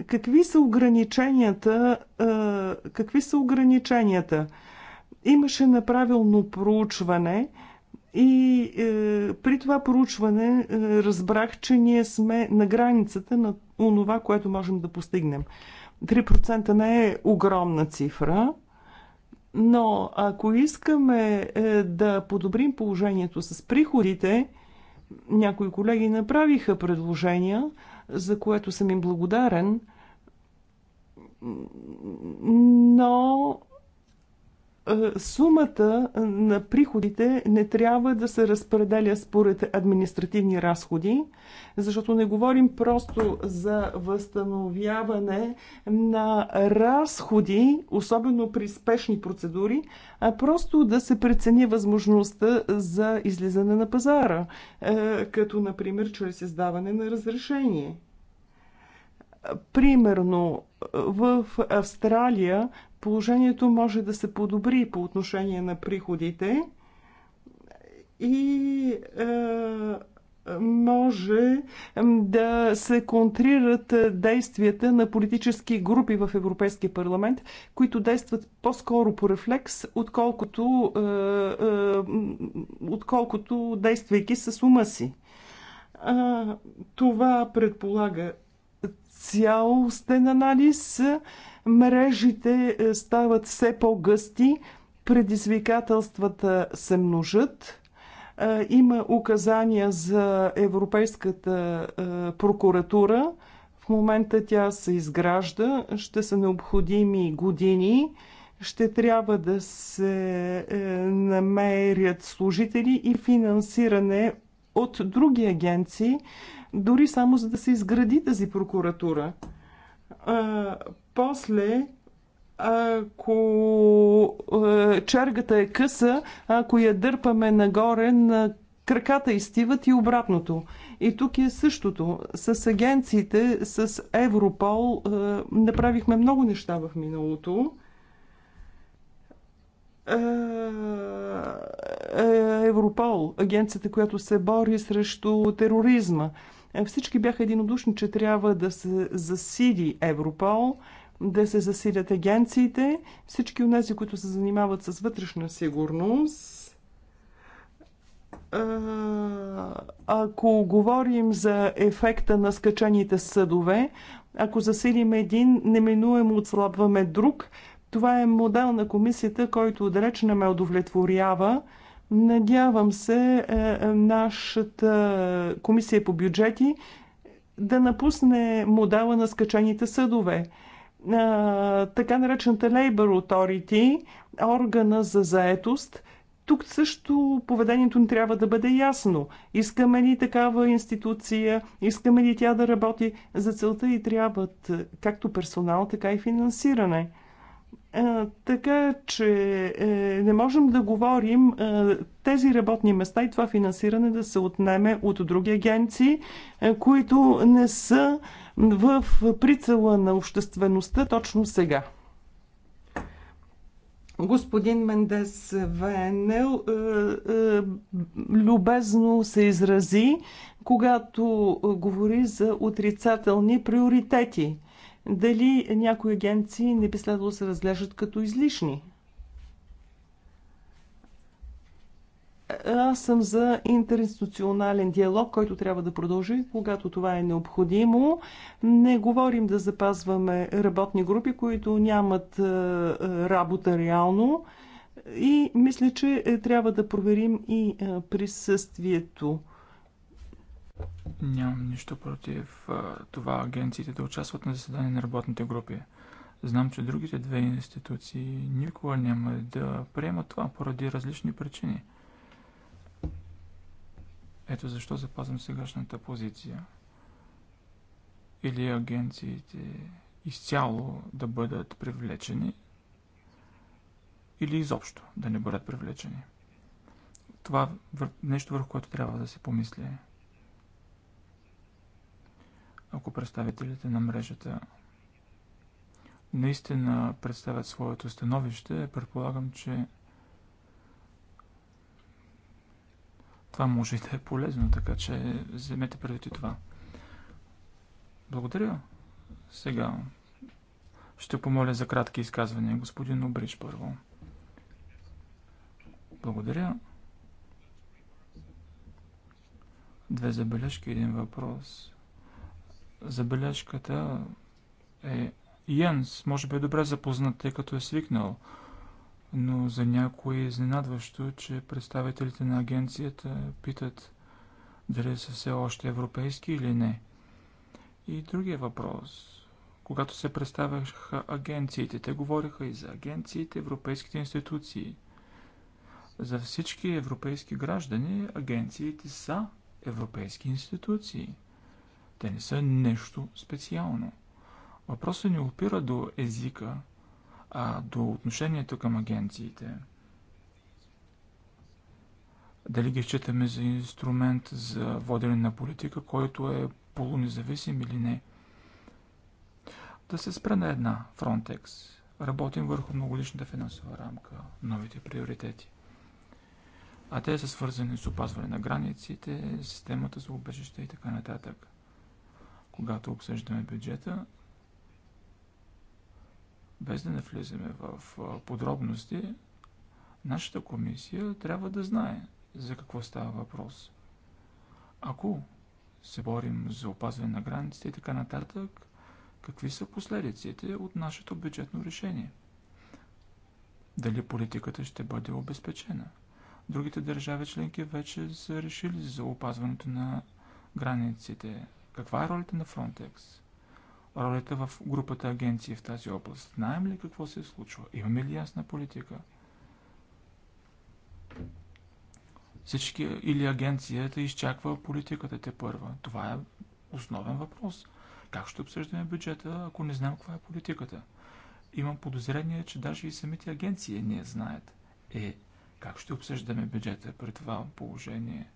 какви са ограниченията? Какви са ограниченията? Имаше направилно проучване и е, при това проучване е, разбрах, че ние сме на границата на онова, което можем да постигнем. 3% не е огромна цифра, но ако искаме е, да подобрим положението с приходите, някои колеги направиха предложения, за което съм им благодарен, но е, сумата е, на приходите не трябва да се разпределя според административни разходи, защото не говорим просто за възстановяване на разходи, особено при спешни процедури, а просто да се прецени възможността за излизане на пазара, е, като например чрез издаване на разрешение. Примерно в Австралия положението може да се подобри по отношение на приходите и е, може да се контрират действията на политически групи в Европейския парламент, които действат по-скоро по рефлекс, отколкото, е, е, отколкото действайки с ума си. Това предполага цялостен анализ Мрежите е, стават все по-гъсти, предизвикателствата се множат. Е, има указания за Европейската е, прокуратура. В момента тя се изгражда. Ще са необходими години ще трябва да се намерят служители и финансиране от други агенции, дори само за да се изгради тази прокуратура. После ако е, чергата е къса, ако я дърпаме нагоре, на краката изтиват и обратното. И тук е същото. С агенциите, с Европол е, направихме много неща в миналото. Е, Европол, агенцията, която се бори срещу тероризма. Всички бяха единодушни, че трябва да се засили Европол – да се засилят агенциите, всички от тези, които се занимават с вътрешна сигурност. Ако говорим за ефекта на скачаните съдове, ако засилим един, неминуемо отслабваме друг. Това е модел на комисията, който далеч не ме удовлетворява. Надявам се е, е, нашата комисия по бюджети да напусне модела на скачаните съдове така наречената Labor Authority, органа за заетост. Тук също поведението ни трябва да бъде ясно. Искаме ли такава институция, искаме ли тя да работи. За целта и трябват както персонал, така и финансиране. Така че е, не можем да говорим е, тези работни места и това финансиране да се отнеме от други агенции, е, които не са в прицела на обществеността точно сега. Господин Мендес Венел любезно се изрази, когато говори за отрицателни приоритети дали някои агенции не би следвало да се разглеждат като излишни. Аз съм за интеринституционален диалог, който трябва да продължи, когато това е необходимо. Не говорим да запазваме работни групи, които нямат е, работа реално. И мисля, че е, трябва да проверим и е, присъствието. Нямам нищо против това агенциите да участват на заседание на работните групи. Знам, че другите две институции никога няма да приемат това поради различни причини. Ето защо запазвам сегашната позиция. Или агенциите изцяло да бъдат привлечени, или изобщо да не бъдат привлечени. Това нещо върху което трябва да се помисли ако представителите на мрежата наистина представят своето становище, предполагам, че това може и да е полезно, така че вземете преди и това. Благодаря. Сега ще помоля за кратки изказвания. Господин Обрич първо. Благодаря. Две забележки, един въпрос. Забележката е Йенс, може би е добре запознат, тъй като е свикнал, но за някой е изненадващо, че представителите на агенцията питат дали са все още европейски или не. И другия въпрос. Когато се представяха агенциите, те говориха и за агенциите, европейските институции. За всички европейски граждани агенциите са европейски институции – те не са нещо специално. Въпросът ни опира до езика, а до отношението към агенциите. Дали ги считаме за инструмент за водене на политика, който е полунезависим или не. Да се спра на една – Frontex. Работим върху многодишната финансова рамка, новите приоритети. А те са свързани с опазване на границите, системата за убежище и така нататък когато обсъждаме бюджета, без да навлизаме в подробности, нашата комисия трябва да знае за какво става въпрос. Ако се борим за опазване на границите и така нататък, какви са последиците от нашето бюджетно решение? Дали политиката ще бъде обезпечена? Другите държави членки вече са решили за опазването на границите. Каква е ролята на Frontex? Ролята в групата агенции в тази област. Знаем ли какво се е случва? Имаме ли ясна политика? Всички или агенцията изчаква политиката те първа. Това е основен въпрос. Как ще обсъждаме бюджета, ако не знам каква е политиката? Имам подозрение, че даже и самите агенции не знаят. Е, как ще обсъждаме бюджета при това положение?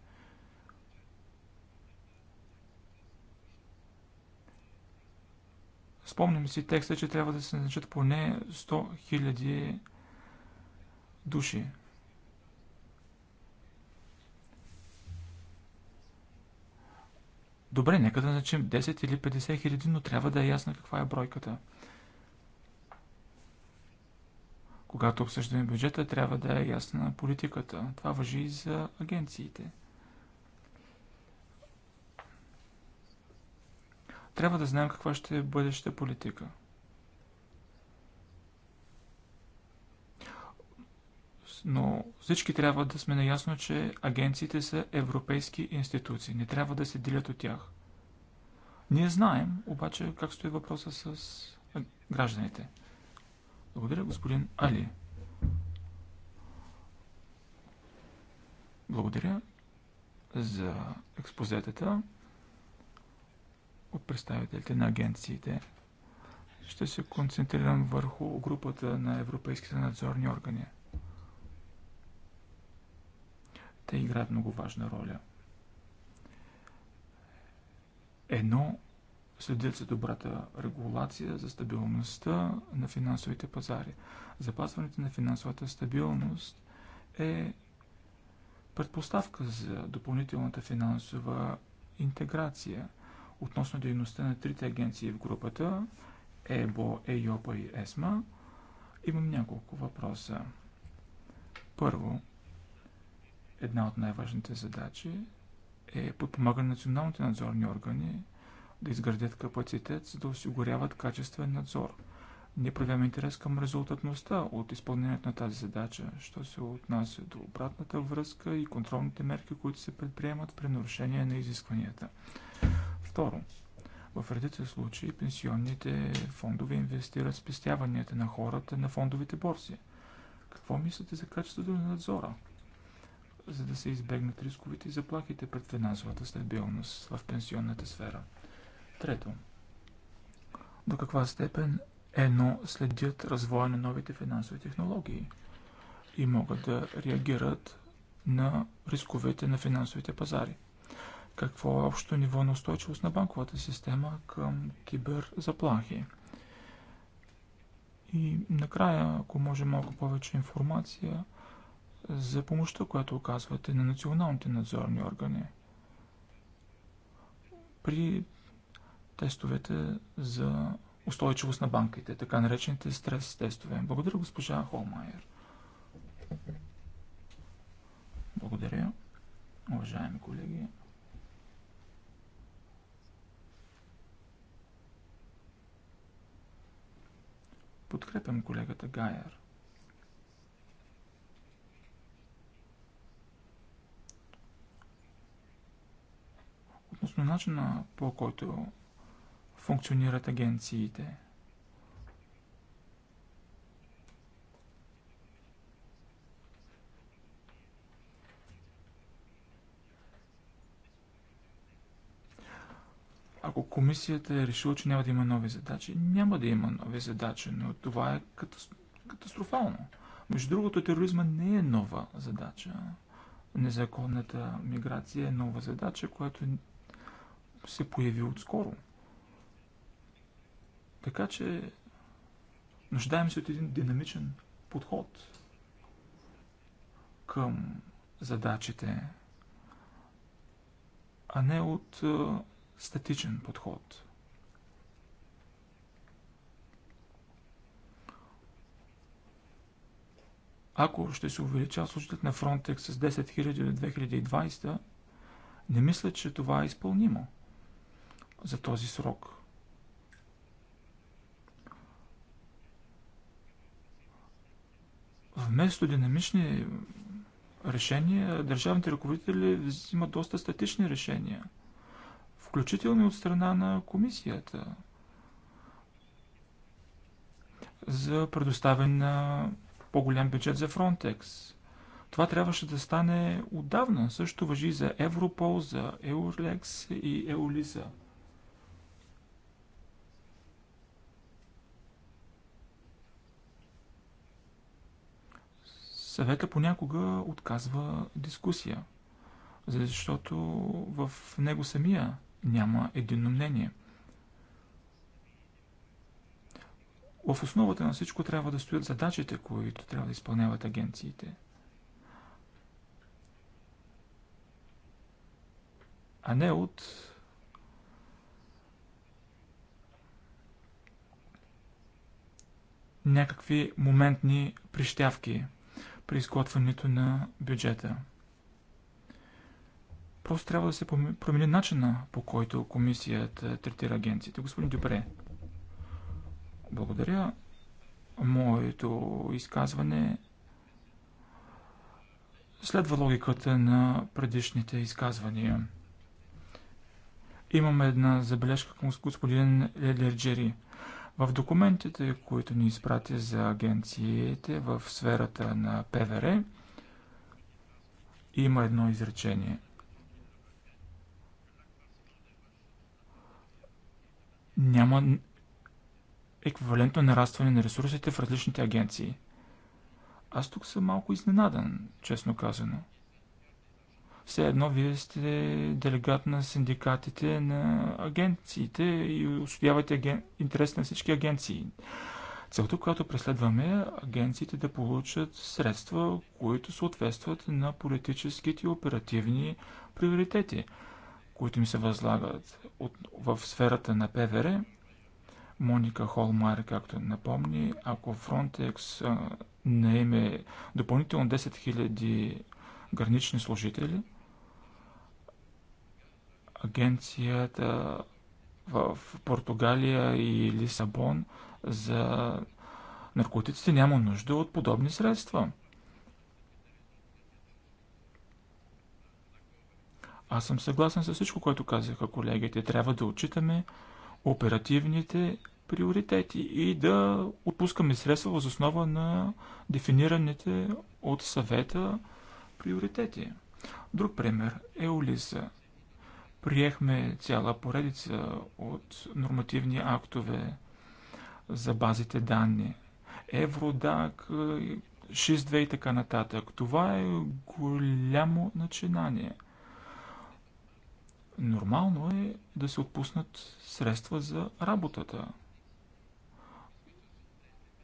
Спомним си текста, че трябва да се назначат поне 100 000 души. Добре, нека да начим 10 или 50 хиляди, но трябва да е ясна каква е бройката. Когато обсъждаме бюджета, трябва да е ясна политиката. Това въжи и за агенциите. Трябва да знаем каква ще е бъдещата политика. Но всички трябва да сме наясно, че агенциите са европейски институции. Не трябва да се делят от тях. Ние знаем, обаче, как стои въпроса с гражданите. Благодаря, господин Али. Благодаря за експозетата от представителите на агенциите. Ще се концентрирам върху групата на европейските надзорни органи. Те играят много важна роля. Едно, следят за добрата регулация, за стабилността на финансовите пазари. Запазването на финансовата стабилност е предпоставка за допълнителната финансова интеграция – относно дейността на трите агенции в групата ЕБО, ЕЙОПА и ЕСМА, имам няколко въпроса. Първо, една от най-важните задачи е подпомагане на националните надзорни органи да изградят капацитет, за да осигуряват качествен надзор. Ние проявяваме интерес към резултатността от изпълнението на тази задача, що се отнася до обратната връзка и контролните мерки, които се предприемат при нарушение на изискванията. Второ, в редица случаи пенсионните фондове инвестират спестяванията на хората на фондовите борси. Какво мислите за качеството на надзора? За да се избегнат рисковите и заплахите пред финансовата стабилност в пенсионната сфера. Трето, до каква степен едно следят развоя на новите финансови технологии и могат да реагират на рисковете на финансовите пазари? какво е общото ниво на устойчивост на банковата система към киберзаплахи. И накрая, ако може малко повече информация за помощта, която оказвате на националните надзорни органи при тестовете за устойчивост на банките, така наречените стрес тестове. Благодаря, госпожа Холмайер. Благодаря, уважаеми колеги. Подкрепям колегата Гайер. Относно начина по който функционират агенциите. Ако комисията е решила, че няма да има нови задачи, няма да има нови задачи, но това е катастрофално. Между другото, тероризма не е нова задача. Незаконната миграция е нова задача, която се появи отскоро. Така че нуждаем се от един динамичен подход към задачите, а не от статичен подход. Ако ще се увелича служителят на Frontex с 10 000 до 2020, не мисля, че това е изпълнимо за този срок. Вместо динамични решения, държавните ръководители взимат доста статични решения – включително и от страна на комисията за предоставен на по-голям бюджет за Фронтекс. Това трябваше да стане отдавна. Също въжи за Европол, за Eurlex и Еолиса. Съвета понякога отказва дискусия, защото в него самия няма единно мнение. В основата на всичко трябва да стоят задачите, които трябва да изпълняват агенциите. А не от някакви моментни прищявки при изготвянето на бюджета. Просто трябва да се промени начина по който комисията третира агенциите. Господин Дюпре, благодаря. Моето изказване следва логиката на предишните изказвания. Имаме една забележка към господин Лерджери. В документите, които ни изпрати за агенциите в сферата на ПВР, има едно изречение – няма еквивалентно нарастване на ресурсите в различните агенции. Аз тук съм малко изненадан, честно казано. Все едно вие сте делегат на синдикатите на агенциите и отстоявате аген... интерес на всички агенции. Целта, която преследваме е агенциите да получат средства, които съответстват на политическите и оперативни приоритети – които им се възлагат от, в сферата на ПВР. Моника Холмар, както напомни, ако Frontex наеме допълнително 10 000 гранични служители, агенцията в Португалия и Лисабон за наркотиците няма нужда от подобни средства. Аз съм съгласен с всичко, което казаха колегите. Трябва да отчитаме оперативните приоритети и да отпускаме средства въз основа на дефинираните от съвета приоритети. Друг пример е Олиса. Приехме цяла поредица от нормативни актове за базите данни. Евродак, 6.2 и така нататък. Това е голямо начинание – Нормално е да се отпуснат средства за работата.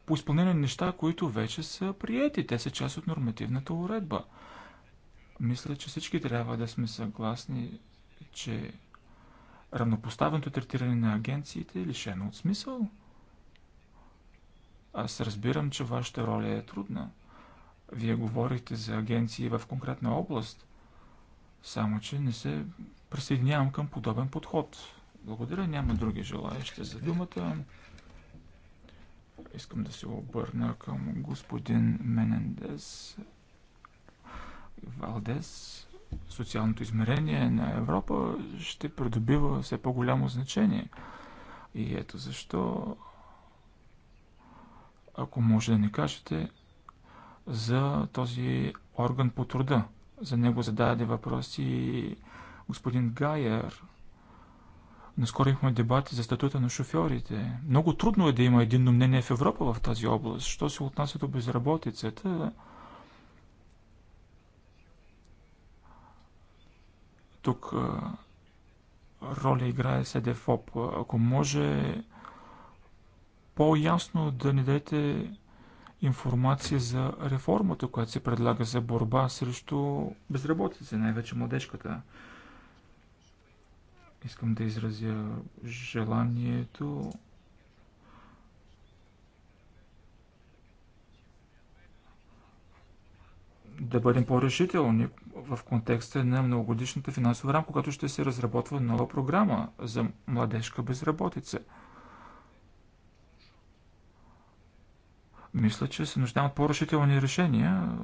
По изпълнение на неща, които вече са приети, те са част от нормативната уредба. Мисля, че всички трябва да сме съгласни, че равнопоставеното третиране на агенциите е лишено от смисъл. Аз разбирам, че вашата роля е трудна. Вие говорите за агенции в конкретна област, само че не се присъединявам към подобен подход. Благодаря, няма други желаящи за думата. Искам да се обърна към господин Менендес Валдес. Социалното измерение на Европа ще придобива все по-голямо значение. И ето защо, ако може да ни кажете за този орган по труда, за него зададе въпроси Господин Гайер, наскоро имахме дебати за статута на шофьорите. Много трудно е да има единно мнение в Европа в тази област. Що се отнася до безработицата, тук роля играе СДФОП. Ако може по-ясно да ни дадете информация за реформата, която се предлага за борба срещу безработица, най-вече младежката. Искам да изразя желанието да бъдем по-решителни в контекста на многогодишната финансова рамка, когато ще се разработва нова програма за младежка безработица. Мисля, че се нуждаем от по-решителни решения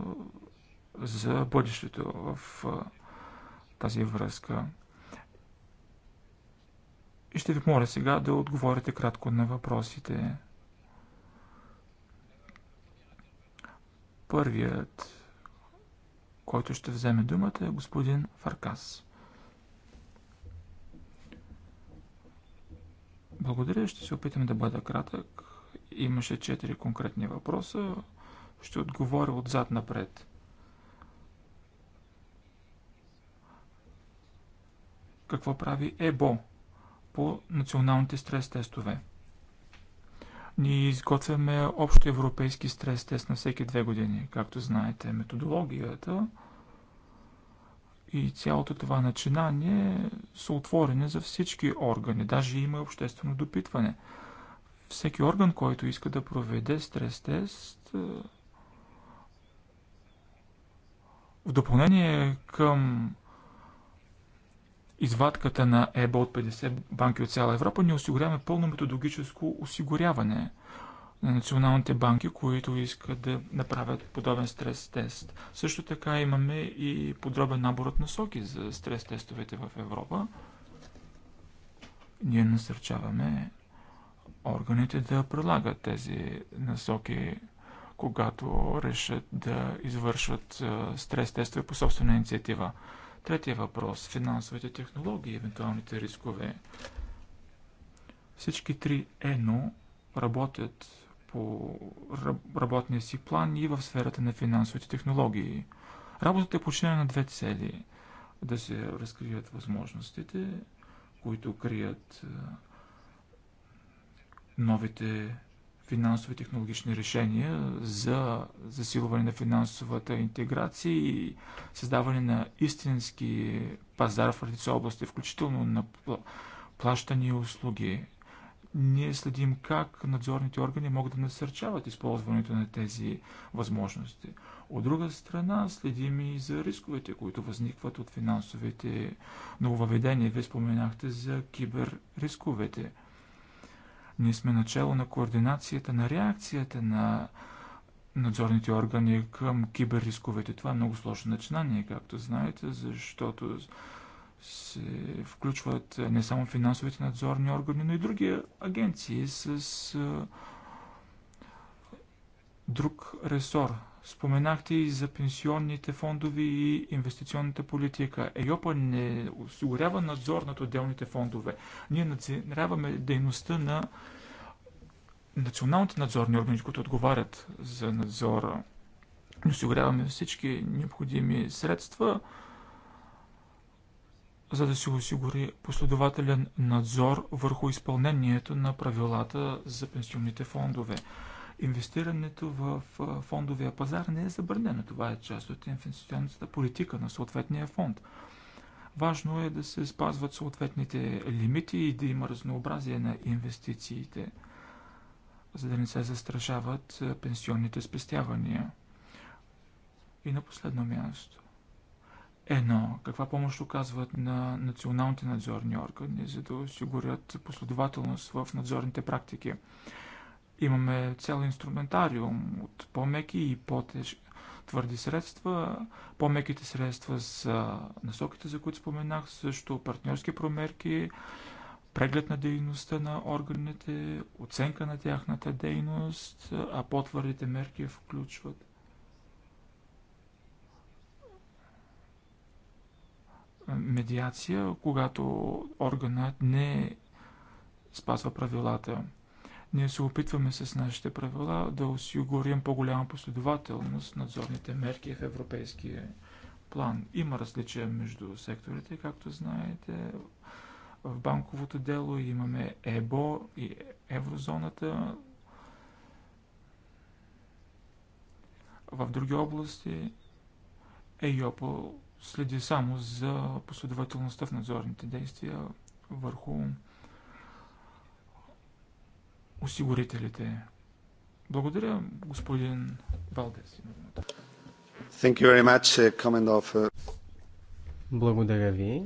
за бъдещето в тази връзка. И ще ви моля сега да отговорите кратко на въпросите. Първият, който ще вземе думата е господин Фаркас. Благодаря, ще се опитам да бъда кратък. Имаше четири конкретни въпроса. Ще отговоря отзад напред. Какво прави ЕБО по националните стрес тестове. Ние изготвяме общо европейски стрес тест на всеки две години. Както знаете, методологията и цялото това начинание са отворени за всички органи. Даже има обществено допитване. Всеки орган, който иска да проведе стрес тест, е, в допълнение към извадката на ЕБО от 50 банки от цяла Европа, ние осигуряваме пълно методологическо осигуряване на националните банки, които искат да направят подобен стрес тест. Също така имаме и подробен набор от насоки за стрес тестовете в Европа. Ние насърчаваме органите да прилагат тези насоки, когато решат да извършват стрес тестове по собствена инициатива. Третия въпрос – финансовите технологии и евентуалните рискове. Всички три ЕНО работят по работния си план и в сферата на финансовите технологии. Работата е починена на две цели. Да се разкрият възможностите, които крият новите финансови технологични решения за засилване на финансовата интеграция и създаване на истински пазар в редица области, включително на плащани и услуги. Ние следим как надзорните органи могат да насърчават използването на тези възможности. От друга страна, следим и за рисковете, които възникват от финансовите нововведения, Вие споменахте за киберрисковете – ние сме начало на координацията, на реакцията на надзорните органи към киберрисковете. Това е много сложно начинание, както знаете, защото се включват не само финансовите надзорни органи, но и други агенции с друг ресор Споменахте и за пенсионните фондови и инвестиционната политика. ЕЙОПА не осигурява надзор над отделните фондове. Ние надзираваме дейността на националните надзорни органи, които отговарят за надзора. Не осигуряваме всички необходими средства, за да се осигури последователен надзор върху изпълнението на правилата за пенсионните фондове. Инвестирането в фондовия пазар не е забранено. Това е част от инвестиционната политика на съответния фонд. Важно е да се спазват съответните лимити и да има разнообразие на инвестициите, за да не се застрашават пенсионните спестявания. И на последно място. Едно, каква помощ оказват на националните надзорни органи, за да осигурят последователност в надзорните практики. Имаме цял инструментариум от по-меки и по-тежки твърди средства. По-меките средства са насоките, за които споменах, също партньорски промерки, преглед на дейността на органите, оценка на тяхната дейност, а по-твърдите мерки включват медиация, когато органът не спазва правилата. Ние се опитваме с нашите правила да осигурим по-голяма последователност на надзорните мерки в европейския план. Има различия между секторите, както знаете. В банковото дело имаме ЕБО и еврозоната. В други области ЕЙОПО следи само за последователността в надзорните действия върху осигурителите. Благодаря, господин Валдес. Thank you very much. Uh, Comment of... Благодаря ви.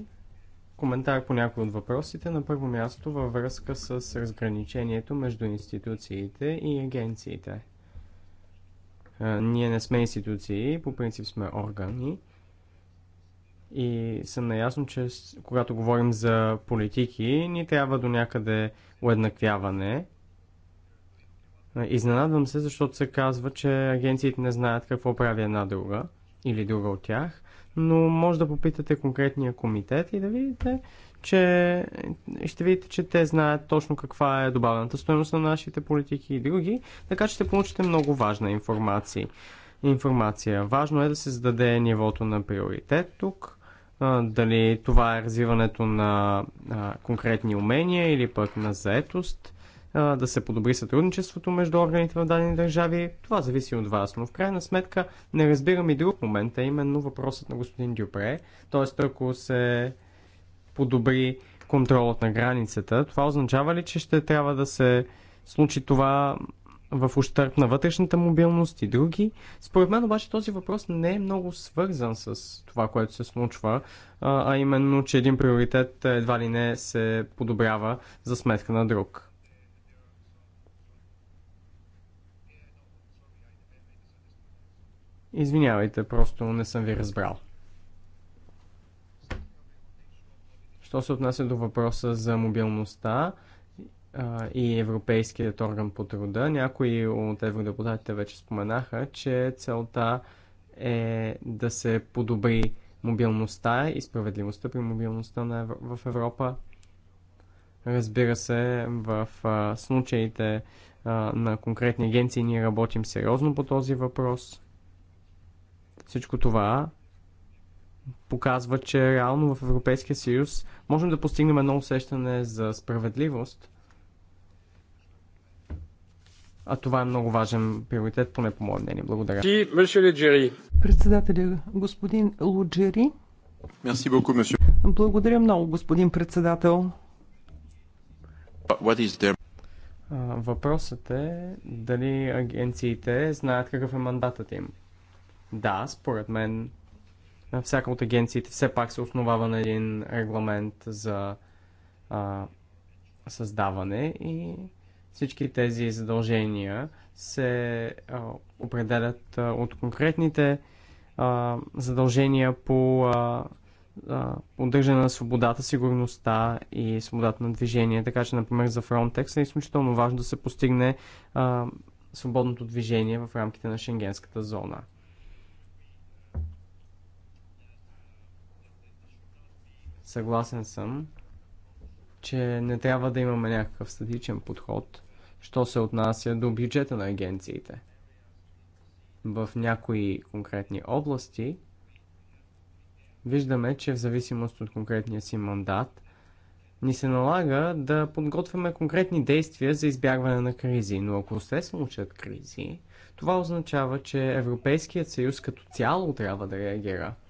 Коментар по някои от въпросите. На първо място във връзка с разграничението между институциите и агенциите. Ние не сме институции, по принцип сме органи. И съм наясно, че когато говорим за политики, ни трябва до някъде уеднаквяване Изненадвам се, защото се казва, че агенциите не знаят какво прави една друга или друга от тях, но може да попитате конкретния комитет и да видите, че ще видите, че те знаят точно каква е добавената стоеност на нашите политики и други, така че ще получите много важна информация. информация. Важно е да се зададе нивото на приоритет тук, дали това е развиването на конкретни умения или пък на заетост – да се подобри сътрудничеството между органите в дадени държави. Това зависи от вас, но в крайна сметка не разбирам и друг момент, а именно въпросът на господин Дюпре. Т.е. ако се подобри контролът на границата, това означава ли, че ще трябва да се случи това в ущърп на вътрешната мобилност и други. Според мен обаче този въпрос не е много свързан с това, което се случва, а именно, че един приоритет едва ли не се подобрява за сметка на друг. Извинявайте, просто не съм ви разбрал. Що се отнася до въпроса за мобилността и Европейският орган по труда, някои от евродепутатите вече споменаха, че целта е да се подобри мобилността и справедливостта при мобилността на Евро... в Европа. Разбира се, в а, случаите а, на конкретни агенции ние работим сериозно по този въпрос. Всичко това показва, че реално в Европейския съюз можем да постигнем едно усещане за справедливост, а това е много важен приоритет, поне по мое мнение. Благодаря. Председателя, господин Луджери. Благодаря много, господин председател. Въпросът е дали агенциите знаят какъв е мандатът им. Да, според мен всяка от агенциите все пак се основава на един регламент за а, създаване и всички тези задължения се а, определят а, от конкретните а, задължения по а, а, поддържане на свободата, сигурността и свободата на движение. Така че, например, за Frontex е изключително важно да се постигне а, свободното движение в рамките на шенгенската зона. Съгласен съм, че не трябва да имаме някакъв статичен подход, що се отнася до бюджета на агенциите. В някои конкретни области виждаме, че в зависимост от конкретния си мандат, ни се налага да подготвяме конкретни действия за избягване на кризи. Но ако се случат кризи, това означава, че Европейският съюз като цяло трябва да реагира –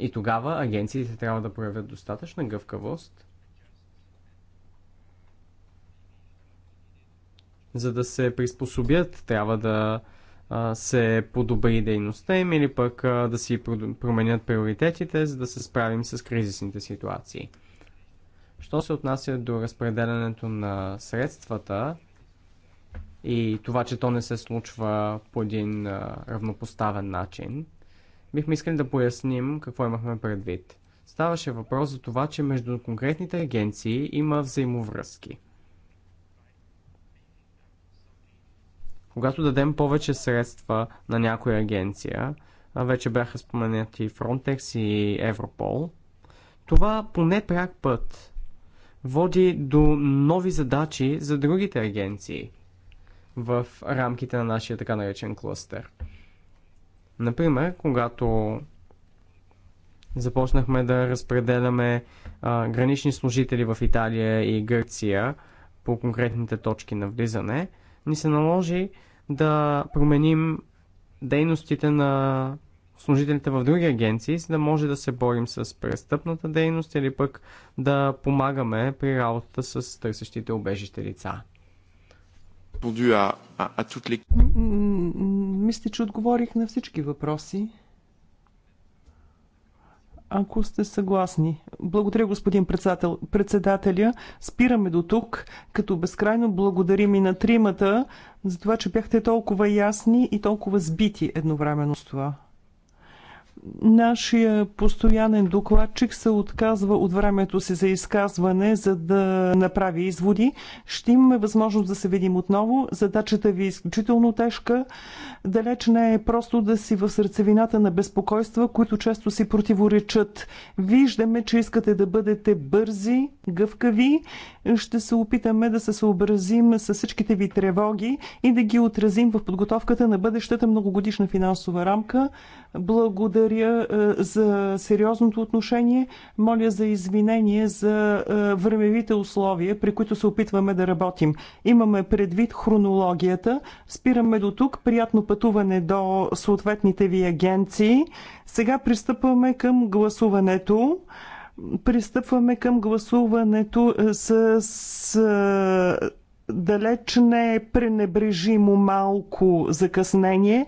и тогава агенциите трябва да проявят достатъчна гъвкавост, за да се приспособят, трябва да се подобри дейността им или пък да си променят приоритетите, за да се справим с кризисните ситуации. Що се отнася до разпределянето на средствата и това, че то не се случва по един равнопоставен начин – бихме искали да поясним какво имахме предвид. Ставаше въпрос за това, че между конкретните агенции има взаимовръзки. Когато дадем повече средства на някоя агенция, вече бяха споменати Frontex и Европол, това поне непряк път води до нови задачи за другите агенции в рамките на нашия така наречен клъстер. Например, когато започнахме да разпределяме а, гранични служители в Италия и Гърция по конкретните точки на влизане, ни се наложи да променим дейностите на служителите в други агенции, за да може да се борим с престъпната дейност или пък да помагаме при работата с търсещите обежище лица. Мисля, че отговорих на всички въпроси. Ако сте съгласни. Благодаря, господин председател, председателя. Спираме до тук, като безкрайно благодарим и на тримата за това, че бяхте толкова ясни и толкова сбити едновременно с това. Нашия постоянен докладчик се отказва от времето си за изказване, за да направи изводи. Ще имаме възможност да се видим отново. Задачата ви е изключително тежка. Далеч не е просто да си в сърцевината на безпокойства, които често си противоречат. Виждаме, че искате да бъдете бързи, гъвкави. Ще се опитаме да се съобразим с всичките ви тревоги и да ги отразим в подготовката на бъдещата многогодишна финансова рамка. Благодаря е, за сериозното отношение. Моля за извинение за е, времевите условия, при които се опитваме да работим. Имаме предвид хронологията. Спираме до тук. Приятно пътуване до съответните ви агенции. Сега пристъпваме към гласуването. Пристъпваме към гласуването е, с, с далеч не пренебрежимо малко закъснение.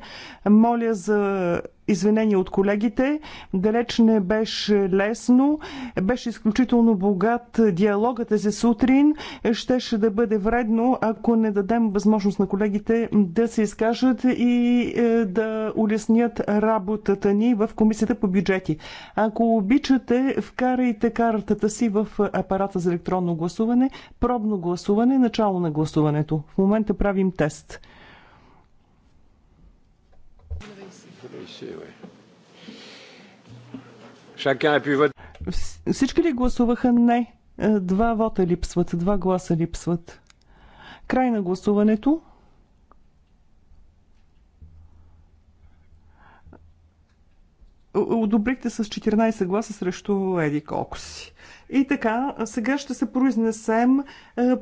Моля за извинение от колегите. Далеч не беше лесно. Беше изключително богат диалогът е за сутрин. Щеше да бъде вредно, ако не дадем възможност на колегите да се изкажат и е, да улеснят работата ни в Комисията по бюджети. Ако обичате, вкарайте картата си в апарата за електронно гласуване, пробно гласуване, начало на гласуването. В момента правим тест. Всички ли гласуваха? Не. Е, два вота липсват, два гласа липсват. Край на гласуването. Одобрихте с 14 гласа срещу Еди колко си. И така, сега ще се произнесем е,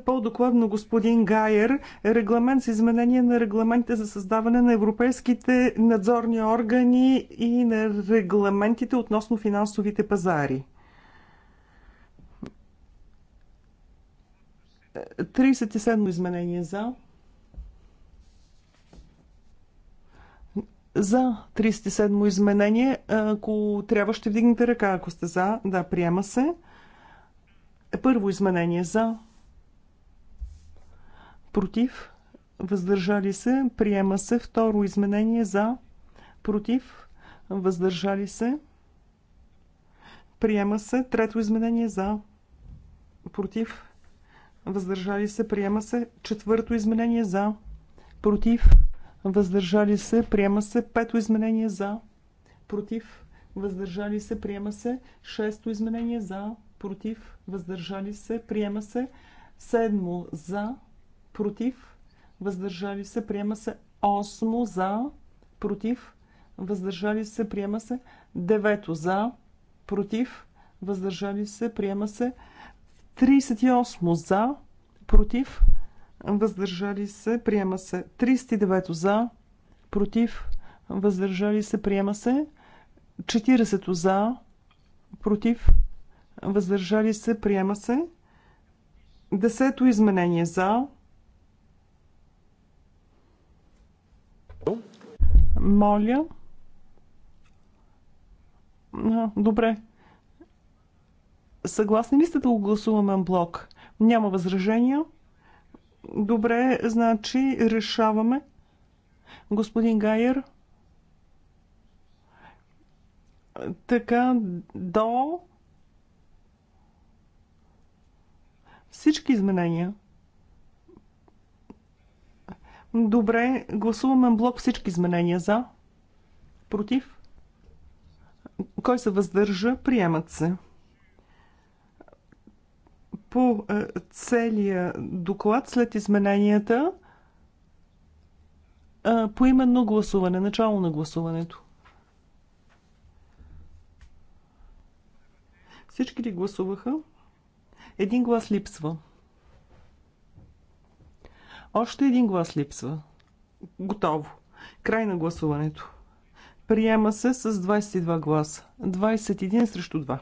по доклад на господин Гайер, регламент с изменение на регламентите за създаване на европейските надзорни органи и на регламентите относно финансовите пазари. 37 изменение за. За 37 изменение, ако трябва, ще вдигнете ръка, ако сте за. Да, приема се. Първо изменение за, против, въздържали се, приема се. Второ изменение за, против, въздържали се, приема се. Трето изменение за, против, въздържали се, приема се. Четвърто изменение за, против, въздържали се, приема се. Пето изменение за, против, въздържали се, приема се. Шесто изменение за, против, против, въздържали се, приема се. Седмо за, против, въздържали се, приема се. Осмо за, против, въздържали се, приема се. Девето за, против, въздържали се, приема се. 38 за, против, въздържали се, приема се. 39 за, против, въздържали се, приема се. 40 за, против, въздържали се, приема се. Десето изменение за. Моля. Добре. Съгласни ли сте да огласуваме блок? Няма възражения. Добре, значи решаваме. Господин Гайер. Така, до Всички изменения. Добре, гласуваме блок всички изменения за. Против? Кой се въздържа? Приемат се. По е, целия доклад след измененията е, по именно гласуване, начало на гласуването. Всички ли гласуваха? Един глас липсва. Още един глас липсва. Готово. Край на гласуването. Приема се с 22 гласа. 21 срещу 2.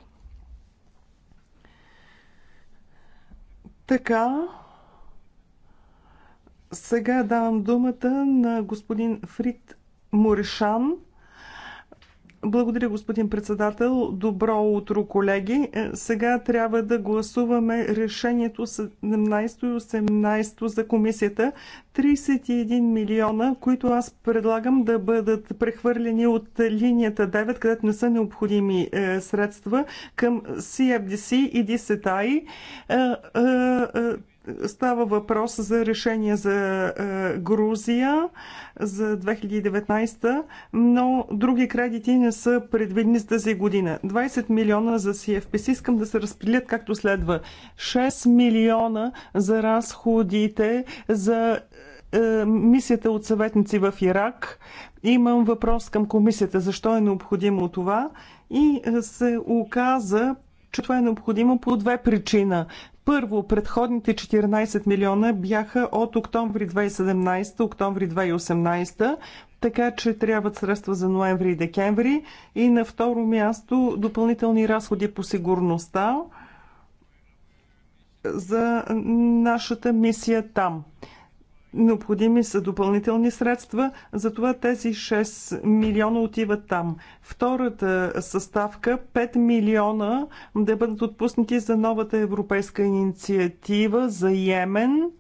Така. Сега давам думата на господин Фрид Морешан благодаря, господин председател. Добро утро, колеги. Е, сега трябва да гласуваме решението 17 и 18 за комисията. 31 милиона, които аз предлагам да бъдат прехвърлени от линията 9, където не са необходими е, средства, към CFDC и DCTI. Става въпрос за решение за е, Грузия за 2019, но други кредити не са предвидени за тази година. 20 милиона за CFPC искам да се разпределят както следва. 6 милиона за разходите за е, мисията от съветници в Ирак. Имам въпрос към комисията. Защо е необходимо това? И е, се оказа че това е необходимо по две причина. Първо, предходните 14 милиона бяха от октомври 2017, октомври 2018, така че трябват средства за ноември и декември. И на второ място, допълнителни разходи по сигурността за нашата мисия там. Необходими са допълнителни средства, затова тези 6 милиона отиват там. Втората съставка 5 милиона да бъдат отпуснати за новата европейска инициатива за Йемен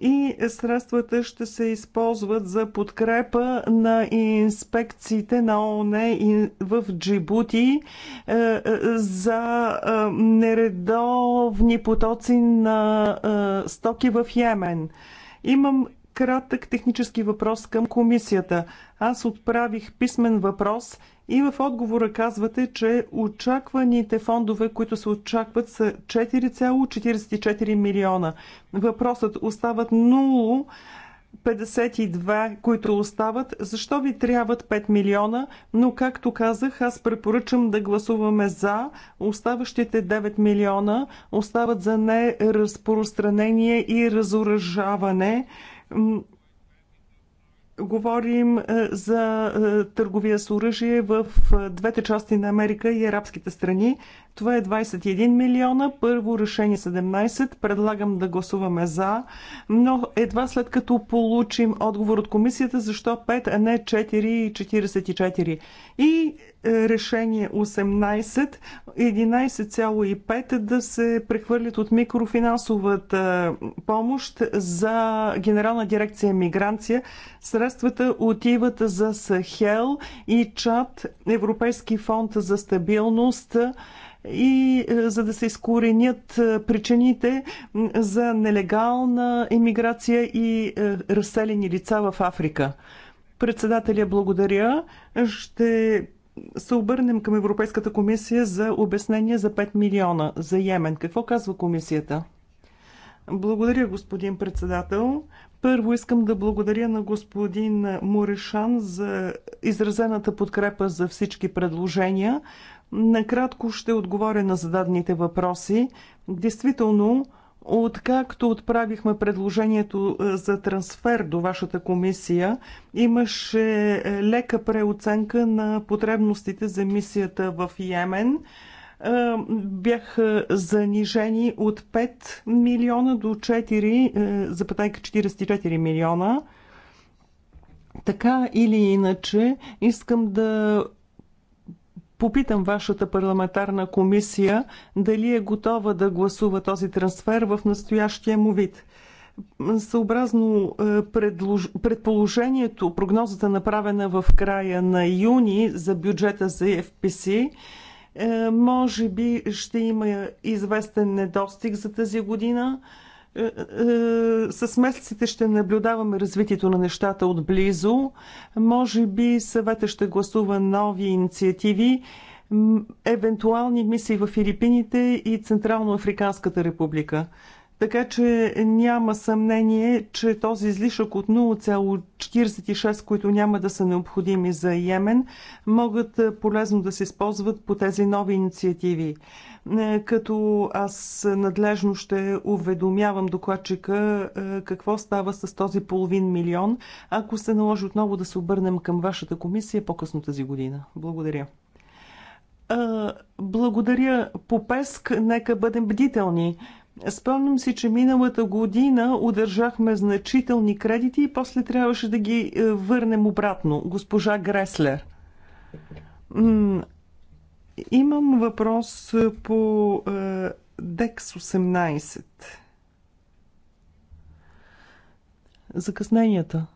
и средствата ще се използват за подкрепа на инспекциите на ООН в Джибути е, е, за е, нередовни потоци на стоки в Йемен. Имам кратък технически въпрос към комисията. Аз отправих писмен въпрос и в отговора казвате, че очакваните фондове, които се очакват са 4,44 милиона. Въпросът остават 0 52, които остават, защо ви трябват 5 милиона, но както казах, аз препоръчам да гласуваме за. Оставащите 9 милиона остават за неразпространение и разоръжаване. Говорим е, за е, търговия с оръжие в е, двете части на Америка и арабските страни. Това е 21 милиона. Първо решение 17. Предлагам да гласуваме за, но едва след като получим отговор от комисията, защо 5, а не 4,44. И решение 18, 11,5 да се прехвърлят от микрофинансовата помощ за Генерална дирекция миграция средства средствата отиват за Сахел и Чад, Европейски фонд за стабилност и е, за да се изкоренят е, причините за нелегална иммиграция и е, разселени лица в Африка. Председателя, благодаря. Ще се обърнем към Европейската комисия за обяснение за 5 милиона за Йемен. Какво казва комисията? Благодаря, господин председател. Първо искам да благодаря на господин Морешан за изразената подкрепа за всички предложения. Накратко ще отговоря на зададените въпроси. Действително, Откакто отправихме предложението е, за трансфер до вашата комисия, имаше е, лека преоценка на потребностите за мисията в Йемен – е, бяха занижени от 5 милиона до 4,44 е, милиона. Така или иначе, искам да попитам вашата парламентарна комисия дали е готова да гласува този трансфер в настоящия му вид. Съобразно е, предположението, прогнозата направена в края на юни за бюджета за FPC, е, може би ще има известен недостиг за тази година. Е, е, с месеците ще наблюдаваме развитието на нещата отблизо. Може би съвета ще гласува нови инициативи, евентуални мисии в Филипините и Централно Африканската република. Така че няма съмнение, че този излишък от 0,46, които няма да са необходими за Йемен, могат е, полезно да се използват по тези нови инициативи. Е, като аз надлежно ще уведомявам докладчика е, какво става с този половин милион, ако се наложи отново да се обърнем към вашата комисия по-късно тази година. Благодаря. Благодаря по ПЕСК. Нека бъдем бдителни. Спомням си, че миналата година удържахме значителни кредити и после трябваше да ги е, върнем обратно. Госпожа Греслер. Имам въпрос е, по DEX е, 18. Закъсненията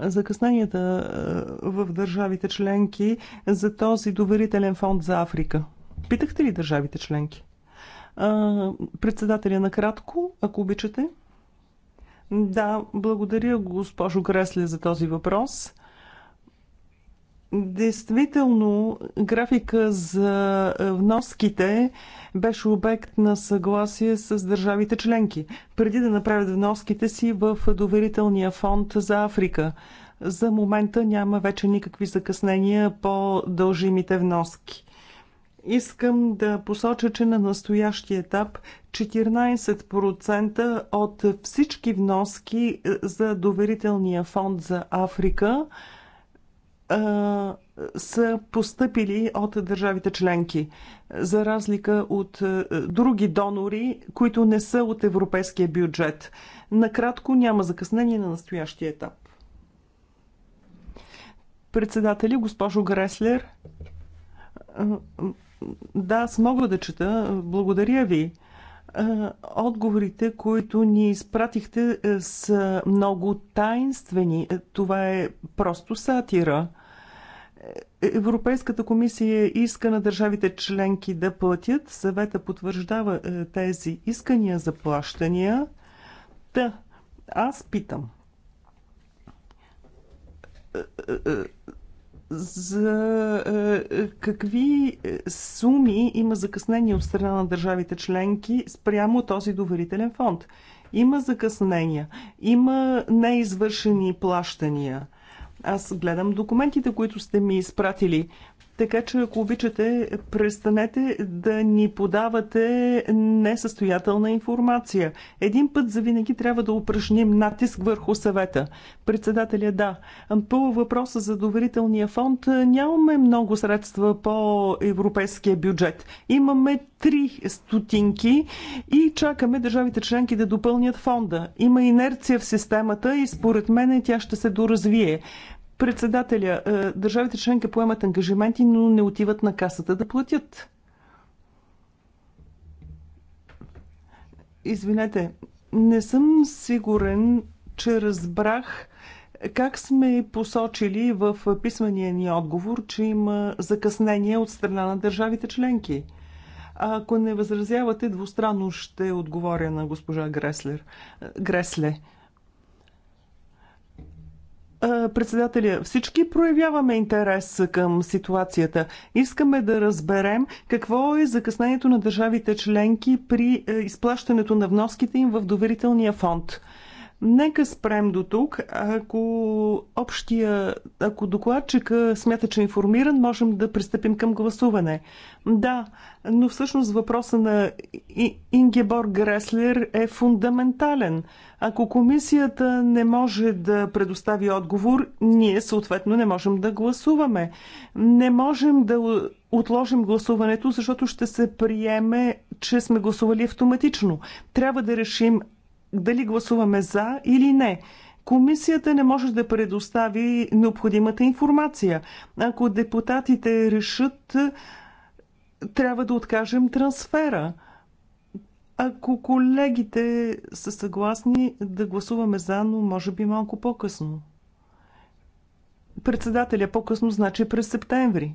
закъсненията в държавите членки за този доверителен фонд за Африка? Питахте ли държавите членки? Председателя на кратко, ако обичате. Да, благодаря госпожо Гресле за този въпрос. Действително, графика за вноските беше обект на съгласие с държавите членки, преди да направят вноските си в доверителния фонд за Африка. За момента няма вече никакви закъснения по дължимите вноски. Искам да посоча, че на настоящия етап 14% от всички вноски е, за доверителния фонд за Африка а, е, са постъпили от държавите членки, за разлика от е, други донори, които не са от европейския бюджет. Накратко няма закъснение на настоящия етап. Председатели, госпожо Греслер, да, аз мога да чета. Благодаря ви. Отговорите, които ни изпратихте, е, са много таинствени. Е, това е просто сатира. Е, Европейската комисия иска на държавите членки да платят. Съвета потвърждава тези искания за плащания. Та, аз питам за е, е, какви е, суми има закъснение от страна на държавите членки спрямо този доверителен фонд. Има закъснения, има неизвършени плащания. Аз гледам документите, които сте ми изпратили. Така че, ако обичате, престанете да ни подавате несъстоятелна информация. Един път за винаги трябва да упражним натиск върху съвета. Председателя, да. По въпроса за доверителния фонд нямаме много средства по европейския бюджет. Имаме три стотинки и чакаме държавите членки да допълнят фонда. Има инерция в системата и според мен тя ще се доразвие. Председателя, е, държавите членки поемат ангажименти, но не отиват на касата да платят. Извинете, не съм сигурен, че разбрах как сме посочили в писмения ни отговор, че има закъснение от страна на държавите членки. Ако не възразявате, двустранно ще отговоря на госпожа Греслер. Гресле. Председателя, всички проявяваме интерес към ситуацията. Искаме да разберем какво е закъснението на държавите членки при е, изплащането на вноските им в доверителния фонд. Нека спрем до тук. Ако общия, ако докладчика смята, че е информиран, можем да пристъпим към гласуване. Да, но всъщност въпроса на Ингебор Греслер е фундаментален. Ако комисията не може да предостави отговор, ние съответно не можем да гласуваме. Не можем да отложим гласуването, защото ще се приеме, че сме гласували автоматично. Трябва да решим дали гласуваме за или не. Комисията не може да предостави необходимата информация. Ако депутатите решат, трябва да откажем трансфера. Ако колегите са съгласни да гласуваме за, но може би малко по-късно. Председателя по-късно значи през септември.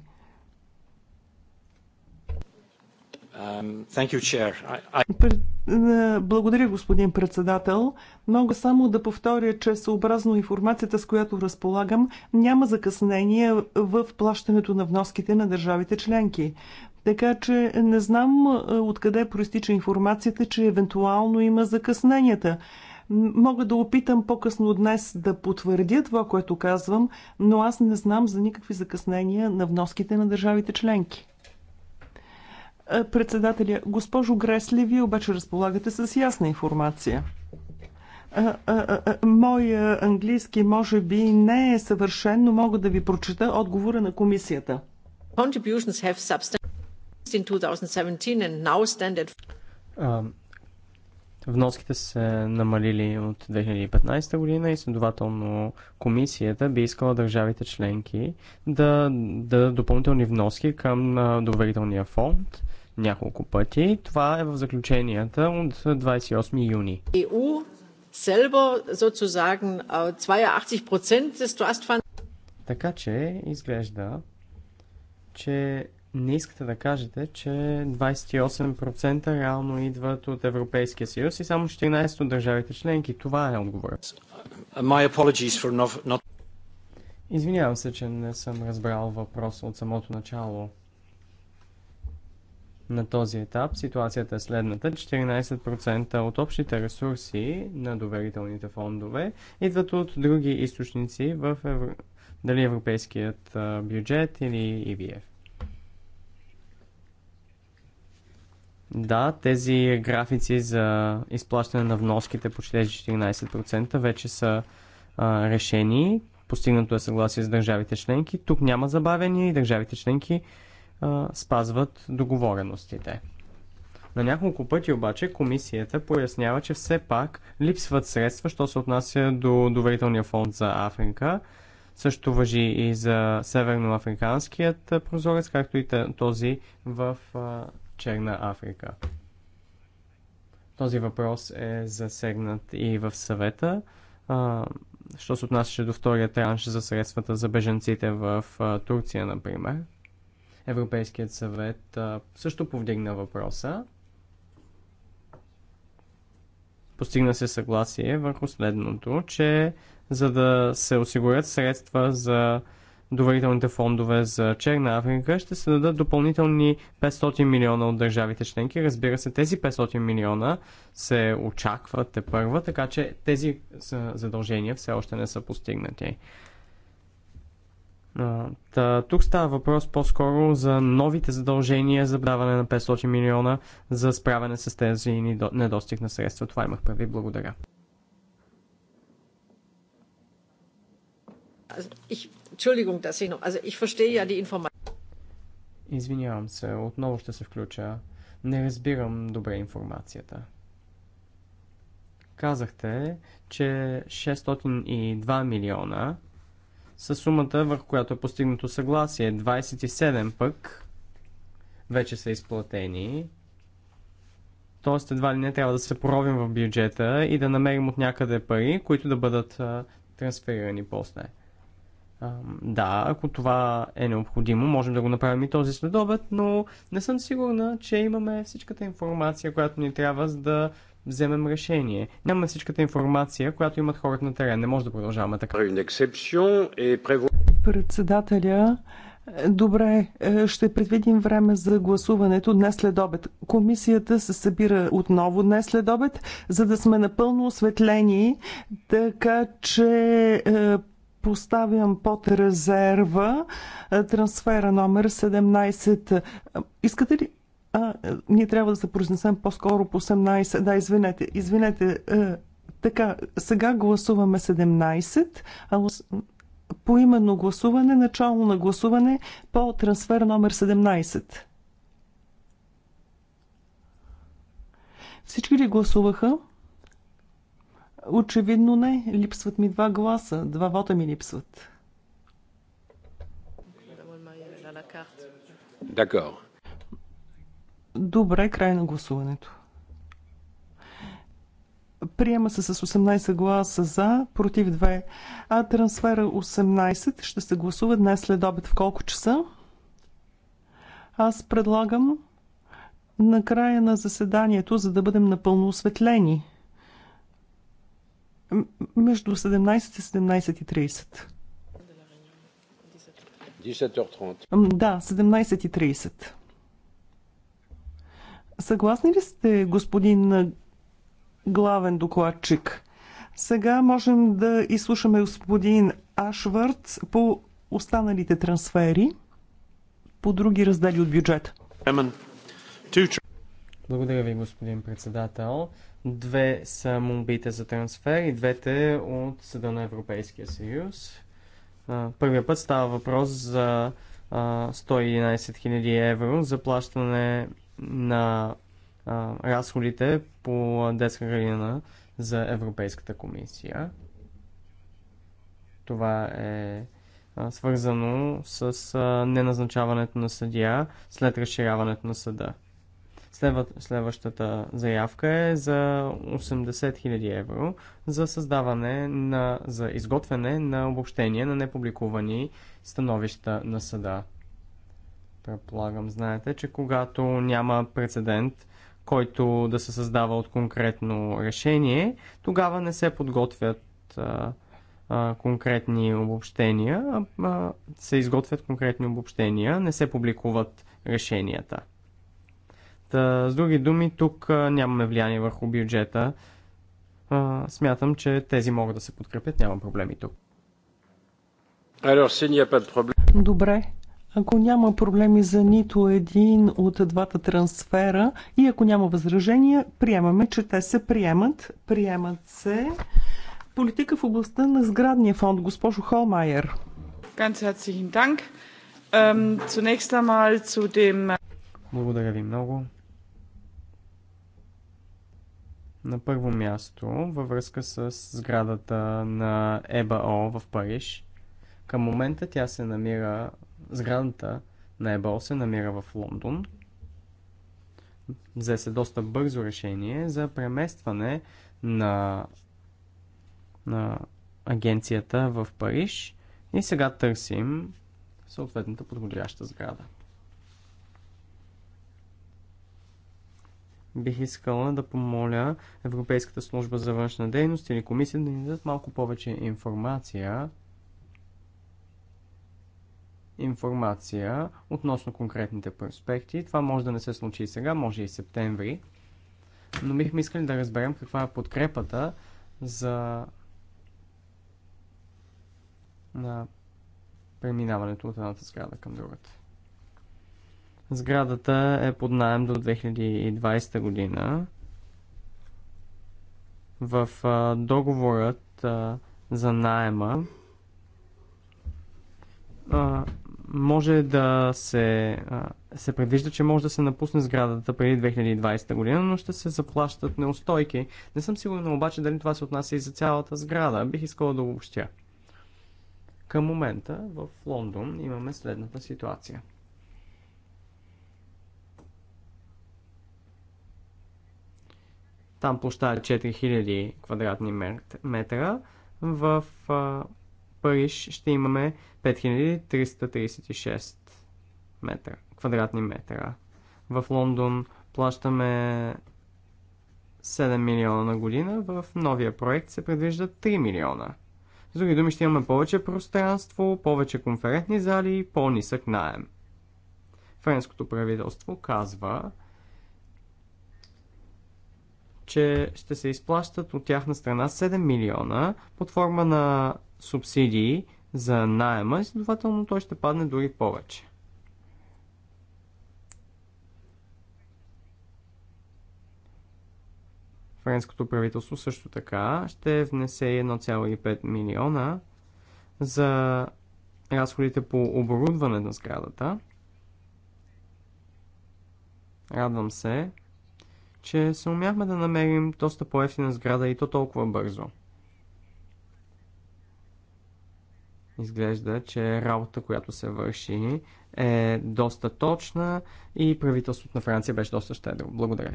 Um, е, благодаря, господин председател. Мога само да повторя, че съобразно информацията, с която разполагам, няма закъснение в плащането на вноските на държавите членки. Така че не знам е, откъде проистича информацията, че евентуално има закъсненията. Мога да опитам по-късно днес да потвърдя това, което казвам, но аз не знам за никакви закъснения на вноските на държавите членки. Е, председателя, госпожо Гресли, вие обаче разполагате с ясна информация. А, а, а, моя английски може би не е съвършен, но мога да ви прочета отговора на комисията. Contributions have substance in 2017 and now stand at Вноските се намалили от 2015 година и следователно комисията би искала държавите членки да дадат допълнителни вноски към доверителния фонд няколко пъти. Това е в заключенията от 28 юни. ЕУ 82% Така че изглежда, че не искате да кажете, че 28% реално идват от Европейския съюз и само 14 от държавите членки. Това е отговорът. Not... Извинявам се, че не съм разбрал въпроса от самото начало. На този етап ситуацията е следната. 14% от общите ресурси на доверителните фондове идват от други източници в Евро... дали европейският бюджет или EBF. Да, тези графици за изплащане на вноските по член 14% вече са а, решени. Постигнато е съгласие с държавите членки. Тук няма забавяния и държавите членки а, спазват договореностите. На няколко пъти обаче комисията пояснява, че все пак липсват средства, що се отнася до доверителния фонд за Африка. Също въжи и за северноафриканският прозорец, както и този в Черна Африка. Този въпрос е засегнат и в съвета. А, що се отнасяше до втория транш за средствата за беженците в а, Турция, например. Европейският съвет а, също повдигна въпроса. Постигна се съгласие върху следното, че за да се осигурят средства за доверителните фондове за Черна Африка, ще се дадат допълнителни 500 милиона от държавите членки. Разбира се, тези 500 милиона се очакват те първа, така че тези задължения все още не са постигнати. Та, тук става въпрос по-скоро за новите задължения за даване на 500 милиона за справяне с тези недостиг на средства. Това имах прави. Благодаря. Ich Entschuldigung, dass ich noch. Also ich verstehe ja die Извинявам се, отново ще се включа. Не разбирам добре информацията. Казахте, че 602 милиона са сумата, върху която е постигнато съгласие. 27 пък вече са изплатени. Тоест, едва ли не трябва да се поровим в бюджета и да намерим от някъде пари, които да бъдат трансферирани после. Да, ако това е необходимо, можем да го направим и този следобед, но не съм сигурна, че имаме всичката информация, която ни трябва, за да вземем решение. Нямаме всичката информация, която имат хората на терен. Не може да продължаваме така. Председателя е, Добре, е, ще предвидим време за гласуването днес след обед. Комисията се събира отново днес след обед, за да сме напълно осветлени, така че е, поставям под резерва трансфера номер 17. Искате ли? А, ние трябва да се произнесем по-скоро по 18. Да, извинете, извинете. Така, сега гласуваме 17, а по именно гласуване, начало на гласуване по трансфер номер 17. Всички ли гласуваха? Очевидно не. Липсват ми два гласа. Два вота ми липсват. Дакор. Добре, край на гласуването. Приема се с 18 гласа за, против 2. А трансфера 18 ще се гласува днес след обед в колко часа? Аз предлагам на края на заседанието, за да бъдем напълно осветлени – между 17 и 17.30. да, 17.30. Съгласни ли сте, господин главен докладчик? Сега можем да изслушаме господин Ашвард по останалите трансфери по други раздели от бюджета. Благодаря ви, господин председател. Две са молбите за трансфер и двете от Съда на Европейския съюз. Първият път става въпрос за 111 000 евро за плащане на разходите по детска градина за Европейската комисия. Това е свързано с неназначаването на съдия след разширяването на съда следващата заявка е за 80 000 евро за създаване на, за изготвяне на обобщение на непубликувани становища на съда. Предполагам, знаете, че когато няма прецедент, който да се създава от конкретно решение, тогава не се подготвят а, а, конкретни обобщения, а, а, се изготвят конкретни обобщения, не се публикуват решенията. Та, е, с други думи, тук е, нямаме влияние върху бюджета. А, е, смятам, че тези могат да се подкрепят, нямам проблеми тук. Добре, ако няма проблеми за нито един от двата трансфера и ако няма възражения, приемаме, че те се приемат. Приемат се. Политика в областта на сградния фонд, госпожо Холмайер. Ähm, Благодаря ви много. На първо място, във връзка с сградата на ЕБО в Париж, към момента тя се намира, сградата на ЕБО се намира в Лондон. Взе се доста бързо решение за преместване на, на агенцията в Париж и сега търсим съответната подходяща сграда. Бих искала да помоля Европейската служба за външна дейност или комисия да ни дадат малко повече информация информация относно конкретните перспекти. Това може да не се случи и сега, може и септември. Но бихме искали да разберем каква е подкрепата за на преминаването от едната сграда към другата. Сградата е под найем до 2020 година. В договорът за найема може да се, се предвижда, че може да се напусне сградата преди 2020 година, но ще се заплащат неустойки. Не съм сигурен обаче дали това се отнася и за цялата сграда. Бих искал да обобщя. Към момента в Лондон имаме следната ситуация – Там площа е 4000 квадратни метра. В а, Париж ще имаме 5336 метра, квадратни метра. В Лондон плащаме 7 милиона на година, в новия проект се предвижда 3 милиона. С други думи ще имаме повече пространство, повече конферентни зали и по-нисък найем. Френското правителство казва, че ще се изплащат от тяхна страна 7 милиона под форма на субсидии за найема и следователно той ще падне дори повече. Френското правителство също така ще внесе 1,5 милиона за разходите по оборудване на сградата. Радвам се, че се умяхме да намерим доста по-ефтина сграда и то толкова бързо. Изглежда, че работа, която се върши, е доста точна и правителството на Франция беше доста щедро. Благодаря.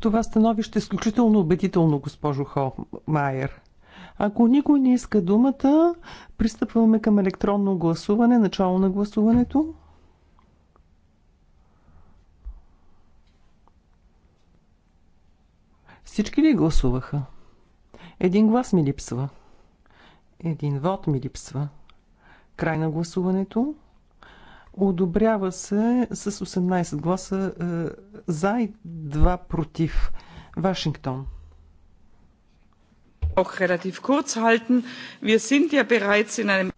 Това становище е изключително убедително, госпожо Холмайер. Ако никой не иска думата, пристъпваме към електронно гласуване, начало на гласуването. Всички ли гласуваха? Един глас ми липсва. Един вод ми липсва. Край на гласуването. Одобрява се с 18 гласа е, за и 2 против. Вашингтон. relativ kurz halten. Wir sind ja bereits in einem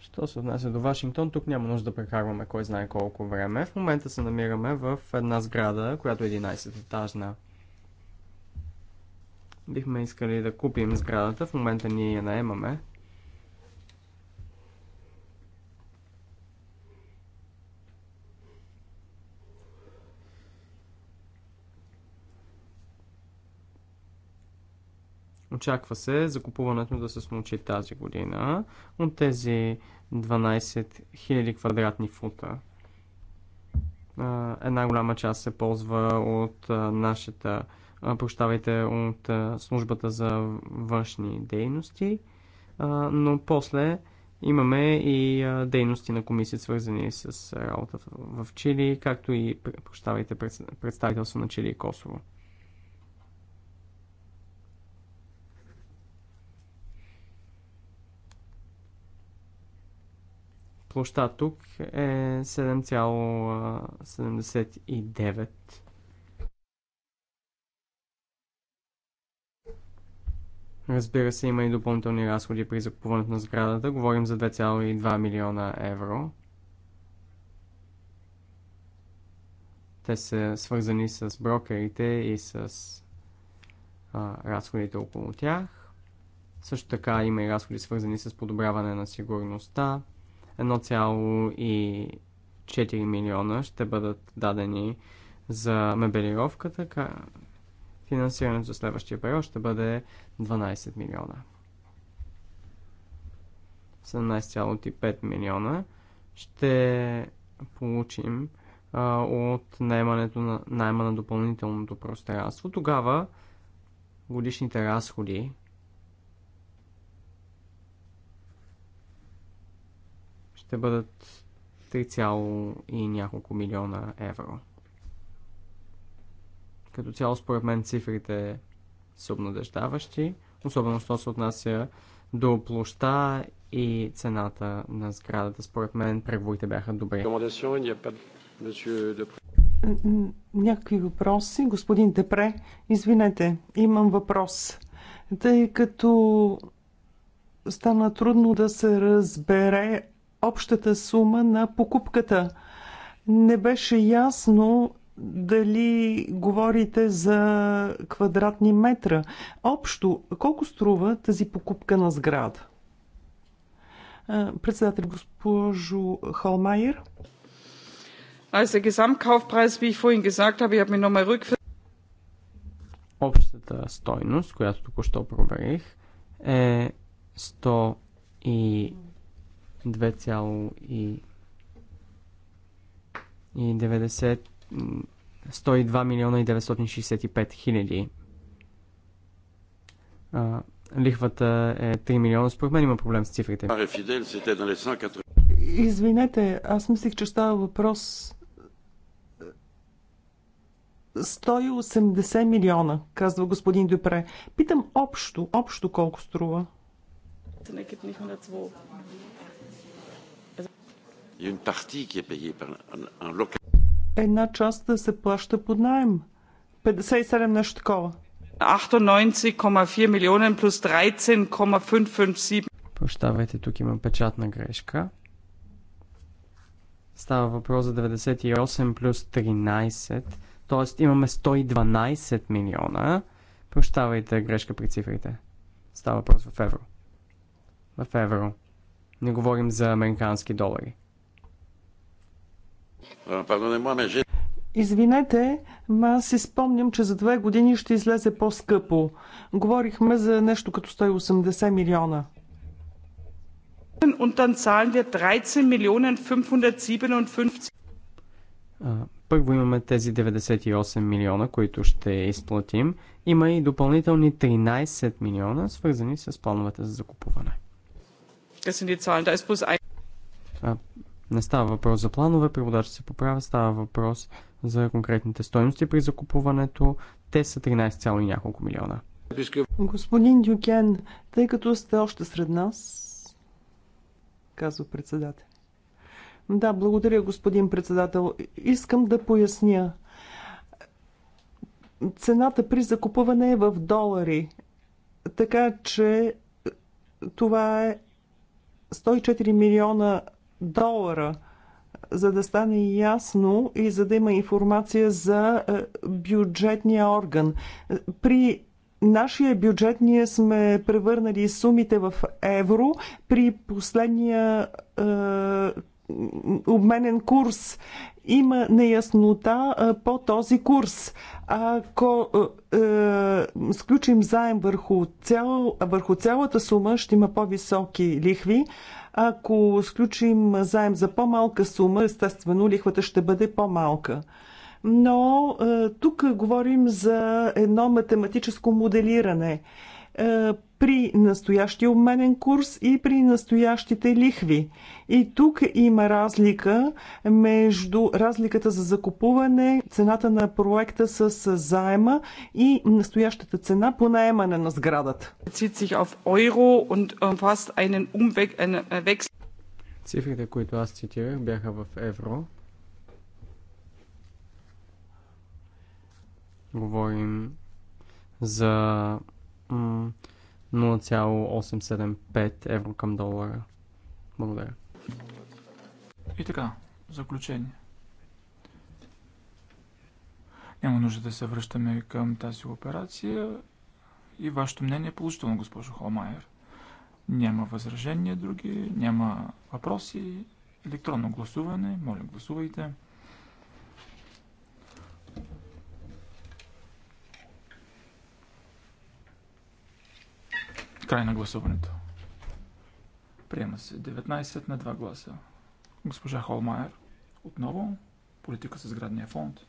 Що се отнася до Вашингтон, тук няма нужда да прекарваме кой знае колко време. В момента се намираме в една сграда, която е 11-етажна. Бихме искали да купим сградата, в момента ние я наемаме. Очаква се закупуването да се случи тази година от тези 12 000 квадратни фута. Една голяма част се ползва от нашата прощавайте, от службата за външни дейности, но после имаме и дейности на комисия, свързани с работа в Чили, както и, прощавайте, представителство на Чили и Косово. Площа тук е 7,79 Разбира се, има и допълнителни разходи при закупуването на сградата. Говорим за 2,2 милиона евро. Те са свързани с брокерите и с а, разходите около тях. Също така има и разходи свързани с подобряване на сигурността. 1,4 милиона ще бъдат дадени за мебелировката, Финансирането за следващия период ще бъде 12 милиона. 17,5 милиона ще получим а, от наймането на, найма на допълнителното пространство. Тогава годишните разходи ще бъдат 3, и няколко милиона евро. Като цяло, според мен, цифрите са обнадеждаващи, особено що се отнася до площа и цената на сградата. Според мен, преговорите бяха добри. Някакви въпроси? Господин Депре, извинете, имам въпрос. Тъй като стана трудно да се разбере общата сума на покупката. Не беше ясно дали говорите за квадратни метра. Общо, колко струва тази покупка на сграда? Председател госпожо Холмайер. Gesamtkaufpreis, wie ich vorhin gesagt habe, ich habe nochmal rückver... Общата стойност, която току-що проверих, е 102,90 102 милиона и 965 хиляди. Лихвата е 3 милиона. Според мен има проблем с цифрите. Извинете, аз мислих, че става въпрос 180 милиона, казва господин Дюпре. Питам общо, общо колко струва. Il е една част да се плаща под найем. 57 нещо такова. 98,4 милиона плюс 13,557. Прощавайте, тук има печатна грешка. Става въпрос за 98 плюс 13, т.е. имаме 112 милиона. Прощавайте грешка при цифрите. Става въпрос в евро. В евро. Не говорим за американски долари. Извинете, ма аз си спомням, че за две години ще излезе по-скъпо. Говорихме за нещо като 180 милиона. Първо имаме тези 98 милиона, които ще изплатим. Има и допълнителни 13 милиона, свързани с плановете за закупуване. Не става въпрос за планове, преводач се поправя, става въпрос за конкретните стоености при закупуването. Те са 13, няколко милиона. Господин Дюкен, тъй като сте още сред нас, казва председател. Да, благодаря, господин председател. Искам да поясня. Цената при закупуване е в долари, така че това е 104 милиона долара, за да стане ясно и за да има информация за е, бюджетния орган. При нашия бюджет ние сме превърнали сумите в евро при последния е, обменен курс. Има неяснота е, по този курс. Ако е, е, сключим заем върху, цял, върху цялата сума, ще има по-високи лихви. Ако сключим заем за по-малка сума, естествено лихвата ще бъде по-малка. Но е, тук говорим за едно математическо моделиране – е, при настоящия обменен курс и при настоящите лихви. И тук има разлика между разликата за закупуване, цената на проекта с заема и настоящата цена по наемане на сградата. Äh, Цифрите, които аз цитирах, бяха в евро. Говорим за 0,875 евро към долара. Благодаря. И така, заключение. Няма нужда да се връщаме към тази операция и вашето мнение е положително, госпожо Холмайер. Няма възражения други, няма въпроси. Електронно гласуване, моля гласувайте. Край на гласуването. Приема се 19 на 2 гласа. Госпожа Холмайер. Отново политика с градния фонд.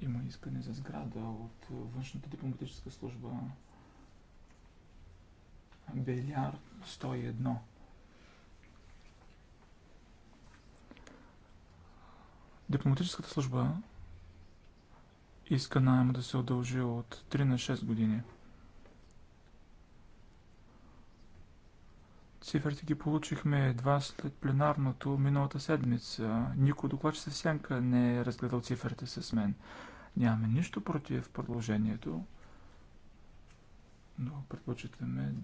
Има искане за сграда от външната дипломатическа служба Белиар 101. Дипломатическата служба иска найема да се удължи от 3 на 6 години. Цифрите ги получихме едва след пленарното миналата седмица. Никой докладчица в сянка не е разгледал цифрите с мен. Нямаме нищо против продължението, но предпочитаме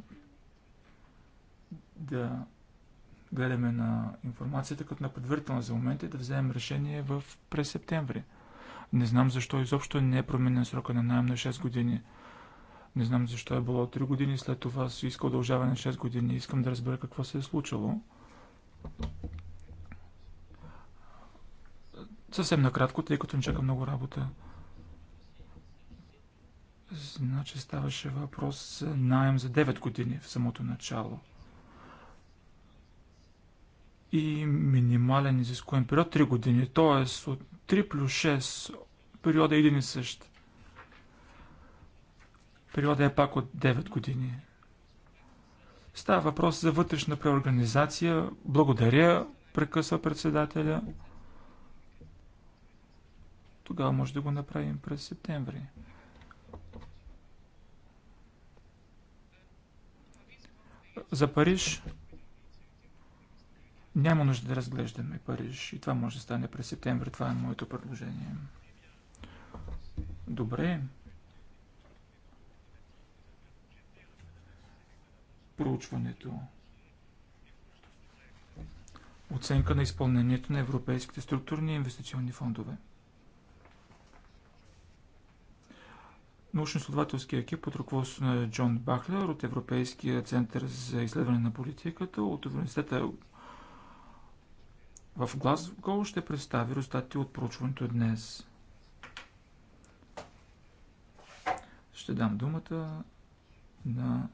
да гледаме на информацията като на предварителна за момента и да вземем решение в през септември. Не знам защо изобщо не е променен срока на найем на 6 години. Не знам защо е било 3 години след това си иска удължаване на 6 години. Искам да разбера какво се е случило. Съвсем накратко, тъй като не чака много работа. Значи ставаше въпрос за найем за 9 години в самото начало и минимален изискуем период 3 години, т.е. от 3 плюс 6 периода е един и същ. Периода е пак от 9 години. Става въпрос за вътрешна преорганизация. Благодаря, прекъсва председателя. Тогава може да го направим през септември. За Париж няма нужда да разглеждаме Париж и това може да стане през септември. Това е моето предложение. Добре. Проучването. Оценка на изпълнението на европейските структурни и инвестиционни фондове. Научно-следователски екип под ръководство на Джон Бахлер от Европейския център за изследване на политиката от университета в Глазгол ще представи резултатите от проучването днес. Ще дам думата на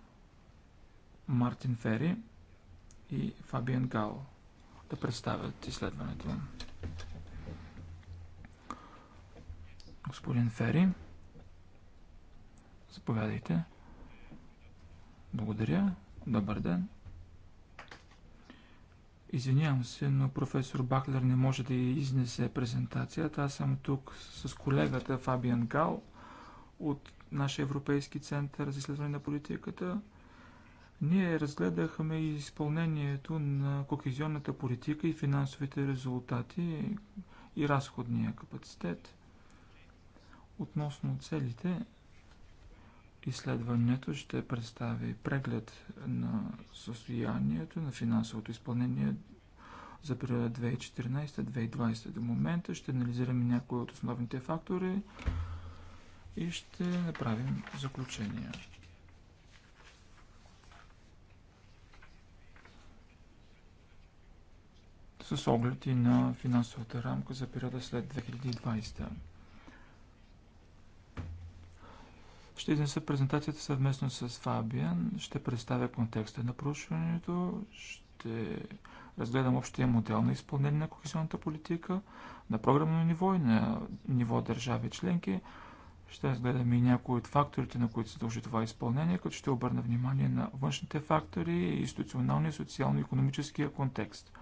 Мартин Фери и Фабиен Гао да представят изследването. Господин Фери, заповядайте. Благодаря. Добър ден. Извинявам се, но професор Баклер не може да изнесе презентацията. Аз съм тук с колегата Фабиан Гал от нашия Европейски център за изследване на политиката. Ние разгледахме и изпълнението на кохезионната политика и финансовите резултати и разходния капацитет относно целите Изследването ще представи преглед на състоянието на финансовото изпълнение за периода 2014-2020. До момента ще анализираме някои от основните фактори и ще направим заключения. С оглед и на финансовата рамка за периода след 2020. Ще изнеса презентацията съвместно с Фабиан, ще представя контекста на проучването, ще разгледам общия модел на изпълнение на кохезионната политика на програмно ниво и на ниво държави членки. Ще разгледам и някои от факторите, на които се дължи това изпълнение, като ще обърна внимание на външните фактори и институционалния, социално-економическия контекст,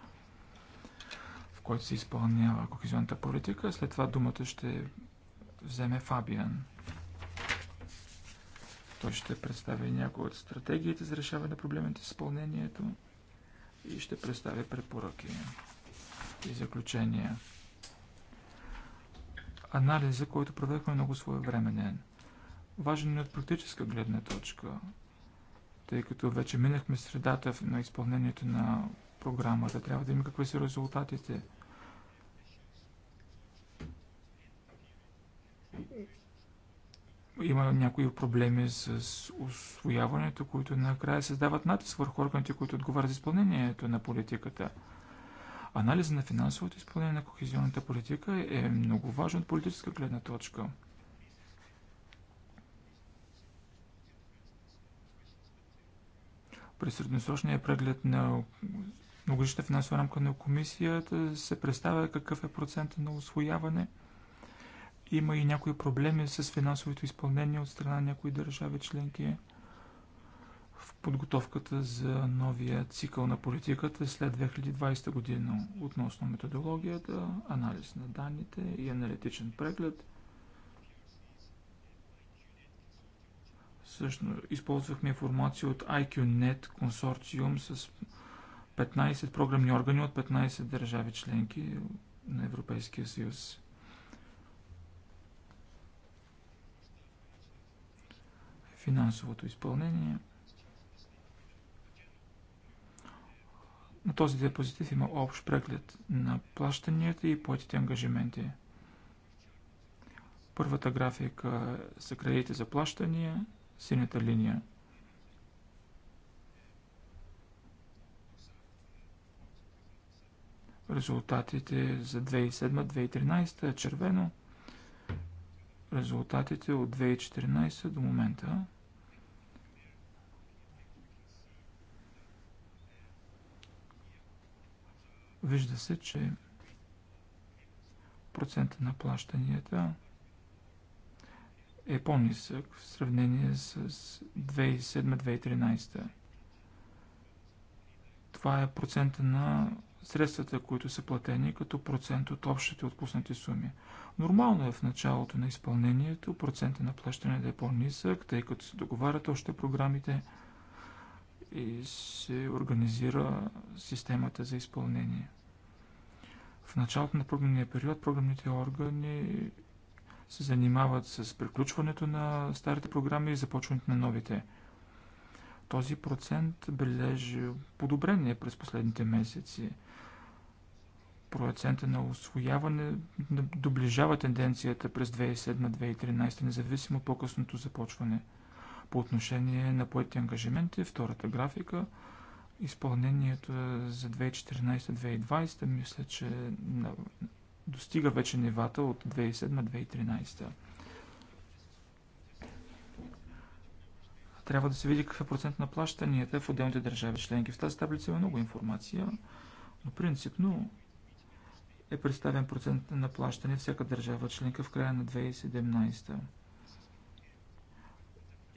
в който се изпълнява кохезионната политика. След това думата ще вземе Фабиан. Той ще представи някои от стратегиите за решаване на проблемите с изпълнението и ще представи препоръки и заключения. Анализа, който проведохме е много своевременен. Важен е от практическа гледна точка, тъй като вече минахме средата на изпълнението на програмата. Трябва да има какви са резултатите. Има някои проблеми с освояването, които накрая създават натиск върху органите, които отговарят за изпълнението на политиката. Анализа на финансовото изпълнение на кохезионната политика е много важен от политическа гледна точка. При средносрочния преглед на многогодишната финансова рамка на комисията се представя какъв е процентът на освояване – има и някои проблеми с финансовото изпълнение от страна на някои държави членки в подготовката за новия цикъл на политиката след 2020 година относно методологията, анализ на данните и аналитичен преглед. Също използвахме информация от IQNet консорциум с 15 програмни органи от 15 държави членки на Европейския съюз. финансовото изпълнение. На този диапозитив има общ преглед на плащанията и платите ангажименти. Първата графика са кредитите за плащания, синята линия. Резултатите за 2007-2013 е червено – резултатите от 2014 до момента. Вижда се, че процента на плащанията е по-нисък в сравнение с 2007-2013. Това е процента на средствата, които са платени като процент от общите отпуснати суми. Нормално е в началото на изпълнението процента на плащане да е по-нисък, тъй като се договарят още програмите и се организира системата за изпълнение. В началото на програмния период програмните органи се занимават с приключването на старите програми и започването на новите. Този процент бележи подобрение през последните месеци процента на освояване доближава тенденцията през 2007-2013, независимо от по-късното започване. По отношение на поети ангажименти, втората графика, изпълнението е за 2014-2020 мисля, че достига вече нивата от 2007-2013. Трябва да се види какъв е процент на плащанията в отделните държави членки. В тази таблица има много информация, но принципно е представен процент на плащане всяка държава членка в края на 2017.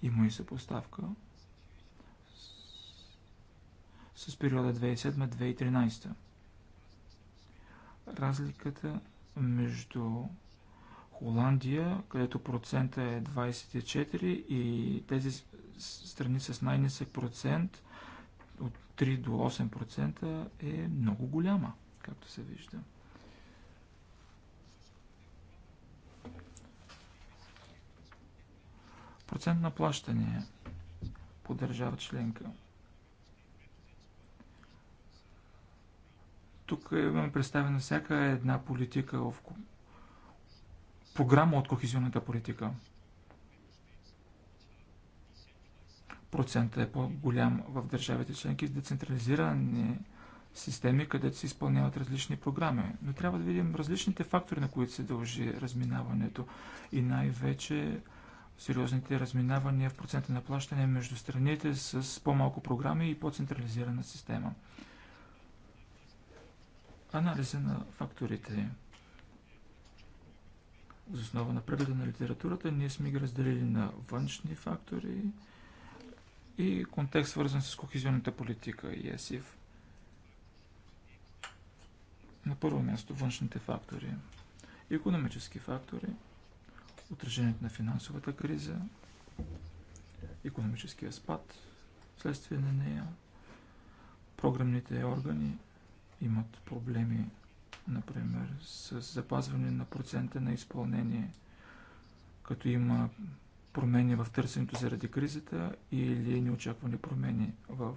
Има и съпоставка с, с периода 2007-2013. Разликата между Холандия, където процента е 24 и тези страни с най-нисък процент от 3 до 8% е много голяма, както се вижда. Процент на плащане по държава членка. Тук имаме представена всяка една политика в програма от кохезионната политика. Процентът е по-голям в държавите членки с децентрализирани системи, където се изпълняват различни програми. Но трябва да видим различните фактори, на които се дължи разминаването и най-вече сериозните разминавания в процента на плащане между страните с по-малко програми и по-централизирана система. Анализа на факторите. За основа на прегледа на литературата ние сме ги разделили на външни фактори и контекст свързан с кохезионната политика и ЕСИФ. На първо място външните фактори. Економически фактори – отражението на финансовата криза, економическия спад следствие на нея. Програмните органи имат проблеми, например, с запазване на процента на изпълнение, като има промени в търсенето заради кризата или неочаквани промени в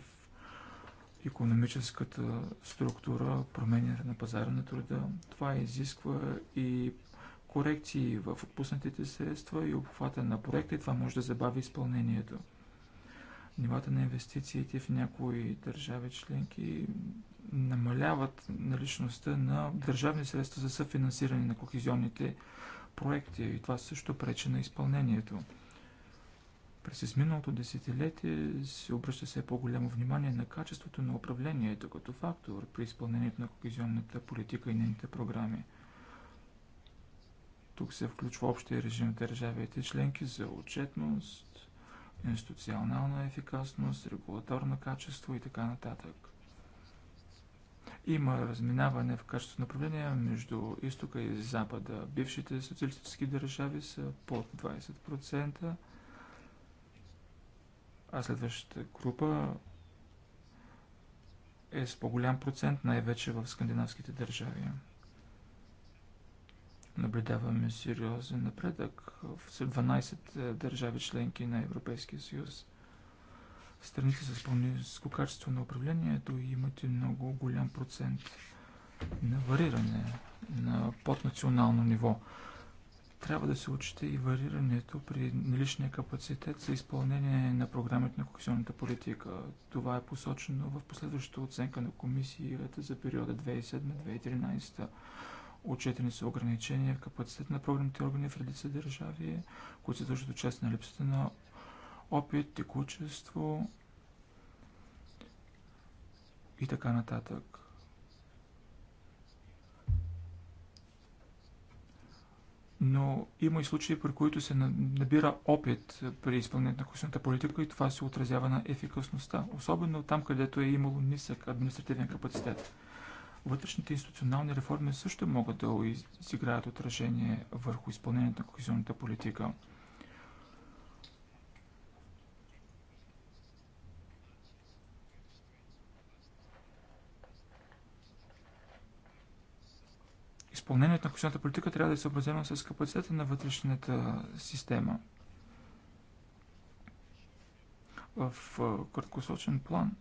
економическата структура, промени на пазара на труда. Това изисква и корекции в отпуснатите средства и обхвата на проекта и това може да забави изпълнението. Нивата на инвестициите в някои държави членки намаляват наличността на държавни средства за съфинансиране на кохезионните проекти и това също пречи на изпълнението. През изминалото десетилетие се обръща все по-голямо внимание на качеството на управлението като фактор при изпълнението на кохезионната политика и нейните програми – тук се включва общия режим в държавите членки за отчетност, институционална ефикасност, регулаторно качество и така нататък. Има разминаване в качеството направления между изтока и запада. Бившите социалистически държави са под 20%, а следващата група е с по-голям процент, най-вече в скандинавските държави. Наблюдаваме сериозен напредък в 12 е, държави членки на Европейския съюз. Страните с по-низко качество на управлението имат и много голям процент на вариране на поднационално ниво. Трябва да се учите и варирането при наличния капацитет за изпълнение на програмите на кохезионната политика. Това е посочено в последващата оценка на комисията за периода 2007-2013 Отчетени са ограничения в капацитет на програмните органи в редица държави, които се дължат от на липсата на опит, текучество и така нататък. Но има и случаи, при които се набира опит при изпълнението на косвената политика и това се отразява на ефикасността, особено там, където е имало нисък административен капацитет. Вътрешните институционални реформи също могат да изиграят отражение върху изпълнението на кохезионната политика. изпълнението на кохезионната политика трябва да е съобразено с капацитета на вътрешната система. В краткосрочен план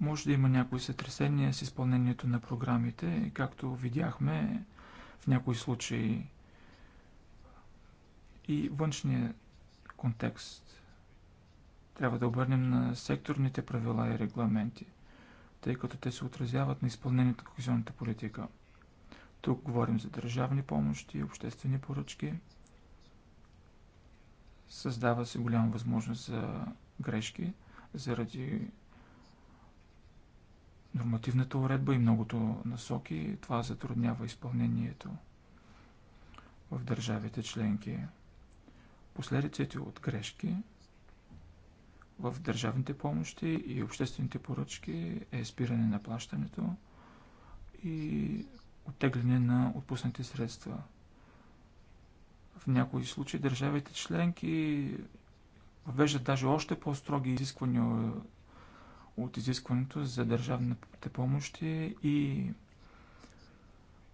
може да има някои сътресения с изпълнението на програмите, както видяхме в някои случаи и външния контекст. Трябва да обърнем на секторните правила и регламенти, тъй като те се отразяват на изпълнението на кохезионната политика. Тук говорим за държавни помощи, обществени поръчки. Създава се голяма възможност за грешки заради нормативната уредба и многото насоки, това затруднява изпълнението в държавите членки. Последиците от грешки в държавните помощи и обществените поръчки е спиране на плащането и оттегляне на отпуснати средства. В някои случаи държавите членки въвеждат даже още по-строги изисквания от изискването за държавните помощи и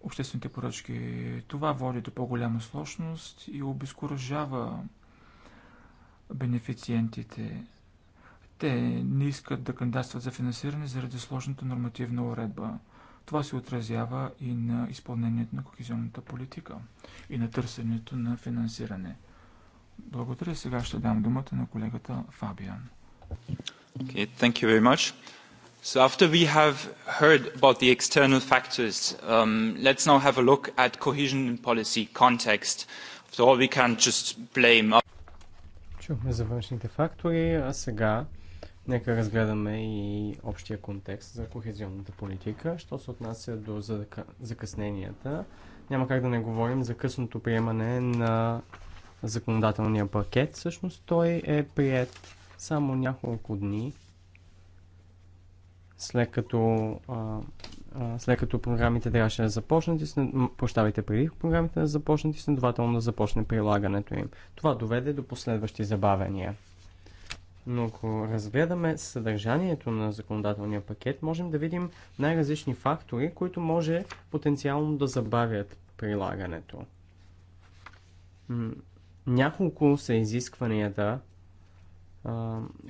обществените поръчки. Това води до по-голяма сложност и обезкуражава бенефициентите. Те не искат да кандидатстват за финансиране заради сложната нормативна уредба. Това се отразява и на изпълнението на кохезионната политика и на търсенето на финансиране. Благодаря. Сега ще дам думата на колегата Фабиан. Okay, thank you very much. So after we have heard about the external factors, um, let's now have a look at cohesion policy context. After all, we can't just blame... Чухме за външните фактори, а сега нека разгледаме и общия контекст за кохезионната политика. Що се отнася до закъсненията, няма как да не говорим за късното приемане на законодателния пакет. Всъщност той е прият само няколко дни след като, а, а, след като програмите трябваше да започнат, и преди програмите да започнат и следователно да започне прилагането им. Това доведе до последващи забавения. Но ако разгледаме съдържанието на законодателния пакет, можем да видим най-различни фактори, които може потенциално да забавят прилагането. Няколко са изискванията,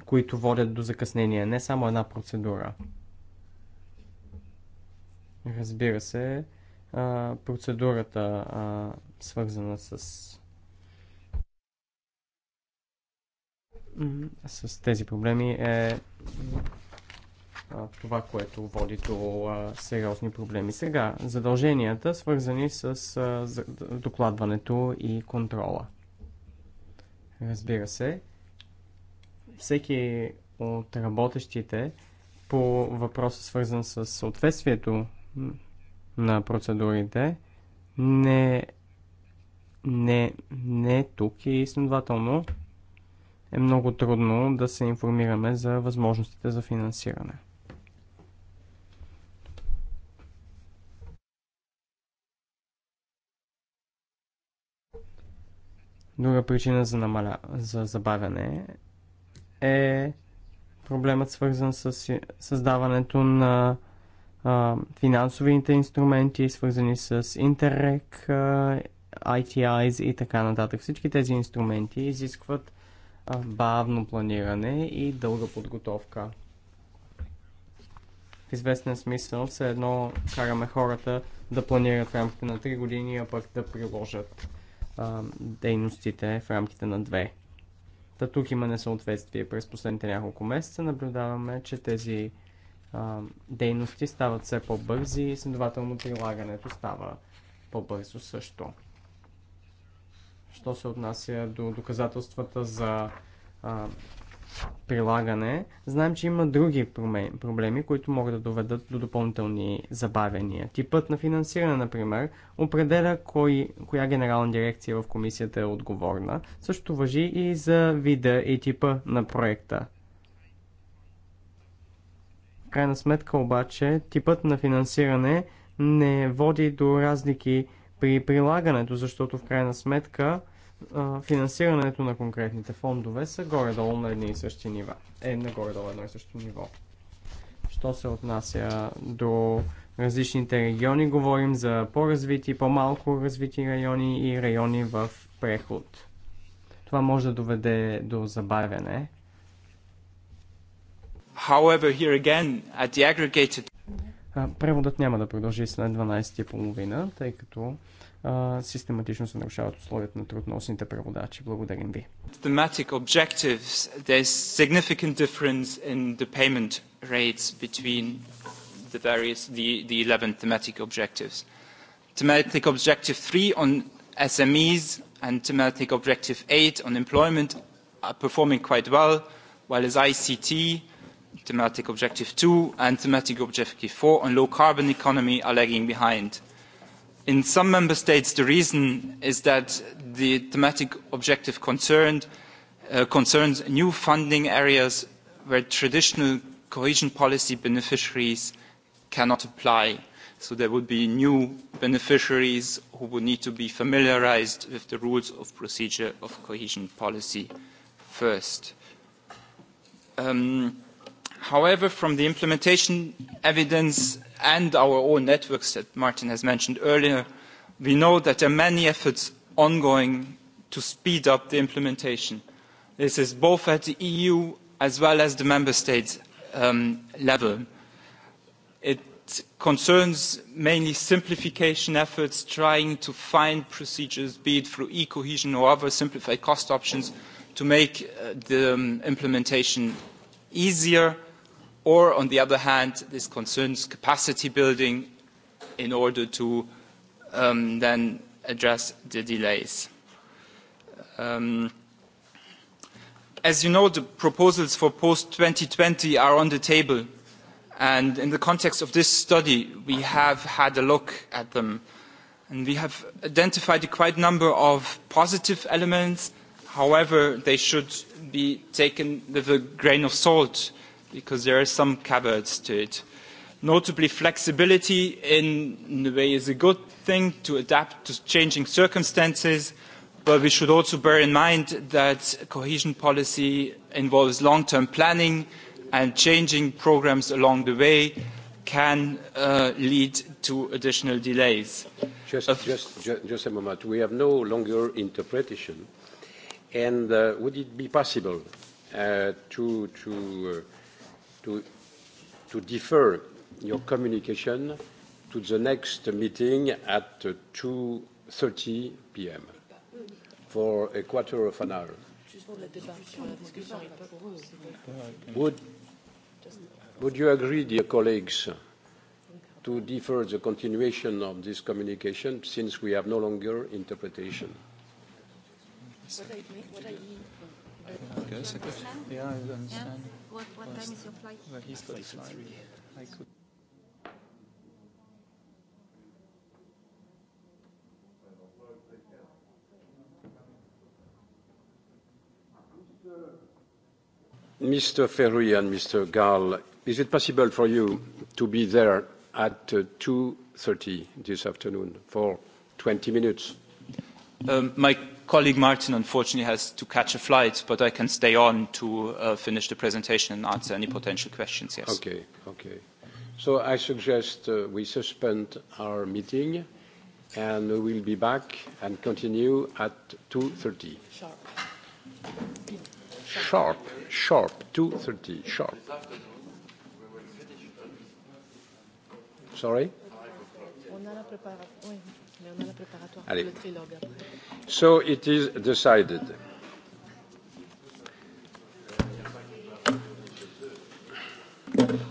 които водят до закъснение, не само една процедура. Разбира се, процедурата свързана с с тези проблеми е това, което води до сериозни проблеми. Сега, задълженията, свързани с докладването и контрола. Разбира се, всеки от работещите по въпроса свързан с съответствието на процедурите не, не, не тук и следователно е много трудно да се информираме за възможностите за финансиране. Друга причина за, намаля, за забавяне е проблемът свързан с създаването на а, финансовите инструменти, свързани с Интеррек, ITIs и така нататък. Всички тези инструменти изискват а, бавно планиране и дълга подготовка. В известен смисъл, все едно караме хората да планират в рамките на 3 години, а пък да приложат а, дейностите в рамките на 2. Та тук има несъответствие. През последните няколко месеца наблюдаваме, че тези а, дейности стават все по-бързи и следователно прилагането става по-бързо също. Що се отнася до доказателствата за а, прилагане, знаем, че има други проблеми, които могат да доведат до допълнителни забавения. Типът на финансиране, например, определя кой, коя генерална дирекция в комисията е отговорна. Също въжи и за вида и типа на проекта. В крайна сметка обаче, типът на финансиране не води до разлики при прилагането, защото в крайна сметка а, финансирането на конкретните фондове са горе-долу на едни и същи нива. Е, не горе-долу едно и също ниво. Що се отнася до различните региони, говорим за по-развити, по-малко развити райони и райони в преход. Това може да доведе до забавяне. However, here again, at the aggregated... Преводът няма да продължи след 12.30, тъй като а, систематично се нарушават условията на трудносните преводачи. Благодарим ви. Thematic objectives, there's significant difference in the payment rates between the various, the, the 11 thematic objectives. Thematic objective 3 on SMEs and thematic objective 8 on employment are performing quite well, while as ICT, thematic objective 2 and thematic objective 4 on low carbon economy are lagging behind in some member states, the reason is that the thematic objective concerned concerns new funding areas where traditional cohesion policy beneficiaries cannot apply. So there would be new beneficiaries who would need to be familiarised with the rules of procedure of cohesion policy first. Um, However, from the implementation evidence and our own networks that Martin has mentioned earlier, we know that there are many efforts ongoing to speed up the implementation. This is both at the EU as well as the member states level. It concerns mainly simplification efforts, trying to find procedures, be it through e-cohesion or other simplified cost options, to make the implementation easier or on the other hand, this concerns capacity building in order to um, then address the delays. Um, as you know, the proposals for post-2020 are on the table, and in the context of this study, we have had a look at them. And we have identified a quite number of positive elements. However, they should be taken with a grain of salt because there are some caveats to it. Notably, flexibility in a way is a good thing to adapt to changing circumstances, but we should also bear in mind that cohesion policy involves long-term planning and changing programs along the way can uh, lead to additional delays. Just, just, just a moment. We have no longer interpretation. And uh, would it be possible uh, to, to uh, to, to defer your communication to the next meeting at 2.30 p.m. for a quarter of an hour. Would, would you agree, dear colleagues, to defer the continuation of this communication since we have no longer interpretation? What I mean, what I mean. Okay, second. Yeah, I understand. What, what time is your flight? Well, he's got his flight. I could. Mr. Ferruyan, Mr. Gall, is it possible for you to be there at 2:30 this afternoon for 20 minutes? Um, My colleague Martin unfortunately has to catch a flight, but I can stay on to uh, finish the presentation and answer any potential questions, yes. Okay, okay. So I suggest uh, we suspend our meeting and we will be back and continue at 2.30. Sharp. Sharp, sharp, 2.30, sharp. Sorry? On a la préparation. Allez. So it is decided. Thank you.